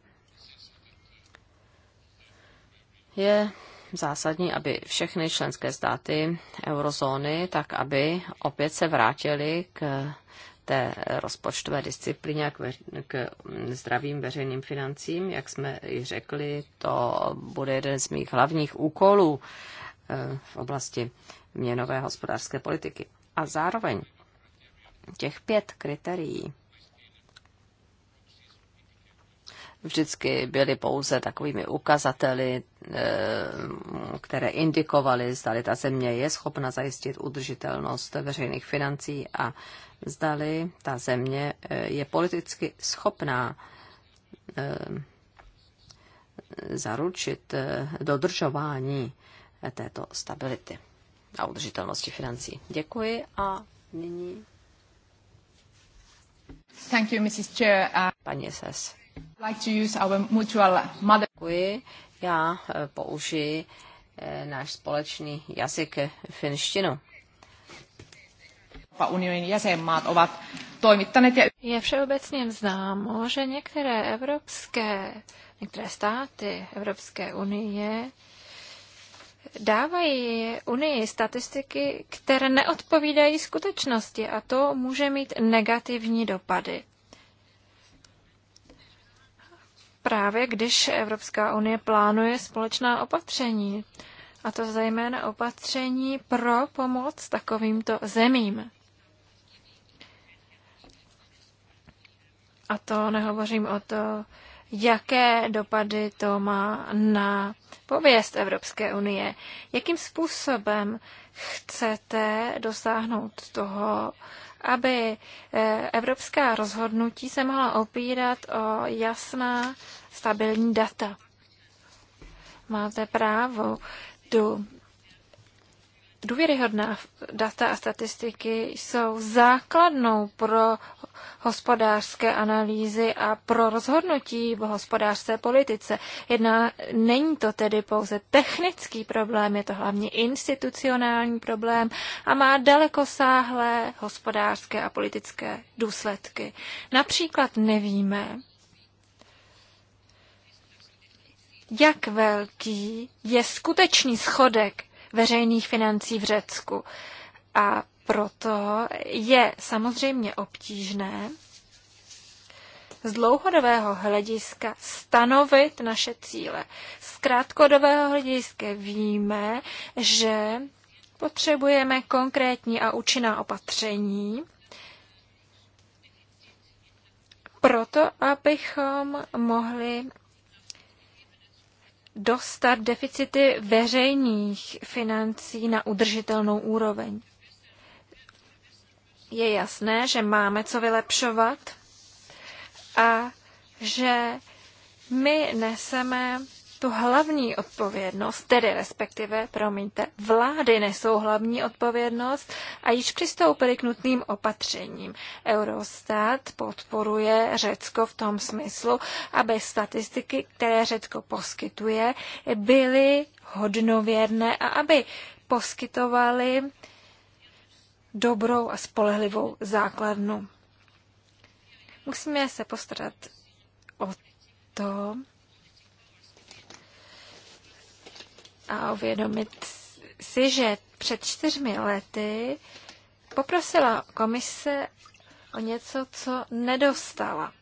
Je zásadní, aby všechny členské státy eurozóny, tak aby opět se vrátili k té rozpočtové disciplíně a k zdravým veřejným financím. Jak jsme i řekli, to bude jeden z mých hlavních úkolů eh, v oblasti měnové hospodářské politiky. A zároveň těch pět kritérií vždycky byly pouze takovými ukazateli, eh, které indikovaly, zdali ta země je schopna zajistit udržitelnost veřejných financí a zdali ta země eh, je politicky schopná eh, zaručit dodržování této stability a udržitelnosti financí. Děkuji a nyní Thank you, Mrs. Chair. Uh, Paní Ses. Like to use our mutual mother. Děkuji. Já eh, použiji eh, náš společný jazyk eh, finštinu. Je všeobecně známo, že některé evropské, některé státy Evropské unie dávají Unii statistiky, které neodpovídají skutečnosti a to může mít negativní dopady. Právě když Evropská unie plánuje společná opatření, a to zejména opatření pro pomoc takovýmto zemím. A to nehovořím o to, jaké dopady to má na pověst Evropské unie. Jakým způsobem chcete dosáhnout toho, aby eh, evropská rozhodnutí se mohla opírat o jasná stabilní data. Máte právo tu Důvěryhodná data a statistiky jsou základnou pro hospodářské analýzy a pro rozhodnutí v hospodářské politice. Jedná, není to tedy pouze technický problém, je to hlavně institucionální problém a má dalekosáhlé hospodářské a politické důsledky. Například nevíme, jak velký je skutečný schodek veřejných financí v Řecku. A proto je samozřejmě obtížné z dlouhodobého hlediska stanovit naše cíle. Z krátkodobého hlediska víme, že potřebujeme konkrétní a účinná opatření, proto abychom mohli dostat deficity veřejných financí na udržitelnou úroveň. Je jasné, že máme co vylepšovat a že my neseme tu hlavní odpovědnost, tedy respektive, promiňte, vlády nesou hlavní odpovědnost a již přistoupili k nutným opatřením. Eurostat podporuje Řecko v tom smyslu, aby statistiky, které Řecko poskytuje, byly hodnověrné a aby poskytovaly dobrou a spolehlivou základnu. Musíme se postarat o to, a uvědomit si, že před čtyřmi lety poprosila komise o něco, co nedostala.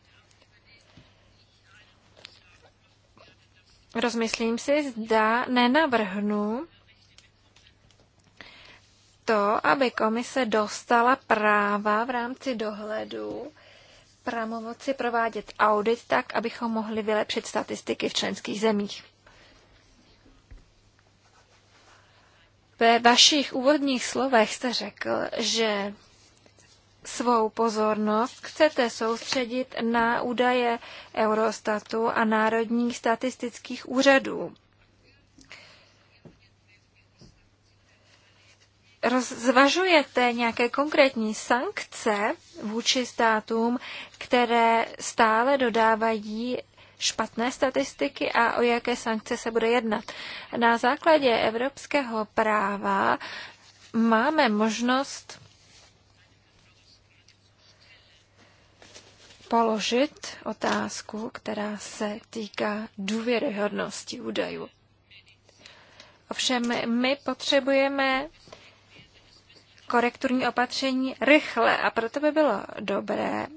Rozmyslím si, zda nenavrhnu to, aby komise dostala práva v rámci dohledu pramovoci provádět audit tak, abychom mohli vylepšit statistiky v členských zemích. Ve vašich úvodních slovech jste řekl, že svou pozornost chcete soustředit na údaje Eurostatu a národních statistických úřadů. Rozvažujete nějaké konkrétní sankce vůči státům, které stále dodávají špatné statistiky a o jaké sankce se bude jednat. Na základě evropského práva máme možnost položit otázku, která se týká důvěryhodnosti údajů. Ovšem my potřebujeme korekturní opatření rychle a proto by bylo dobré,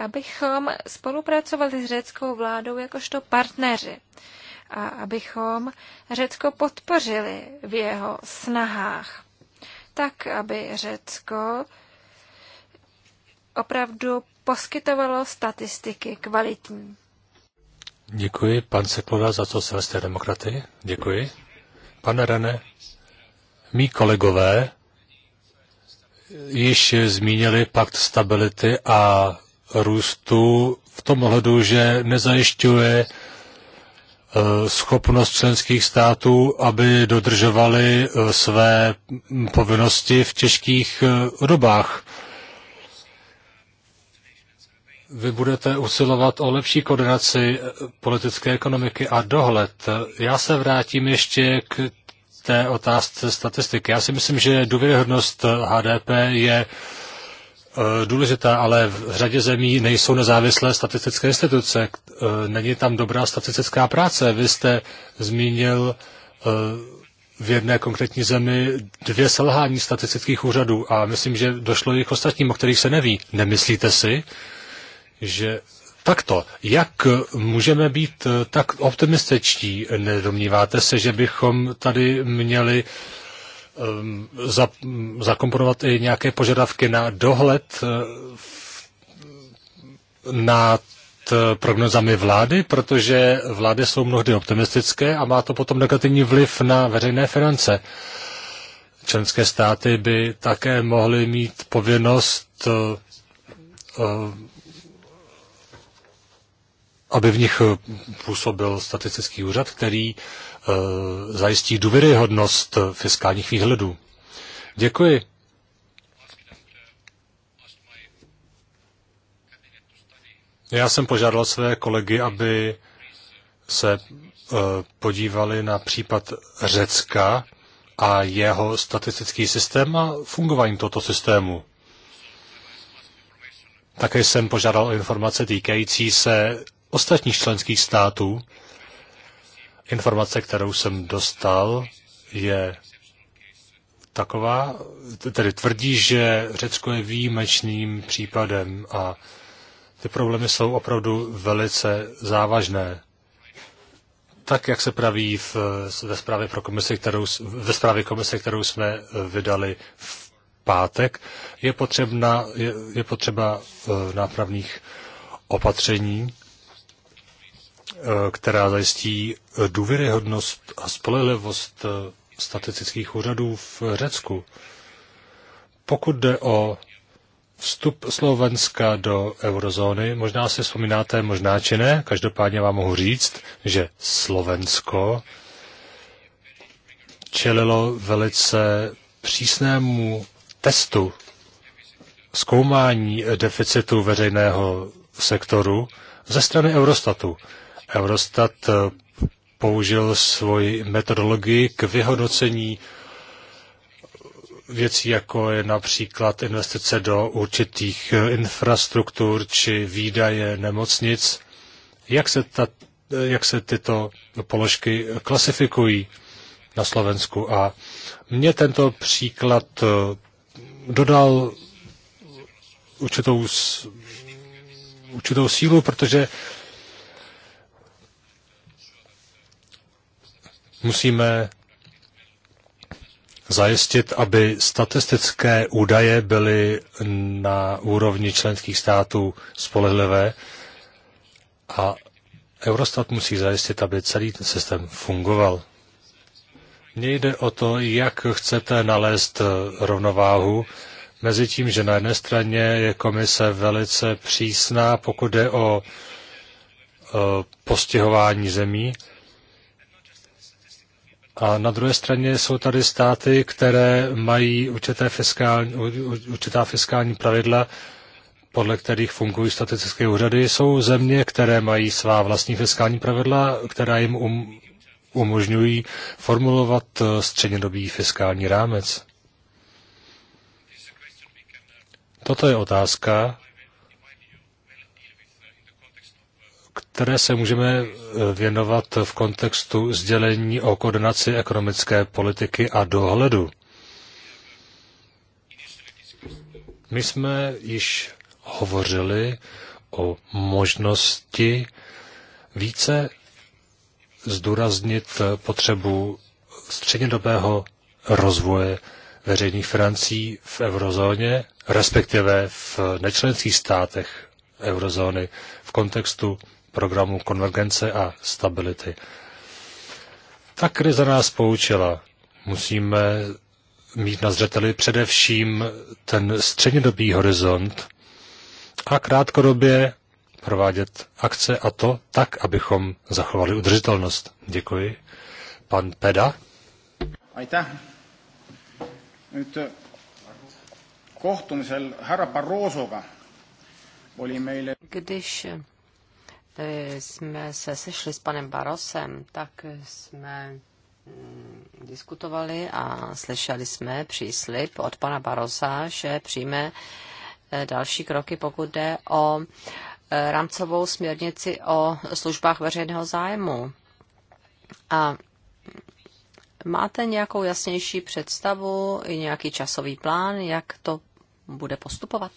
abychom spolupracovali s řeckou vládou jakožto partneři a abychom Řecko podpořili v jeho snahách, tak aby Řecko opravdu poskytovalo statistiky kvalitní. Děkuji, pan Sekloda, za to socialisté demokraty. Děkuji. Pane Rene, mý kolegové již zmínili pakt stability a růstu v tom ohledu, že nezajišťuje eh, schopnost členských států, aby dodržovali eh, své povinnosti v těžkých eh, dobách. Vy budete usilovat o lepší koordinaci politické ekonomiky a dohled. Já se vrátím ještě k té otázce statistiky. Já si myslím, že důvěryhodnost HDP je uh, Eh, důležitá, ale v řadě zemí nejsou nezávislé statistické instituce. Eh, není tam dobrá statistická práce. Vy jste zmínil eh, v jedné konkrétní zemi dvě selhání statistických úřadů a myslím, že došlo jich ostatním, o kterých se neví. Nemyslíte si, že takto, jak můžeme být tak optimističtí? Nedomníváte se, že bychom tady měli Ehm, za, zakomponovat i nějaké požadavky na dohled eh, nad eh, prognozami vlády, protože vlády jsou mnohdy optimistické a má to potom negativní vliv na veřejné finance. Členské státy by také mohly mít povinnost, eh, aby v nich působil statistický úřad, který Eh, zajistí důvěryhodnost fiskálních výhledů. Děkuji. Já jsem požádal své kolegy, aby se eh, podívali na případ Řecka a jeho statistický systém a fungování tohoto systému. Také jsem požádal o informace týkající se ostatních členských států Informace, kterou jsem dostal, je taková, tedy tvrdí, že Řecko je výjimečným případem a ty problémy jsou opravdu velice závažné. Tak, jak se praví v, ve, zprávě pro komisi, kterou, ve zprávě komise, kterou jsme eh, vydali v pátek, je, potřebna, je, je potřeba eh, nápravných opatření Eh, která zajistí eh, důvěryhodnost a spolehlivost eh, statistických úřadů v Řecku. Pokud jde o vstup Slovenska do eurozóny, možná si vzpomínáte, možná či ne, každopádně vám mohu říct, že Slovensko čelilo velice přísnému testu zkoumání deficitu veřejného sektoru ze strany Eurostatu. Eurostat eh, použil svoji metodologii k vyhodnocení věcí, jako je například investice do určitých eh, infrastruktur či výdaje nemocnic. Jak se, ta, eh, jak se tyto položky klasifikují na Slovensku? A mě tento příklad dodal určitou, určitou sílu, protože Musíme zajistit, aby statistické údaje byly na úrovni členských států spolehlivé a Eurostat musí zajistit, aby celý ten systém fungoval. Mně jde o to, jak chcete nalézt rovnováhu mezi tím, že na jedné straně je komise velice přísná, pokud jde o e, postihování zemí, a na druhé straně jsou tady státy, které mají určité fiskální, určitá fiskální pravidla, podle kterých fungují statistické úřady. Jsou země, které mají svá vlastní fiskální pravidla, která jim um, umožňují formulovat eh, střednědobý fiskální rámec. Toto je otázka, které se můžeme eh, věnovat v kontextu sdělení o koordinaci ekonomické politiky a dohledu. My jsme již hovořili o možnosti více zdůraznit potřebu střednědobého rozvoje veřejných financí v eurozóně, respektive v nečlenských státech eurozóny v kontextu programu konvergence a stability. Ta krize nás poučila. Musíme mít na zřeteli především ten střednědobý horizont a krátkodobě provádět akce a to tak, abychom zachovali udržitelnost. Děkuji. Pan Peda. Aitäh. Nüüd äh, kohtumisel härra Barrosoga oli meile... Když jsme se sešli s panem Barosem, tak jsme mm, diskutovali a slyšeli jsme příslip od pana Barosa, že přijme e, další kroky, pokud jde o e, rámcovou směrnici o službách veřejného zájmu. A máte nějakou jasnější představu i nějaký časový plán, jak to bude postupovat?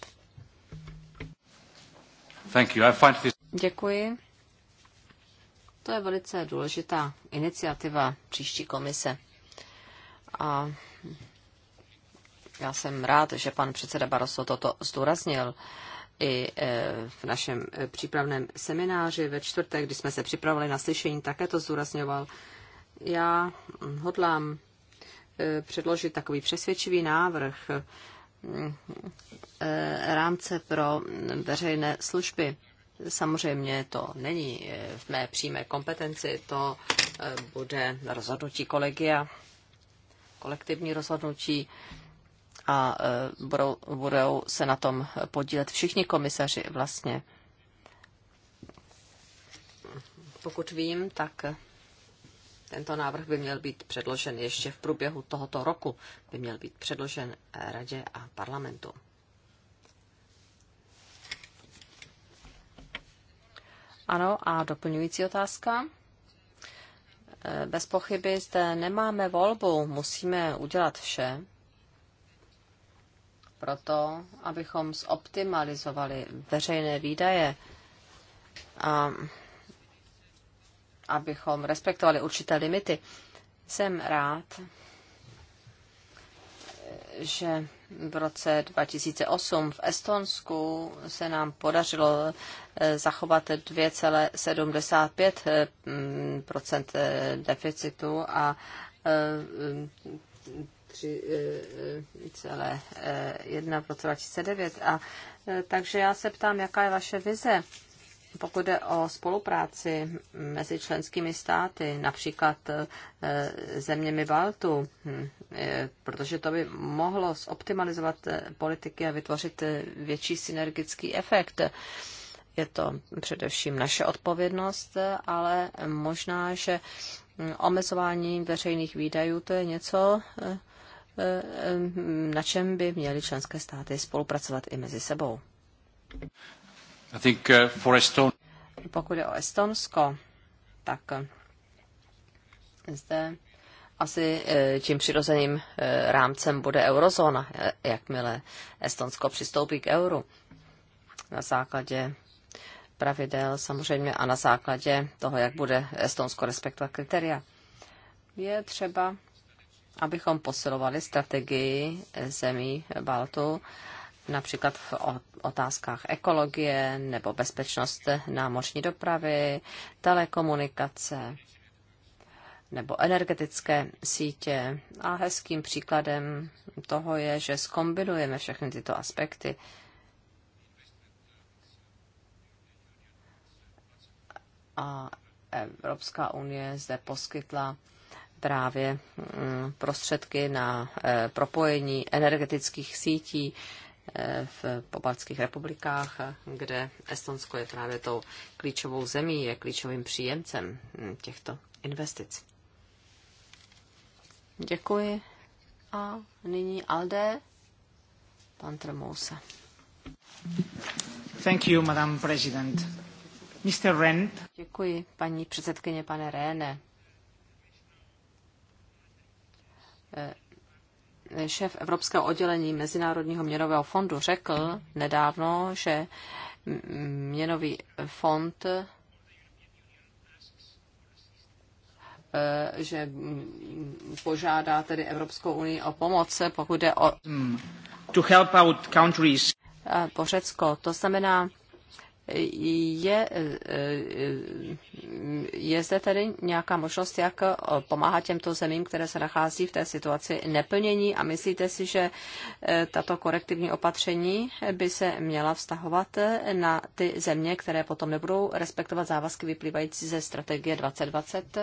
Thank you. I find this... Děkuji. To je velice důležitá iniciativa příští komise. A já jsem rád, že pan předseda Barroso toto zdůraznil i e, v našem e, přípravném semináři ve čtvrtek, kdy jsme se připravovali na slyšení, také to zdůrazňoval. Já hodlám e, předložit takový přesvědčivý návrh rámce pro veřejné služby Samozřejmě to není eh, v mé přímé kompetenci, to eh, bude rozhodnutí kolegia, kolektivní rozhodnutí a eh, budou, budou se na tom podílet všichni komisaři vlastně. Pokud vím, tak tento návrh by měl být předložen ještě v průběhu tohoto roku, by měl být předložen radě a parlamentu. Ano, a doplňující otázka? E, bez pochyby zde nemáme volbu, musíme udělat vše proto, abychom zoptimalizovali veřejné výdaje a abychom respektovali určité limity. Jsem rád, e, že v roce 2008 v Estonsku se nám podařilo eh, zachovat 2,75 eh, mm, eh, deficitu a 3,1 v roce 2009. A, takže já se ptám, jaká je vaše vize pokud jde o spolupráci mezi členskými státy, například eh, zeměmi Baltu, hm, eh, protože to by mohlo zoptimalizovat eh, politiky a vytvořit větší synergický efekt. Je to především naše odpovědnost, ale možná, že hm, omezování veřejných výdajů to je něco, hm, na čem by měly členské státy spolupracovat i mezi sebou. I think, uh, for Eston... Pokud je o Estonsko, tak eh, zde asi eh, tím přirozeným eh, rámcem bude eurozóna, jakmile Estonsko přistoupí k euru. Na základě pravidel samozřejmě a na základě toho, jak bude Estonsko respektovat kritéria. Je třeba, abychom posilovali strategii zemí Baltu například v otázkách ekologie nebo bezpečnost námořní dopravy, telekomunikace nebo energetické sítě. A hezkým příkladem toho je, že skombinujeme všechny tyto aspekty. A Evropská unie zde poskytla právě mm, prostředky na eh, propojení energetických sítí v pobaltských republikách, kde Estonsko je právě tou klíčovou zemí, je klíčovým příjemcem těchto investic. Děkuji. A nyní Alde, pan Tremousa. Thank you, Madam President. Mr. Rent. Děkuji, paní předsedkyně, pane Rene šéf Evropského oddělení Mezinárodního měnového fondu řekl nedávno, že měnový fond eh, že požádá tedy Evropskou unii o pomoc, eh, pokud jde o hmm. to help out countries. Po Řecko. To znamená, je, je zde tedy nějaká možnost, jak pomáhat těmto zemím, které se nachází v té situaci neplnění a myslíte si, že eh, tato korektivní opatření by se měla vztahovat na ty země, které potom nebudou respektovat závazky vyplývající ze strategie 2020,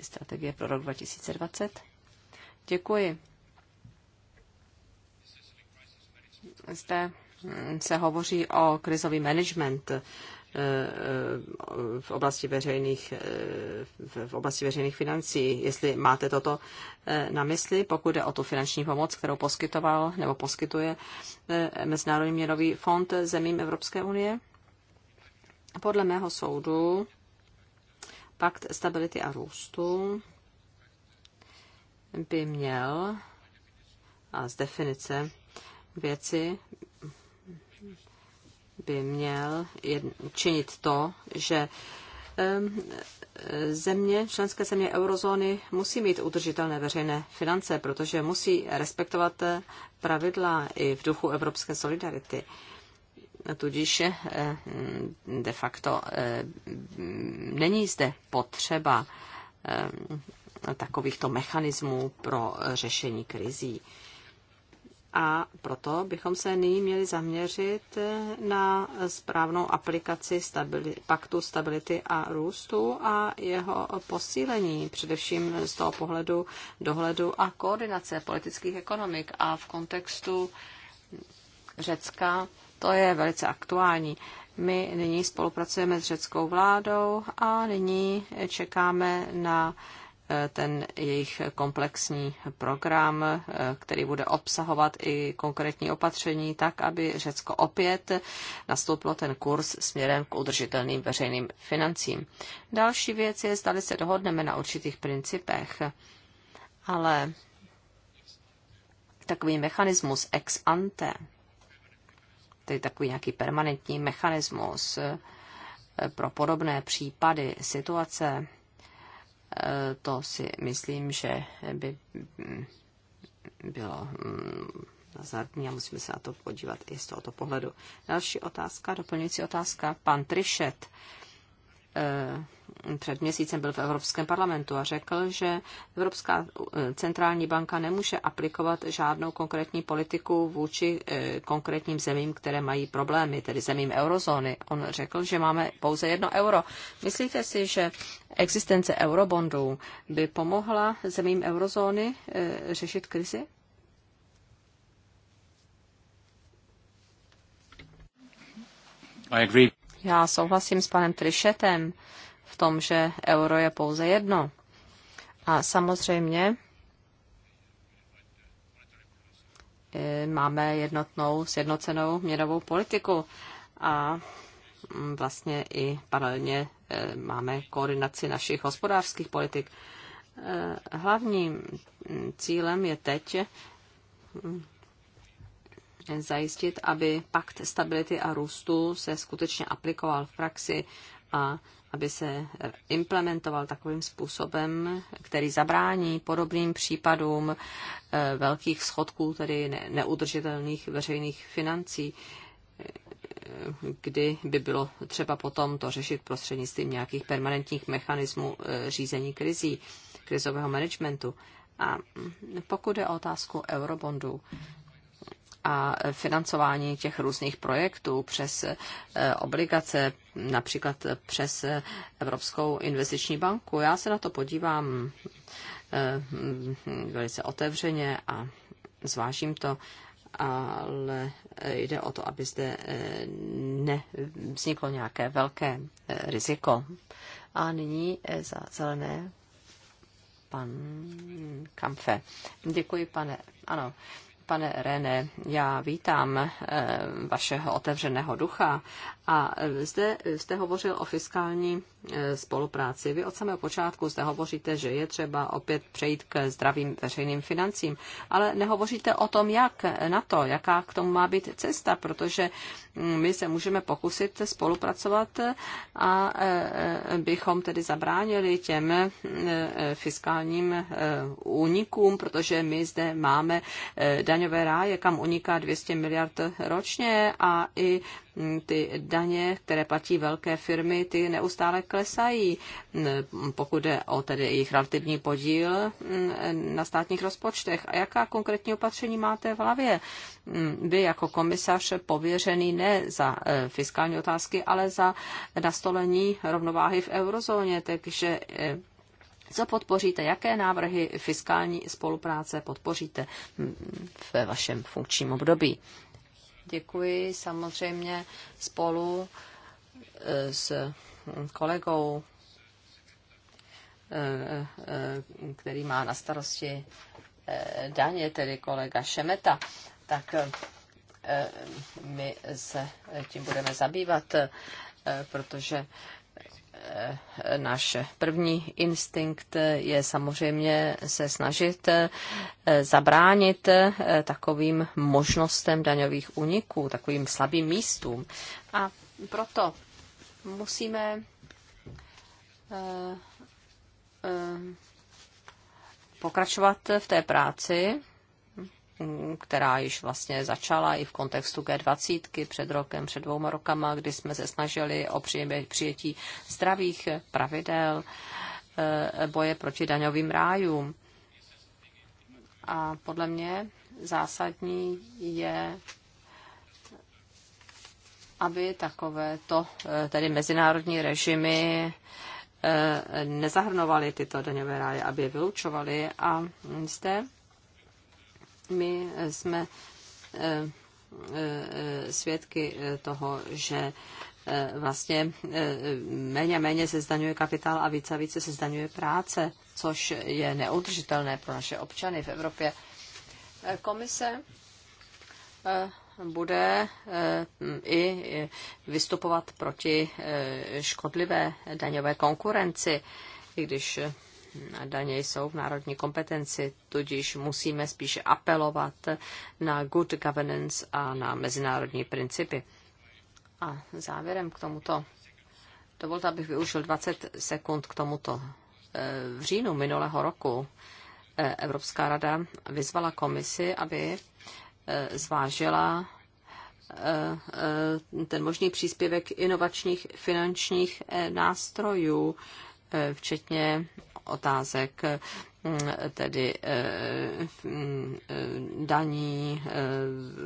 strategie pro rok 2020? Děkuji. Zde se hovoří o krizový management eh, v oblasti veřejných, eh, v oblasti veřejných financí. Jestli máte toto eh, na mysli, pokud jde o tu finanční pomoc, kterou poskytoval nebo poskytuje Mezinárodní měnový fond zemím Evropské unie? Podle mého soudu pakt stability a růstu by měl a z definice věci by měl činit to, že země, členské země eurozóny musí mít udržitelné veřejné finance, protože musí respektovat eh, pravidla i v duchu evropské solidarity. Tudíž eh, de facto eh, není zde potřeba takovýchto mechanismů pro řešení krizí. A proto bychom se nyní měli zaměřit na správnou aplikaci stabili- paktu stability a růstu a jeho posílení, především z toho pohledu dohledu a koordinace politických ekonomik. A v kontextu Řecka to je velice aktuální. My nyní spolupracujeme s řeckou vládou a nyní čekáme na ten jejich komplexní program, eh, který bude obsahovat i konkrétní opatření, tak aby Řecko opět nastoupilo ten kurz směrem k udržitelným veřejným financím. Další věc je, zdali se dohodneme na určitých principech, ale takový mechanismus ex ante, tedy takový nějaký permanentní mechanismus eh, pro podobné případy, situace, to si myslím, že by mm, bylo mm, hazardní a musíme se na to podívat i z tohoto pohledu. Další otázka, doplňující otázka, pan Trišet. Eh, před měsícem byl v Evropském parlamentu a řekl, že Evropská eh, centrální banka nemůže aplikovat žádnou konkrétní politiku vůči eh, konkrétním zemím, které mají problémy, tedy zemím eurozóny. On řekl, že máme pouze jedno euro. Myslíte si, že existence eurobondů by pomohla zemím eurozóny řešit krizi? I agree. Já souhlasím s panem Trišetem v tom, že euro je pouze jedno. A samozřejmě e, máme jednotnou, sjednocenou měnovou politiku a mm, vlastně i paralelně e, máme koordinaci našich hospodářských politik. E, hlavním mm, cílem je teď mm, zajistit, aby pakt stability a růstu se skutečně aplikoval v praxi a aby se implementoval takovým způsobem, který zabrání podobným případům eh, velkých schodků, tedy neudržitelných veřejných financí, eh, kdy by bylo třeba potom to řešit prostřednictvím nějakých permanentních mechanismů eh, řízení krizí, krizového managementu. A mm, pokud je o otázku eurobondů, a financování těch různých projektů přes eh, obligace, například přes eh, Evropskou investiční banku. Já se na to podívám eh, velice otevřeně a zvážím to, ale jde o to, aby zde nevzniklo nějaké velké riziko. A nyní za zelené pan Kamfe. Děkuji, pane. Ano, Pane René, já vítám eh, vašeho otevřeného ducha a zde jste hovořil o fiskální e, spolupráci. Vy od samého počátku zde hovoříte, že je třeba opět přejít k zdravým veřejným financím, ale nehovoříte o tom, jak na to, jaká k tomu má být cesta, protože mm, my se můžeme pokusit spolupracovat a e, e, bychom tedy zabránili těm fiskálním únikům, protože my zde máme daňové ráje, kam uniká 200 miliard ročně a i Mm, ty daně, které platí velké firmy, ty neustále klesají, mm, pokud jde o tedy jejich relativní podíl mm, na státních rozpočtech. A jaká konkrétní opatření máte v hlavě? Vy jako komisař pověřený ne za e, fiskální otázky, ale za nastolení rovnováhy v eurozóně, takže e, co podpoříte, jaké návrhy fiskální spolupráce podpoříte ve vašem funkčním období děkuji samozřejmě spolu e, s kolegou, e, e, který má na starosti daně, tedy kolega Šemeta, tak my se tím budeme zabývat, protože náš první instinkt je samozřejmě se snažit eh, zabránit eh, takovým možnostem daňových úniků, takovým slabým místům. A proto musíme eh, pokračovat v té práci, Mm, která již vlastně začala i v kontextu G20 před rokem, před dvouma rokama, kdy jsme se snažili o přijetí zdravých pravidel eh, boje proti daňovým rájům. A podle mě zásadní je aby takové to eh, tedy mezinárodní režimy eh, nezahrnovaly tyto daňové ráje, aby je vylučovaly. A zde my jsme eh, eh, svědky eh, toho, že vlastně méně a méně se zdaňuje kapitál a více a více se zdaňuje práce, což je neudržitelné pro naše občany v Evropě. Komise bude i vystupovat proti škodlivé daňové konkurenci, i když daně jsou v národní kompetenci, tudíž musíme spíše apelovat na good governance a na mezinárodní principy. A závěrem k tomuto. Dovolte, abych využil 20 sekund k tomuto. E, v říjnu minulého roku e, Evropská rada vyzvala komisi, aby e, zvážila ten možný příspěvek inovačních finančních nástrojů, včetně otázek mm, tedy eh, mm, daní eh,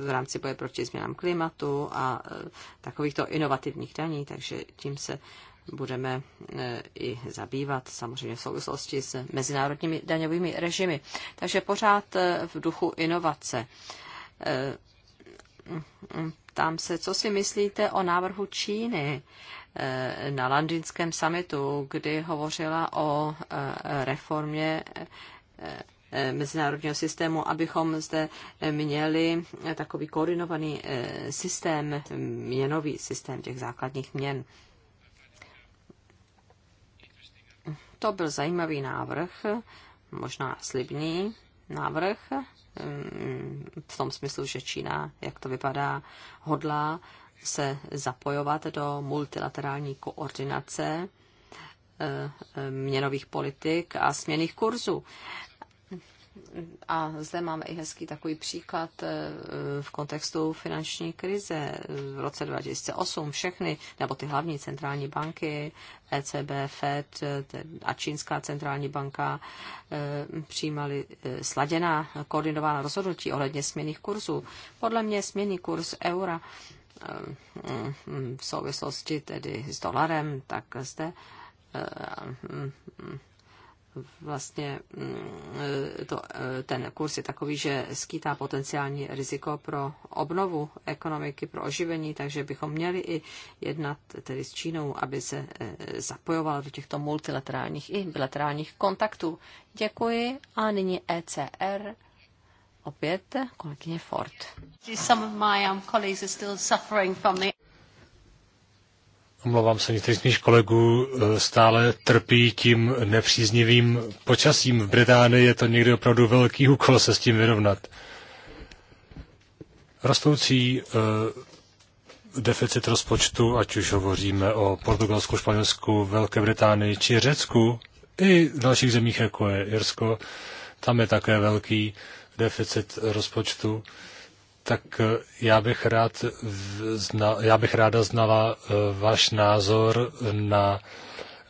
v rámci boje proti změnám klimatu a eh, takovýchto inovativních daní, takže tím se budeme i zabývat samozřejmě v souvislosti s mezinárodními daňovými režimy. Takže pořád v duchu inovace. Tam mm, se, co si myslíte o návrhu Číny Eh, na Londýnském summitu, kdy hovořila o eh, reformě eh, mezinárodního systému, abychom zde měli takový koordinovaný systém, měnový systém těch základních měn. To byl zajímavý návrh, možná slibný návrh, mm, v tom smyslu, že Čína, jak to vypadá, hodlá se zapojovat do multilaterální koordinace eh, eh, měnových politik a směných kurzů. A zde máme i hezký takový příklad eh, v kontextu finanční krize v roce 2008. Všechny, nebo ty hlavní centrální banky, ECB, FED a Čínská centrální banka přijímaly sladěná koordinovaná rozhodnutí ohledně směných kurzů. Podle mě směný kurz eura v souvislosti tedy s dolarem, tak zde eh, mm, vlastně mm, to, eh, ten kurz je takový, že skýtá potenciální riziko pro obnovu ekonomiky, pro oživení, takže bychom měli i jednat tedy s Čínou, aby se eh, zapojovala do těchto multilaterálních i bilaterálních kontaktů. Děkuji a nyní ECR, Opět kolegyně Ford. Um, Omlouvám se, někteří z mých kolegů eh, stále trpí tím nepříznivým počasím. V Británii je to někdy opravdu velký úkol se s tím vyrovnat. Rostoucí uh, deficit rozpočtu, ať už hovoříme o Portugalsku, Španělsku, Velké Británii či Řecku, i v dalších zemích, jako je Irsko, tam je také velký. Uh, deficit rozpočtu, tak eh, já bych, rád zna, já bych ráda znala eh, váš názor na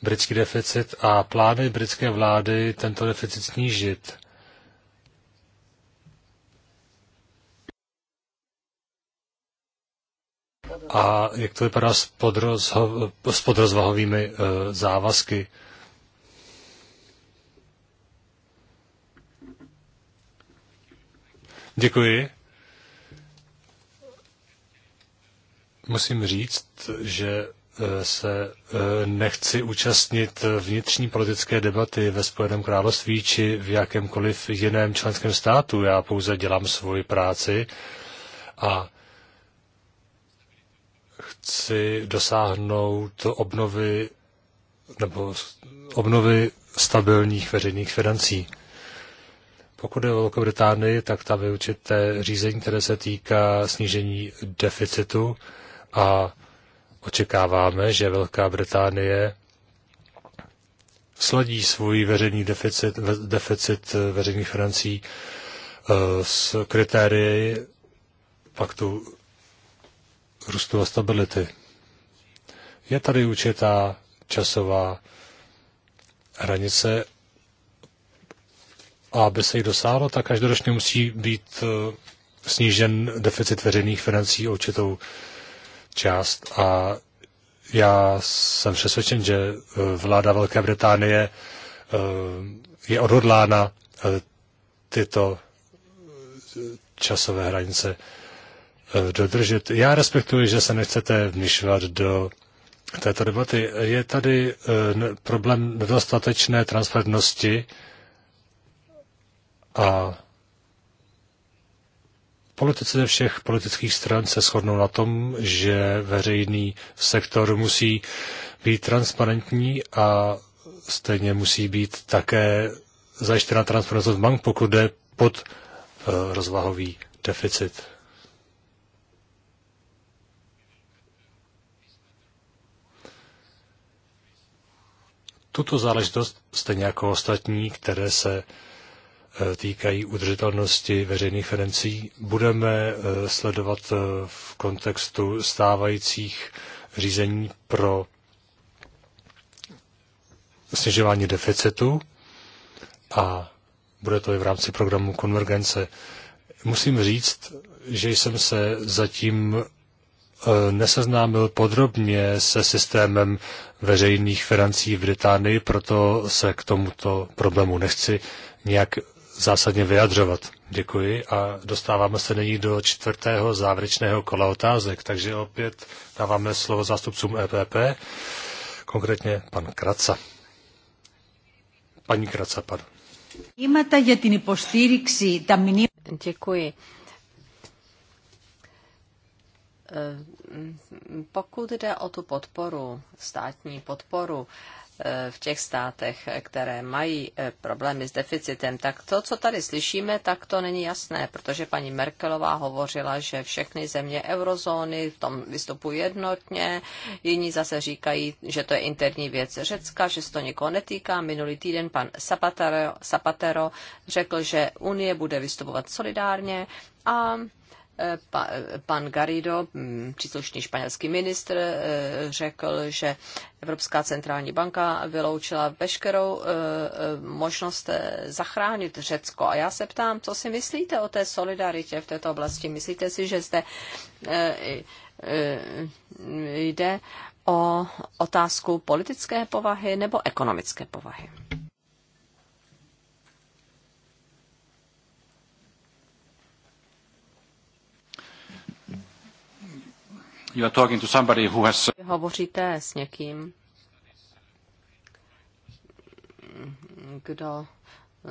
britský deficit a plány britské vlády tento deficit snížit. A jak to vypadá s, podrozho, s podrozvahovými eh, závazky? Děkuji. Musím říct, že eh, se eh, nechci účastnit vnitřní politické debaty ve Spojeném království či v jakémkoliv jiném členském státu. Já pouze dělám svoji práci a chci dosáhnout obnovy nebo obnovy stabilních veřejných financí. Pokud je o Velkou Británii, tak tam je určité řízení, které se týká snížení deficitu a očekáváme, že Velká Británie sladí svůj veřejný deficit, deficit veřejných financí eh, s kritérii paktu růstu a stability. Je tady určitá časová hranice, a aby se jich dosáhlo, tak každoročně musí být eh, snížen deficit veřejných financí o určitou část. A já jsem přesvědčen, že eh, vláda Velké Británie eh, je odhodlána tyto časové hranice dodržet. Já respektuji, že se nechcete vnišovat do této debaty. Je tady problém nedostatečné transparentnosti a Politici ze všech politických stran se shodnou na tom, že veřejný sektor musí být transparentní a stejně musí být také zajištěna transparentnost bank, pokud jde pod eh, rozvahový deficit. Tuto záležitost, stejně jako ostatní, které se týkají udržitelnosti veřejných financí, budeme eh, sledovat eh, v kontextu stávajících řízení pro snižování deficitu a bude to i v rámci programu konvergence. Musím říct, že jsem se zatím eh, neseznámil podrobně se systémem veřejných financí v Británii, proto se k tomuto problému nechci nějak zásadně vyjadřovat. Děkuji a dostáváme se nyní do čtvrtého závěrečného kola otázek, takže opět dáváme slovo zástupcům EPP, konkrétně pan Kraca. Paní Kraca, pan. Děkuji. E, pokud jde o tu podporu, státní podporu, v těch státech, které mají eh, problémy s deficitem, tak to, co tady slyšíme, tak to není jasné, protože paní Merkelová hovořila, že všechny země eurozóny v tom vystupují jednotně, jiní zase říkají, že to je interní věc Řecka, že se to nikoho netýká. Minulý týden pan Zapatero, Zapatero řekl, že Unie bude vystupovat solidárně a pan Garrido, mm, příslušný španělský ministr, eh, řekl, že Evropská centrální banka vyloučila veškerou eh, eh, možnost zachránit Řecko. A já se ptám, co si myslíte o té solidaritě v této oblasti? Myslíte si, že zde jde o otázku politické povahy nebo ekonomické povahy? Hovoříte s někým, kdo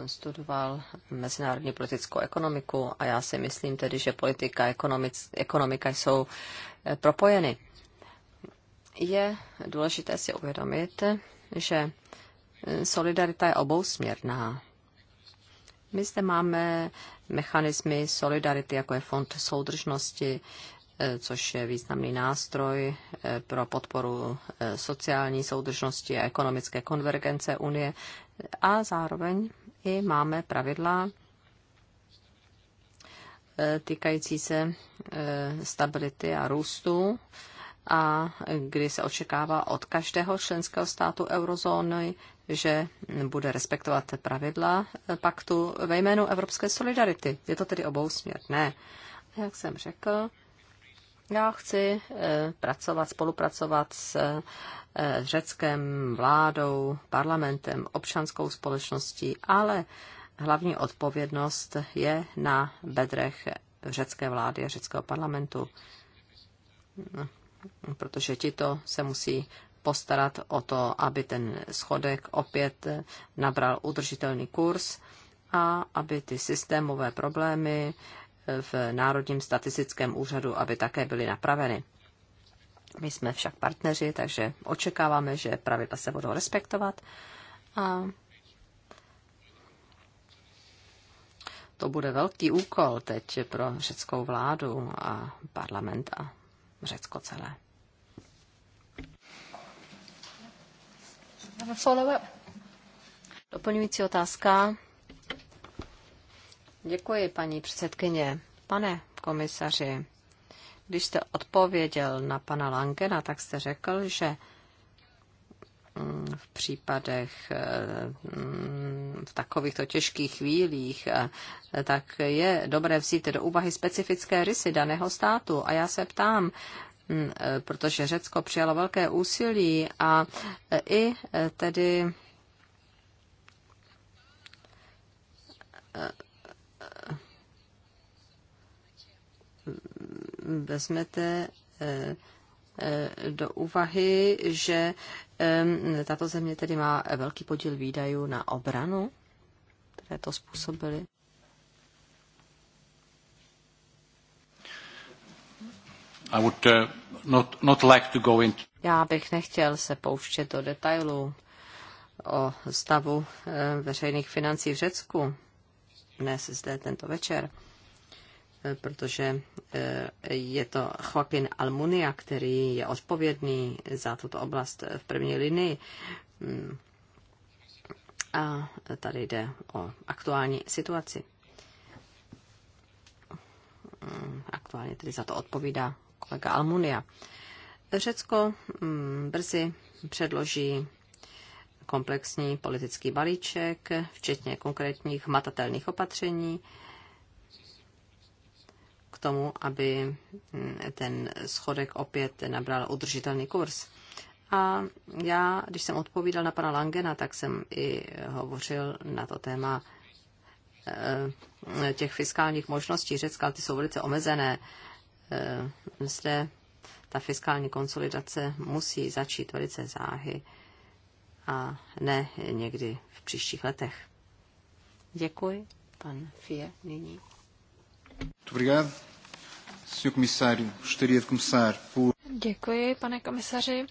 studoval mezinárodní politickou ekonomiku a já si myslím tedy, že politika a ekonomika jsou eh, propojeny. Je důležité si uvědomit, že eh, solidarita je obousměrná. My zde máme mechanismy solidarity, jako je fond soudržnosti, Eh, což je významný nástroj eh, pro podporu eh, sociální soudržnosti a ekonomické konvergence Unie. A zároveň i máme pravidla týkající se stability a růstu, a kdy se očekává od každého členského státu eurozóny, že bude respektovat pravidla paktu ve jménu Evropské solidarity. Je to tedy obousměrné. Jak jsem řekl, já chci eh, pracovat, spolupracovat s eh, řeckém vládou, parlamentem, občanskou společností, ale hlavní odpovědnost je na bedrech řecké vlády a řeckého parlamentu, no, protože tito se musí postarat o to, aby ten schodek opět eh, nabral udržitelný kurz a aby ty systémové problémy v Národním statistickém úřadu, aby také byly napraveny. My jsme však partneři, takže očekáváme, že pravidla se budou respektovat a to bude velký úkol teď pro řeckou vládu a parlament a Řecko celé. Doplňující otázka. Děkuji, paní předsedkyně. Pane komisaři, když jste odpověděl na pana Langena, tak jste řekl, že mm, v případech, mm, v takovýchto těžkých chvílích, eh, tak je dobré vzít do úvahy specifické rysy daného státu. A já se ptám, mm, eh, protože Řecko přijalo velké úsilí a eh, i tedy vezmete eh, eh, do úvahy, že eh, tato země tedy má velký podíl výdajů na obranu, které to způsobily? I would, uh, not, not like to go into... Já bych nechtěl se pouštět do detailů o stavu veřejných financí v Řecku dnes zde tento večer. Eh, protože eh, je to Joaquin Almunia, který je odpovědný za tuto oblast v první linii. Hmm. A tady jde o aktuální situaci. Hmm, aktuálně tedy za to odpovídá kolega Almunia. Řecko hmm, brzy předloží komplexní politický balíček, včetně konkrétních matatelných opatření, tomu, aby mm, ten schodek opět nabral udržitelný kurz. A já, když jsem odpovídal na pana Langena, tak jsem i hovořil na to téma eh, těch fiskálních možností Řecka, ty jsou velice omezené. Eh, zde ta fiskální konsolidace musí začít velice záhy a ne někdy v příštích letech. Děkuji, pan Fie, nyní. Děkuji, pane komisaři.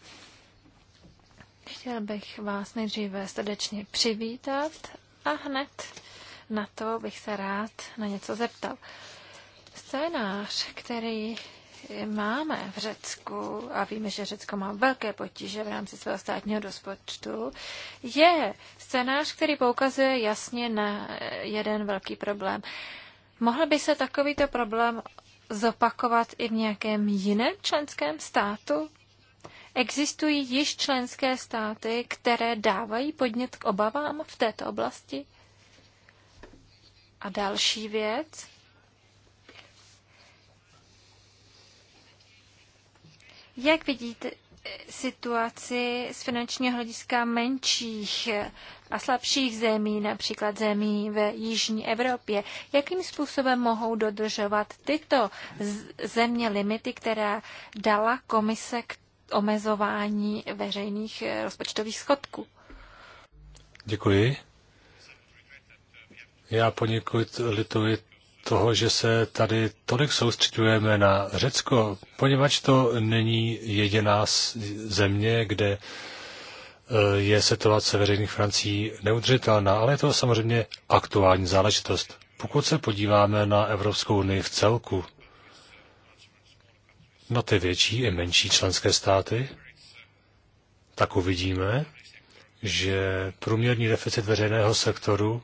Chtěl bych vás nejdříve srdečně přivítat a hned na to bych se rád na něco zeptal. Scénář, který máme v Řecku, a víme, že Řecko má velké potíže v rámci svého státního rozpočtu, je scénář, který poukazuje jasně na jeden velký problém. Mohl by se takovýto problém zopakovat i v nějakém jiném členském státu? Existují již členské státy, které dávají podnět k obavám v této oblasti? A další věc. Jak vidíte, situaci z finančního hlediska menších a slabších zemí, například zemí v Jižní Evropě. Jakým způsobem mohou dodržovat tyto země limity, která dala komise k omezování veřejných rozpočtových schodků? Děkuji. Já poněkud lituji toho, že se tady tolik soustředujeme na Řecko, poněvadž to není jediná země, kde e, je situace veřejných financí neudržitelná, ale je to samozřejmě aktuální záležitost. Pokud se podíváme na Evropskou unii v celku, na ty větší i menší členské státy, tak uvidíme, že průměrný deficit veřejného sektoru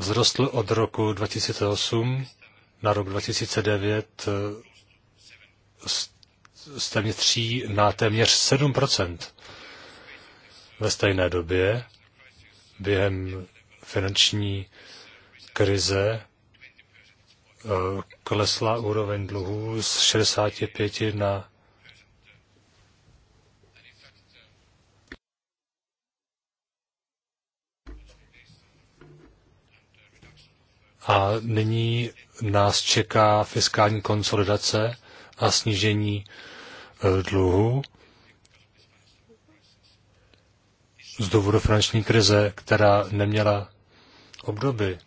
vzrostl od roku 2008 na rok 2009 eh, z téměř 3 na téměř 7 Ve stejné době během finanční krize eh, klesla úroveň dluhů z 65 na A nyní nás čeká fiskální konsolidace a snížení e, dluhu z důvodu finanční krize, která neměla obdoby.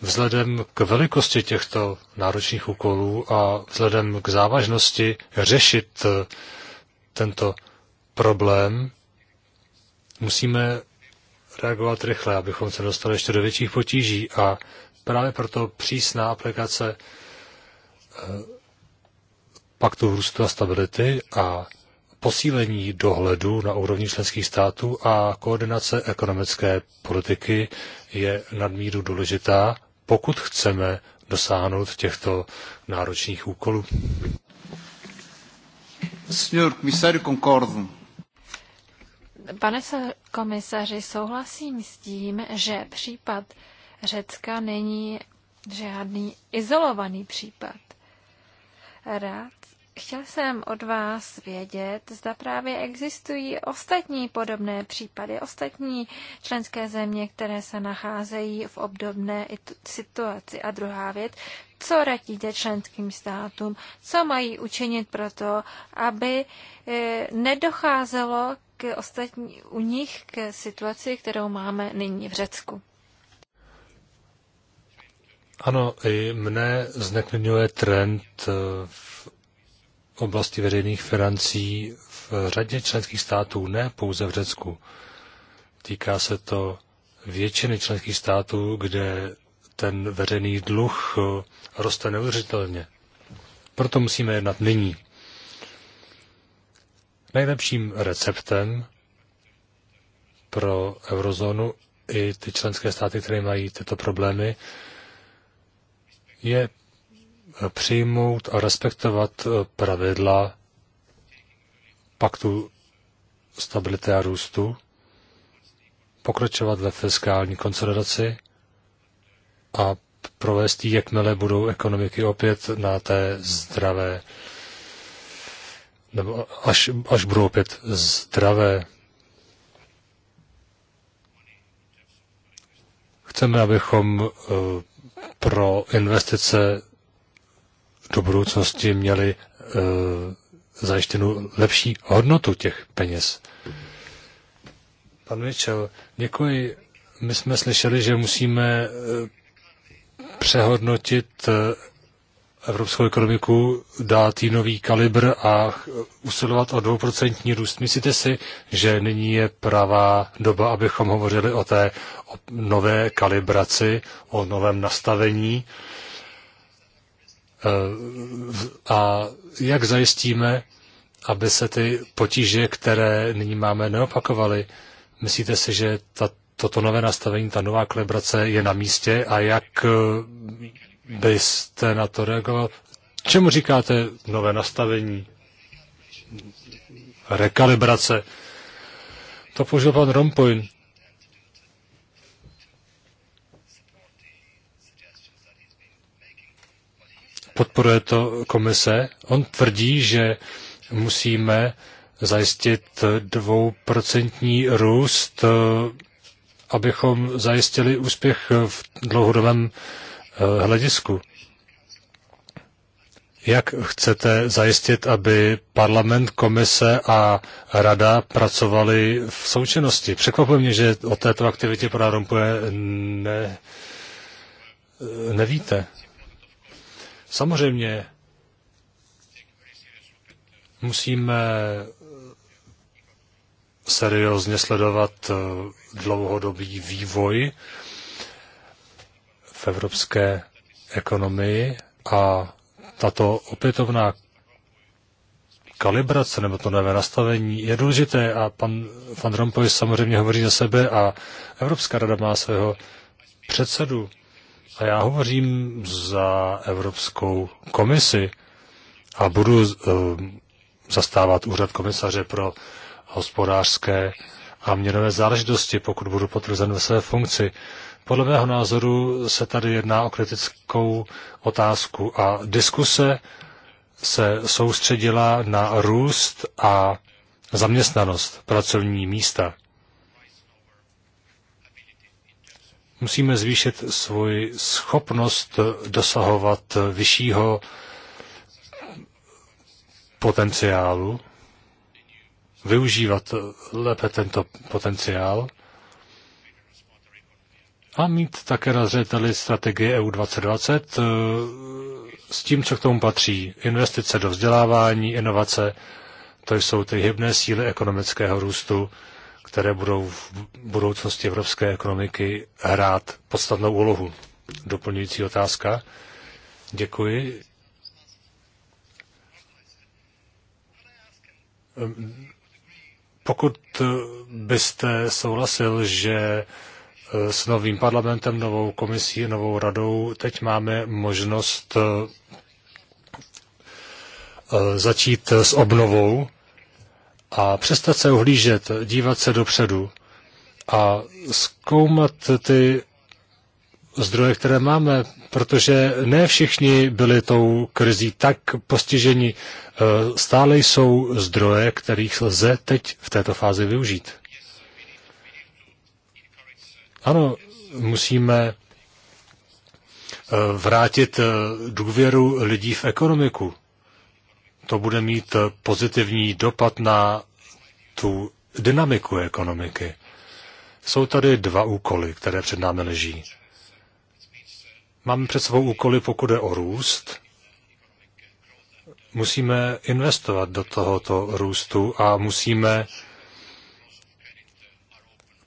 Vzhledem k velikosti těchto náročných úkolů a vzhledem k závažnosti řešit e, tento problém, musíme reagovat rychle, abychom se dostali ještě do větších potíží a Právě proto přísná aplikace eh, paktu růstu a stability a posílení dohledu na úrovni členských států a koordinace ekonomické politiky je nadmíru důležitá, pokud chceme dosáhnout těchto náročných úkolů. Pane komisaři, souhlasím s tím, že případ Řecka není žádný izolovaný případ. Rád Chtěl jsem od vás vědět, zda právě existují ostatní podobné případy, ostatní členské země, které se nacházejí v obdobné situaci. A druhá věc, co radíte členským státům, co mají učinit proto, aby e, nedocházelo k ostatní, u nich k situaci, kterou máme nyní v Řecku. Ano, i mne zneklidňuje trend eh, v oblasti veřejných financí v řadě členských států, ne pouze v Řecku. Týká se to většiny členských států, kde ten veřejný dluh eh, roste neuvěřitelně. Proto musíme jednat nyní. Nejlepším receptem pro eurozónu i ty členské státy, které mají tyto problémy, je přijmout a respektovat pravidla paktu stability a růstu, pokračovat ve fiskální konsolidaci a provést ji, jakmile budou ekonomiky opět na té zdravé, nebo až, až budou opět zdravé. Chceme, abychom eh, pro investice do budoucnosti měli eh, zajištěnu lepší hodnotu těch peněz. Pan Mitchell, děkuji. My jsme slyšeli, že musíme eh, přehodnotit eh, evropskou ekonomiku dát jí nový kalibr a usilovat o dvouprocentní růst. Myslíte si, že nyní je pravá doba, abychom hovořili o té o nové kalibraci, o novém nastavení? Eh, a jak zajistíme, aby se ty potíže, které nyní máme, neopakovaly? Myslíte si, že ta, toto nové nastavení, ta nová kalibrace je na místě a jak eh, byste na to reagoval? Čemu říkáte nové nastavení, rekalibrace? To použil pan Rompuy. Podporuje to komise. On tvrdí, že musíme zajistit dvouprocentní růst, abychom zajistili úspěch v dlouhodobém Eh, hledisku. Jak chcete zajistit, aby parlament, komise a rada pracovali v součinnosti? Překvapuje mě, že o této aktivitě pro Rompuje ne, nevíte. Samozřejmě musíme seriózně sledovat eh, dlouhodobý vývoj v evropské ekonomii a tato opětovná kalibrace nebo to nové nastavení je důležité a pan Van Rompuy samozřejmě hovoří za sebe a Evropská rada má svého předsedu a já hovořím za Evropskou komisi a budu uh, zastávat úřad komisaře pro hospodářské a měnové záležitosti, pokud budu potvrzen ve své funkci. Podle mého názoru se tady jedná o kritickou otázku a diskuse se soustředila na růst a zaměstnanost pracovní místa. Musíme zvýšit svoji schopnost dosahovat vyššího potenciálu, využívat lépe tento potenciál a mít také na zřeteli strategie EU 2020 eh, s tím, co k tomu patří. Investice do vzdělávání, inovace, to jsou ty hybné síly ekonomického růstu, které budou v budoucnosti evropské ekonomiky hrát podstatnou úlohu. Doplňující otázka. Děkuji. Ehm, pokud byste souhlasil, že s novým parlamentem, novou komisí, novou radou teď máme možnost eh, eh, začít s obnovou a přestat se ohlížet, dívat se dopředu a zkoumat ty zdroje, které máme, protože ne všichni byli tou krizí tak postiženi. Eh, stále jsou zdroje, kterých lze teď v této fázi využít. Ano, musíme eh, vrátit eh, důvěru lidí v ekonomiku. To bude mít eh, pozitivní dopad na tu dynamiku ekonomiky. Jsou tady dva úkoly, které před námi leží. Máme před sebou úkoly, pokud je o růst. Musíme investovat do tohoto růstu a musíme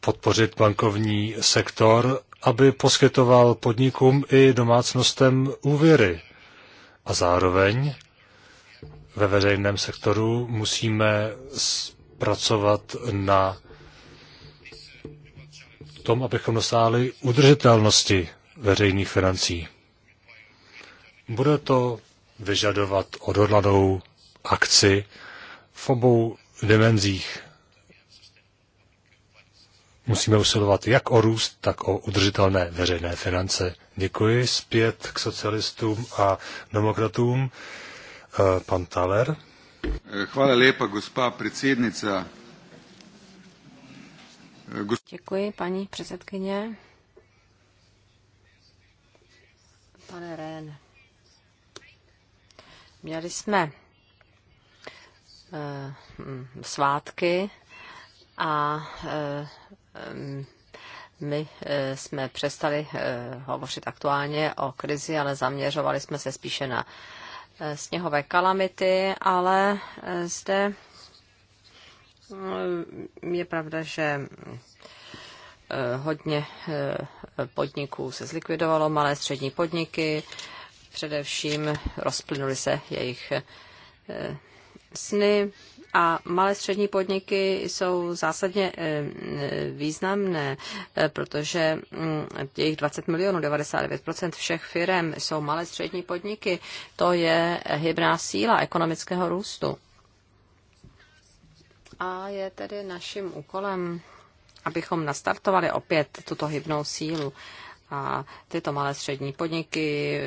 podpořit bankovní sektor, aby poskytoval podnikům i domácnostem úvěry. A zároveň ve veřejném sektoru musíme pracovat na tom, abychom dosáhli udržitelnosti veřejných financí. Bude to vyžadovat odhodlanou akci v obou dimenzích Musíme usilovat jak o růst, tak o udržitelné veřejné finance. Děkuji zpět k socialistům a demokratům. Eh, pan Taler. Eh, chvále lépa, gospa předsednice. Eh, Děkuji, paní předsedkyně. Pane Rén, měli jsme svátky a Ehm, my eh, jsme přestali eh, hovořit aktuálně o krizi, ale zaměřovali jsme se spíše na eh, sněhové kalamity, ale zde mm, je pravda, že hodně podniků se zlikvidovalo, malé střední podniky, především rozplynuly se jejich sny a malé střední podniky jsou zásadně eh, eh, významné, eh, protože mm, jejich 20 milionů, 99% všech firm jsou malé střední podniky. To je hybná síla ekonomického růstu. A je tedy naším úkolem, abychom nastartovali opět tuto hybnou sílu. A tyto malé střední podniky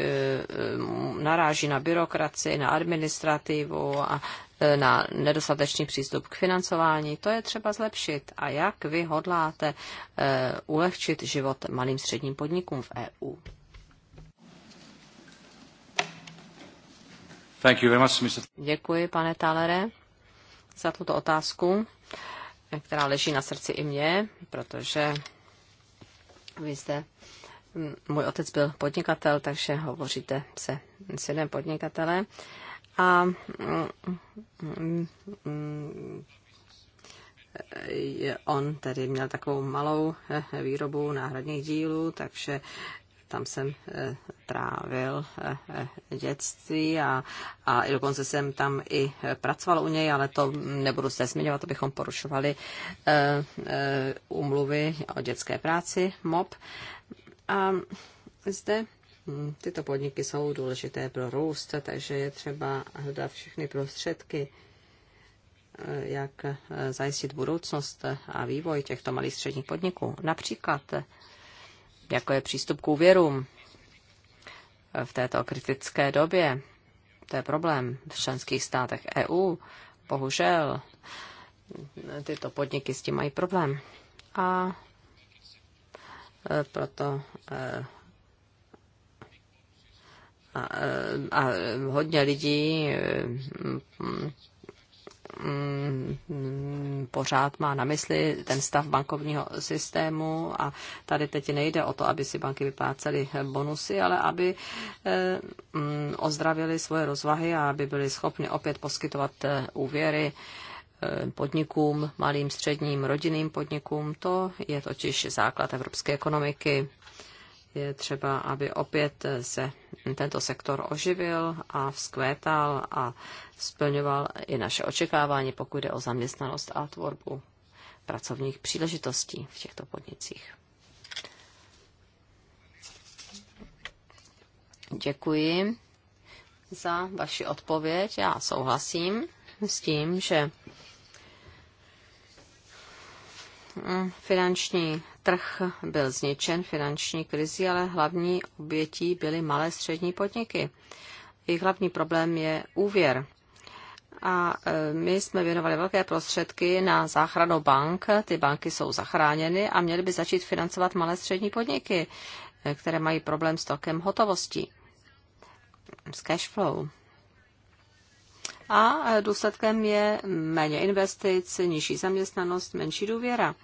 naráží na byrokracii, na administrativu a E, na nedostatečný přístup k financování. To je třeba zlepšit. A jak vy hodláte e, ulehčit život malým středním podnikům v EU? Thank you very much, Mr. Děkuji, pane Talere, za tuto otázku, která leží na srdci i mě, protože vy jste můj otec byl podnikatel, takže hovoříte se synem podnikatele. A mm, mm, on tedy měl takovou malou eh, výrobu náhradních dílů, takže tam jsem eh, trávil eh, dětství a, a i dokonce jsem tam i pracoval u něj, ale to nebudu se zmiňovat, abychom porušovali umluvy o dětské práci, MOP. A zde Tyto podniky jsou důležité pro růst, takže je třeba hledat všechny prostředky, eh, jak eh, zajistit budoucnost a vývoj těchto malých středních podniků. Například, eh, jako je přístup k úvěrům v této kritické době, to je problém v členských státech EU. Bohužel tyto podniky s tím mají problém. A proto a, a hodně lidí mm, pořád má na mysli ten stav bankovního systému a tady teď nejde o to, aby si banky vyplácely bonusy, ale aby eh, mm, ozdravili svoje rozvahy a aby byly schopny opět poskytovat eh, úvěry eh, podnikům, malým, středním, rodinným podnikům. To je totiž základ evropské ekonomiky. Je třeba, aby opět se tento sektor oživil a vzkvétal a splňoval i naše očekávání, pokud jde o zaměstnanost a tvorbu pracovních příležitostí v těchto podnicích. Děkuji za vaši odpověď. Já souhlasím s tím, že finanční trh byl zničen finanční krizi, ale hlavní obětí byly malé střední podniky. Jejich hlavní problém je úvěr. A e, my jsme věnovali velké prostředky na záchranu bank. Ty banky jsou zachráněny a měly by začít financovat malé střední podniky, e, které mají problém s tokem hotovostí, s cash flow. A e, důsledkem je méně investic, nižší zaměstnanost, menší důvěra.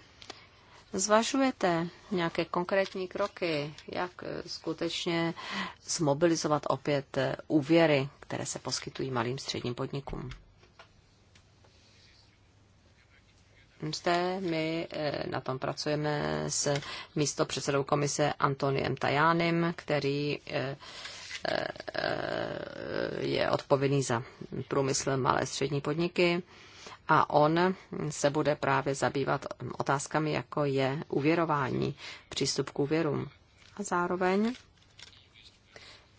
Zvažujete nějaké konkrétní kroky, jak skutečně zmobilizovat opět úvěry, které se poskytují malým středním podnikům? Zde my eh, na tom pracujeme s místo předsedou komise Antoniem Tajánem, který eh, eh, je odpovědný za průmysl malé střední podniky a on se bude právě zabývat otázkami, jako je uvěrování, přístup k úvěrům. A zároveň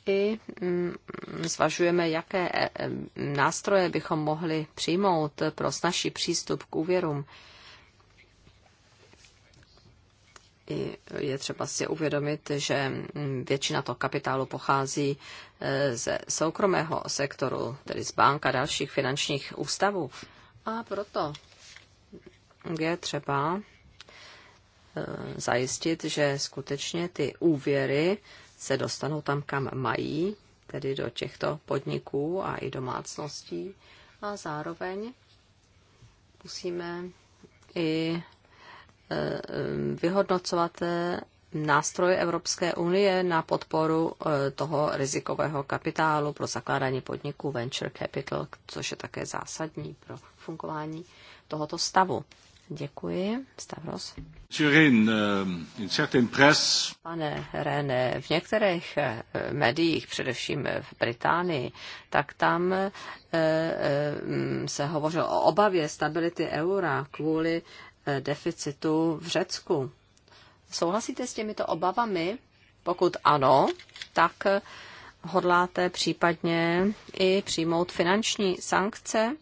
i mm, zvažujeme, jaké e, e, nástroje bychom mohli přijmout pro snažší přístup k úvěrům. I je třeba si uvědomit, že mm, většina toho kapitálu pochází e, ze soukromého sektoru, tedy z bank a dalších finančních ústavů. A proto je třeba eh, zajistit, že skutečně ty úvěry se dostanou tam, kam mají, tedy do těchto podniků a i domácností. A zároveň musíme i eh, vyhodnocovat eh, nástroje Evropské unie na podporu toho rizikového kapitálu pro zakládání podniků venture capital, což je také zásadní pro fungování tohoto stavu. Děkuji. Stavros. Eh, Pane René, v některých eh, médiích, především v Británii, tak tam eh, se hovořilo o obavě stability eura kvůli deficitu v Řecku. Souhlasíte s těmito obavami? Pokud ano, tak hodláte případně i přijmout finanční sankce?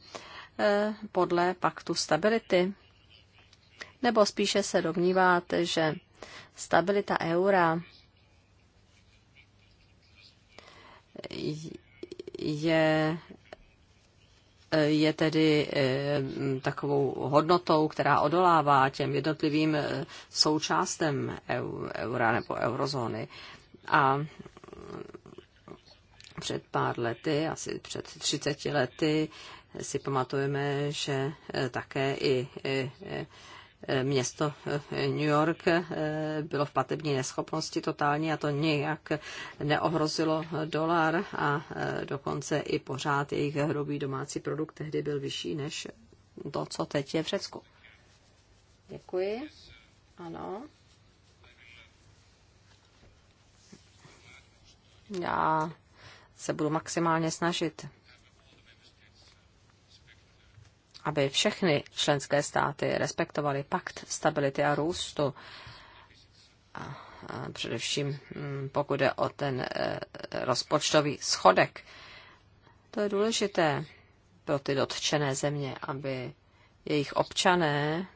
Eh, podle paktu stability? Nebo spíše se domníváte, že stabilita eura je eh, je tedy eh, takovou hodnotou, která odolává těm jednotlivým součástem eura nebo eurozóny. A před pár lety, asi před 30 lety, si pamatujeme, že eh, také i, i, eh, i eh, město New York bylo v platební neschopnosti totální a to nějak neohrozilo dolar a dokonce i pořád jejich hrubý domácí produkt tehdy byl vyšší než to, co teď je v Řecku. Děkuji. Ano. Já se budu maximálně snažit, aby všechny členské státy respektovaly pakt stability a růstu. A především mm, pokud jde o ten e, rozpočtový schodek. To je důležité pro ty dotčené země, aby jejich občané,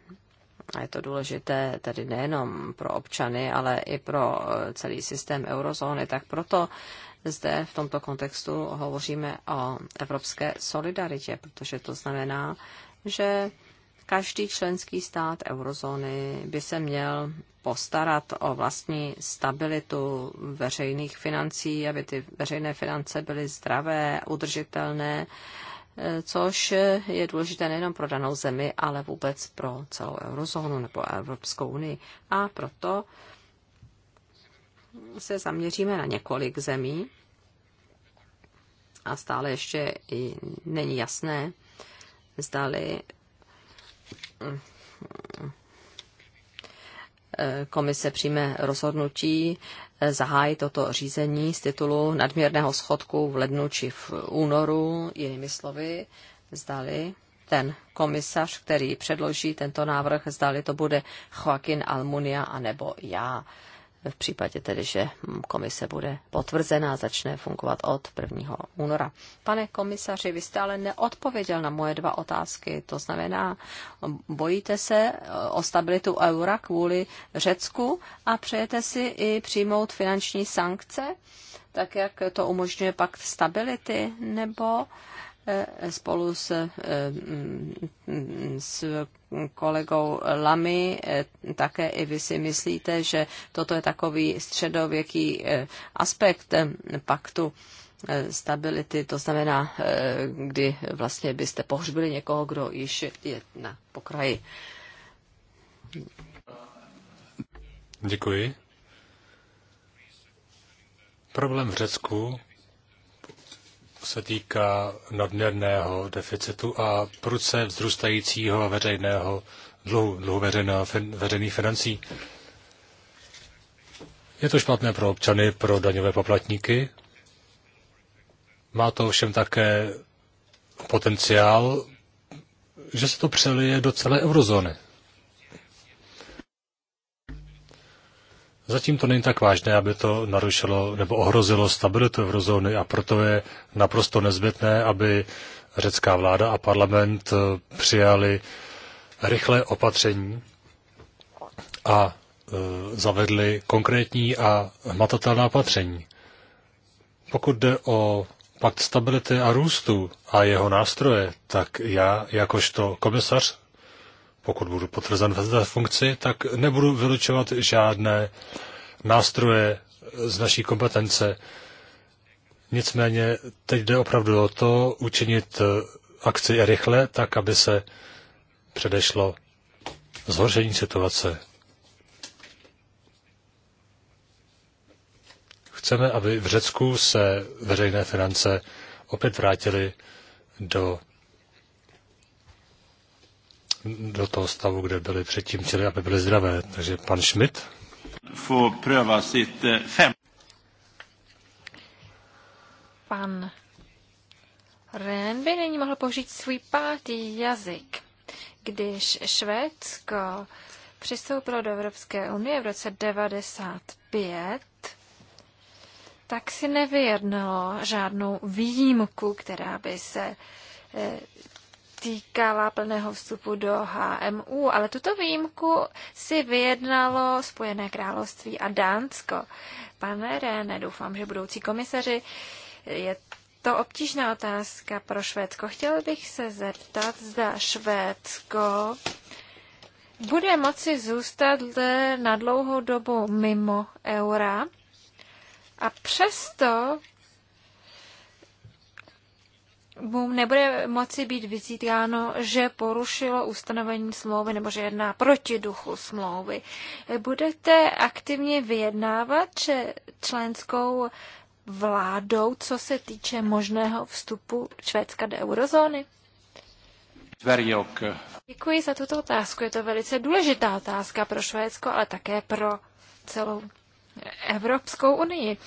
a je to důležité tedy nejenom pro občany, ale i pro e, celý systém eurozóny, tak proto zde v tomto kontextu hovoříme o evropské solidaritě, protože to znamená, že každý členský stát eurozóny by se měl postarat o vlastní stabilitu veřejných financí, aby ty veřejné finance byly zdravé, udržitelné, což je důležité nejenom pro danou zemi, ale vůbec pro celou eurozónu nebo Evropskou unii. A proto se zaměříme na několik zemí a stále ještě i není jasné, zdali eh, komise přijme rozhodnutí eh, zahájit toto řízení z titulu nadměrného schodku v lednu či v únoru, jinými slovy, zdali ten komisař, který předloží tento návrh, zdali to bude Joaquin Almunia anebo já v případě tedy, že komise bude potvrzená, začne fungovat od 1. února. Pane komisaři, vy jste ale neodpověděl na moje dva otázky. To znamená, bojíte se eh, o stabilitu eura kvůli Řecku a přejete si i přijmout finanční sankce, tak jak to umožňuje pakt stability, nebo eh, spolu s, eh, s kolegou Lamy, eh, také i vy si myslíte, že toto je takový středověký eh, aspekt eh, paktu stability, to znamená, kdy vlastně byste pohřbili někoho, kdo již je na pokraji. Děkuji. Problém v Řecku se týká nadměrného deficitu a pruce vzrůstajícího veřejného dluhu, dluhu veřejného, veřejných financí. Je to špatné pro občany, pro daňové poplatníky. Má to ovšem také potenciál, že se to přelije do celé eurozóny. Zatím to není tak vážné, aby to narušilo nebo ohrozilo stabilitu eurozóny a proto je naprosto nezbytné, aby řecká vláda a parlament eh, přijali rychlé opatření a eh, zavedli konkrétní a hmatatelná opatření. Pokud jde o pakt stability a růstu a jeho nástroje, tak já jakožto komisař pokud budu potvrzen ve funkci, tak nebudu vylučovat žádné nástroje z naší kompetence. Nicméně teď jde opravdu o to učinit akci rychle, tak aby se předešlo zhoršení situace. Chceme, aby v Řecku se veřejné finance opět vrátily do do toho stavu, kde byli předtím, čili aby byli zdravé. Takže pan Schmidt. Eh, pan Ren by nyní mohl použít svůj pátý jazyk. Když Švédsko přistoupilo do Evropské unie v roce 95, tak si nevyjednalo žádnou výjimku, která by se eh, týkala plného vstupu do HMU, ale tuto výjimku si vyjednalo Spojené království a Dánsko. Pane René, doufám, že budoucí komisaři je to obtížná otázka pro Švédsko. Chtěl bych se zeptat, zda Švédsko bude moci zůstat na dlouhou dobu mimo eura a přesto mu nebude moci být vyzítáno, že porušilo ustanovení smlouvy nebo že jedná proti duchu smlouvy. Budete aktivně vyjednávat členskou vládou, co se týče možného vstupu Švédska do eurozóny? Děkuji za tuto otázku. Je to velice důležitá otázka pro Švédsko, ale také pro celou Evropskou unii.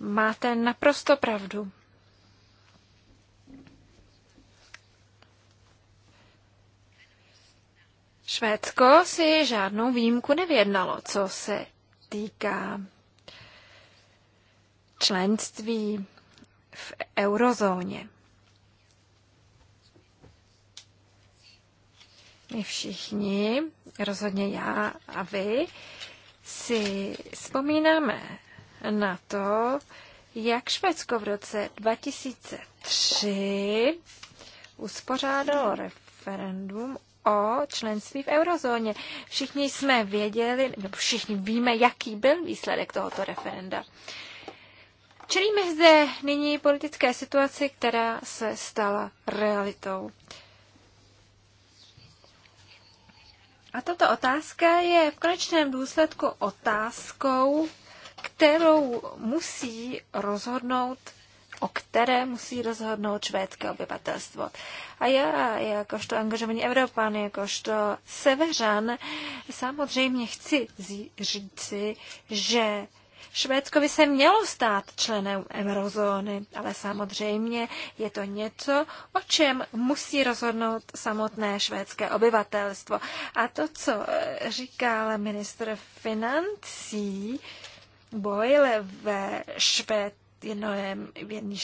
Máte naprosto pravdu. Švédsko si žádnou výjimku nevědnalo, co se týká členství v eurozóně. My všichni, rozhodně já a vy, si vzpomínáme na to, jak Švédsko v roce 2003 uspořádalo referendum o členství v eurozóně. Všichni jsme věděli, nebo všichni víme, jaký byl výsledek tohoto referenda. Čelíme zde nyní politické situaci, která se stala realitou. A tato otázka je v konečném důsledku otázkou, kterou musí rozhodnout o které musí rozhodnout švédské obyvatelstvo. A já, jakožto angažovaný Evropan, jakožto severan, samozřejmě chci říci, že Švédsko by se mělo stát členem eurozóny, ale samozřejmě je to něco, o čem musí rozhodnout samotné švédské obyvatelstvo. A to, co říkal ministr financí Boyle ve švéd, jednom, v, jedný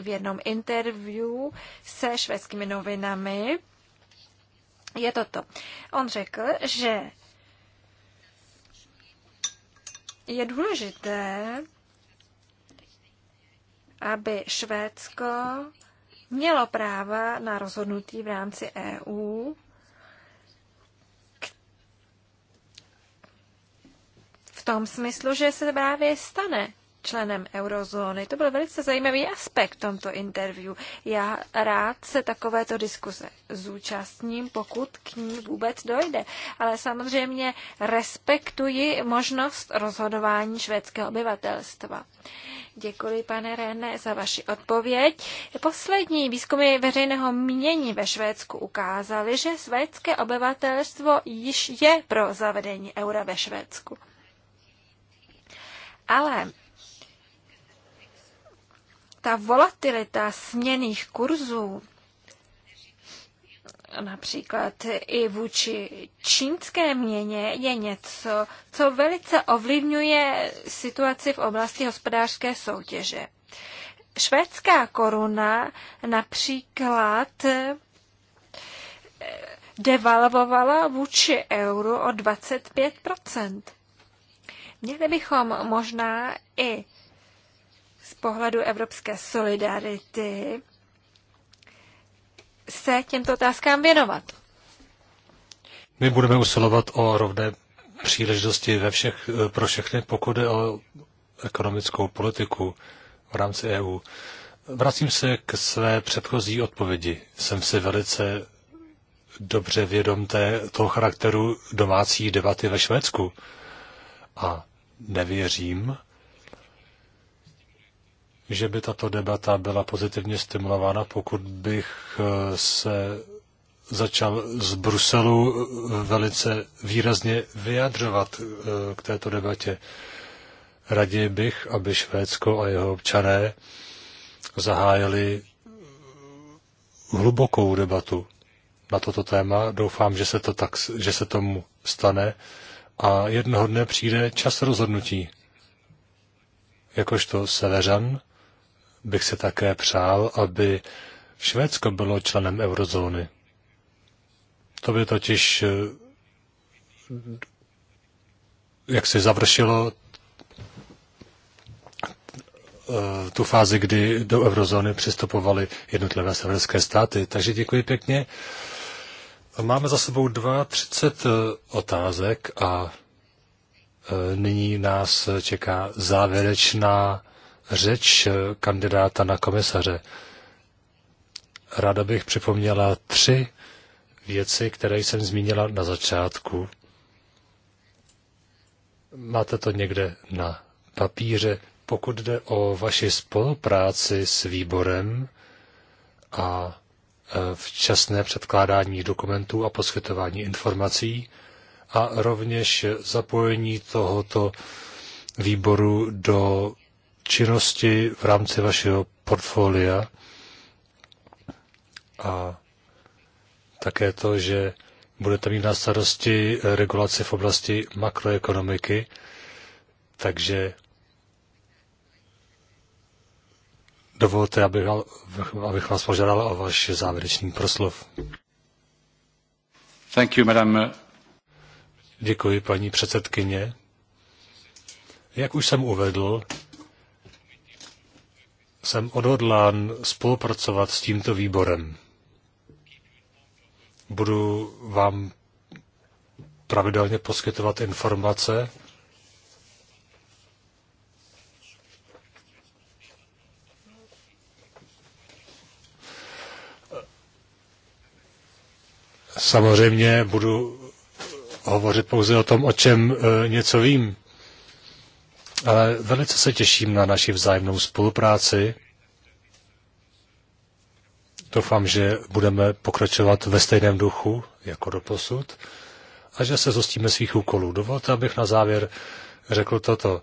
v jednom interview se švédskými novinami je to. On řekl, že je důležité, aby Švédsko mělo práva na rozhodnutí v rámci EU, v tom smyslu, že se právě stane členem eurozóny. To byl velice zajímavý aspekt tomto interview. Já rád se takovéto diskuze zúčastním, pokud k ní vůbec dojde. Ale samozřejmě respektuji možnost rozhodování švédského obyvatelstva. Děkuji, pane René, za vaši odpověď. Poslední výzkumy veřejného mění ve Švédsku ukázaly, že švédské obyvatelstvo již je pro zavedení eura ve Švédsku. Ale ta volatilita směných kurzů, například i vůči čínské měně, je něco, co velice ovlivňuje situaci v oblasti hospodářské soutěže. Švédská koruna například eh, devalvovala vůči euru o 25 Měli bychom možná i pohledu evropské solidarity se těmto otázkám věnovat. My budeme usilovat o rovné příležitosti ve všech, pro všechny, pokud je o ekonomickou politiku v rámci EU. Vracím se k své předchozí odpovědi. Jsem si velice dobře vědom té, toho charakteru domácí debaty ve Švédsku. A nevěřím, že by tato debata byla pozitivně stimulována, pokud bych eh, se začal z Bruselu eh, velice výrazně vyjadřovat eh, k této debatě. Raději bych, aby Švédsko a jeho občané zahájili hlubokou debatu na toto téma. Doufám, že se, to tak, že se tomu stane a jednoho dne přijde čas rozhodnutí. Jakožto severan bych se také přál, aby Švédsko bylo členem eurozóny. To by totiž eh, jak se završilo eh, tu fázi, kdy do eurozóny přistupovaly jednotlivé severské státy. Takže děkuji pěkně. Máme za sebou 32 eh, otázek a nyní nás čeká závěrečná řeč kandidáta na komisaře. Ráda bych připomněla tři věci, které jsem zmínila na začátku. Máte to někde na papíře. Pokud jde o vaši spolupráci s výborem a e, včasné předkládání dokumentů a poskytování informací a rovněž zapojení tohoto výboru do činnosti v rámci vašeho portfolia a také to, že budete mít na starosti regulaci v oblasti makroekonomiky, takže dovolte, abych, abych vás požádal o váš závěrečný proslov. Thank you, madam. Děkuji, paní předsedkyně. Jak už jsem uvedl, jsem odhodlán spolupracovat s tímto výborem. Budu vám pravidelně poskytovat informace. Samozřejmě budu hovořit pouze o tom, o čem e, něco vím ale velice se těším na naši vzájemnou spolupráci. Doufám, že budeme pokračovat ve stejném duchu jako doposud a že se zostíme svých úkolů. Dovolte, abych na závěr řekl toto.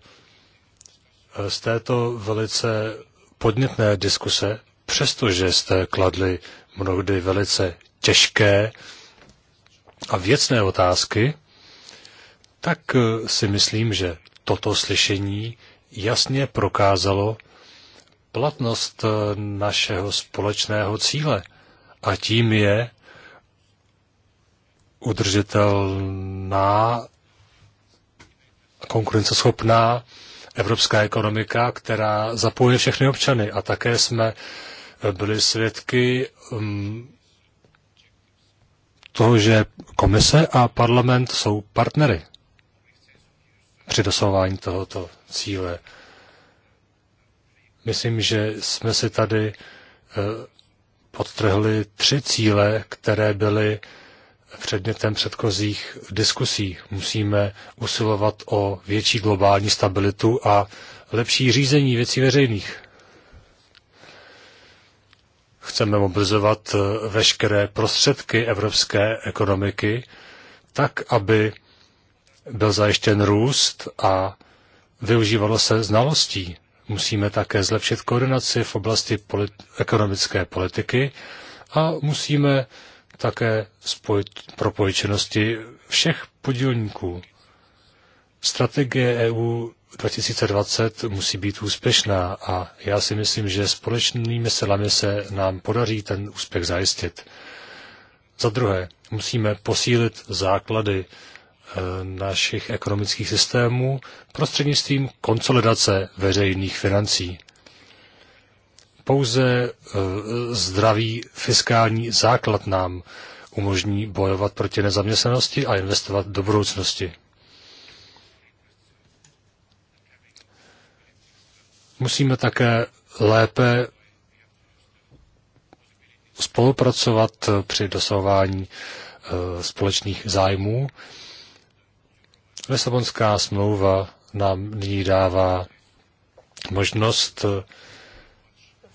Z této velice podnětné diskuse, přestože jste kladli mnohdy velice těžké a věcné otázky, tak si myslím, že toto slyšení jasně prokázalo platnost eh, našeho společného cíle. A tím je udržitelná, konkurenceschopná evropská ekonomika, která zapojuje všechny občany. A také jsme eh, byli svědky mm, toho, že komise a parlament jsou partnery při dosahování tohoto cíle. Myslím, že jsme si tady eh, podtrhli tři cíle, které byly předmětem předchozích diskusí. Musíme usilovat o větší globální stabilitu a lepší řízení věcí veřejných. Chceme mobilizovat eh, veškeré prostředky evropské ekonomiky tak, aby byl zajištěn růst a využívalo se znalostí. Musíme také zlepšit koordinaci v oblasti polit- ekonomické politiky a musíme také spojit propojičenosti všech podílníků. Strategie EU 2020 musí být úspěšná a já si myslím, že společnými silami se nám podaří ten úspěch zajistit. Za druhé, musíme posílit základy našich ekonomických systémů prostřednictvím konsolidace veřejných financí. Pouze e, zdravý fiskální základ nám umožní bojovat proti nezaměstnanosti a investovat do budoucnosti. Musíme také lépe spolupracovat při dosahování e, společných zájmů Lisabonská smlouva nám nyní dává možnost eh,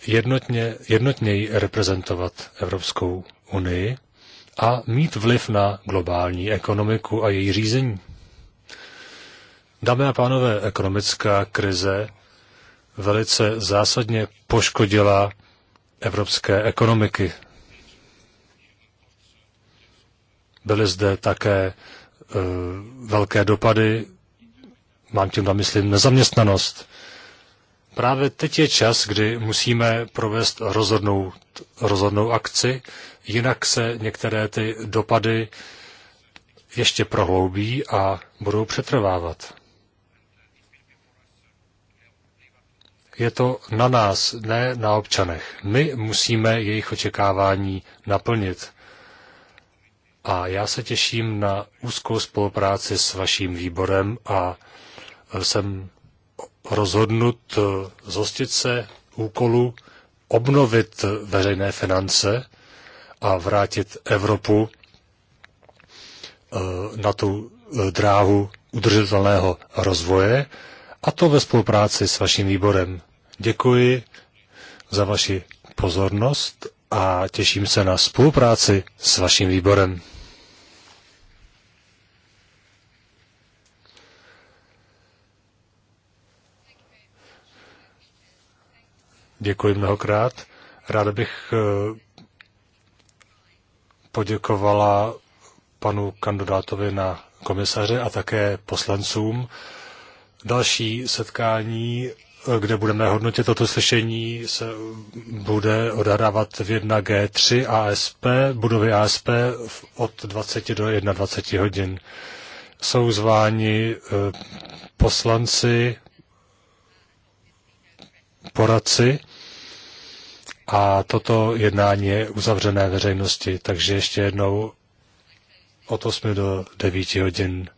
jednotně, jednotněji reprezentovat Evropskou unii a mít vliv na globální ekonomiku a její řízení. Dámy a pánové, ekonomická krize velice zásadně poškodila evropské ekonomiky. Byly zde také Eh, velké dopady, mám tím na mysli nezaměstnanost. Právě teď je čas, kdy musíme provést rozhodnou, rozhodnou akci, jinak se některé ty dopady ještě prohloubí a budou přetrvávat. Je to na nás, ne na občanech. My musíme jejich očekávání naplnit a já se těším na úzkou spolupráci s vaším výborem a eh, jsem rozhodnut eh, zhostit se úkolu obnovit eh, veřejné finance a vrátit Evropu na tu dráhu udržitelného rozvoje, a to ve spolupráci s vaším výborem. Děkuji za vaši pozornost a těším se na spolupráci s vaším výborem. Děkuji mnohokrát. Ráda bych eh, poděkovala panu kandidátovi na komisaře a také poslancům. Další setkání, eh, kde budeme hodnotit toto slyšení, se bude odhadávat v 1G3 ASP, budovy ASP od 20 do 21 hodin. Jsou zváni eh, poslanci, poradci a toto jednání je uzavřené veřejnosti, takže ještě jednou od 8 do 9 hodin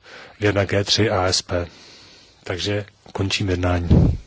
v 1G3 ASP. Takže končím jednání.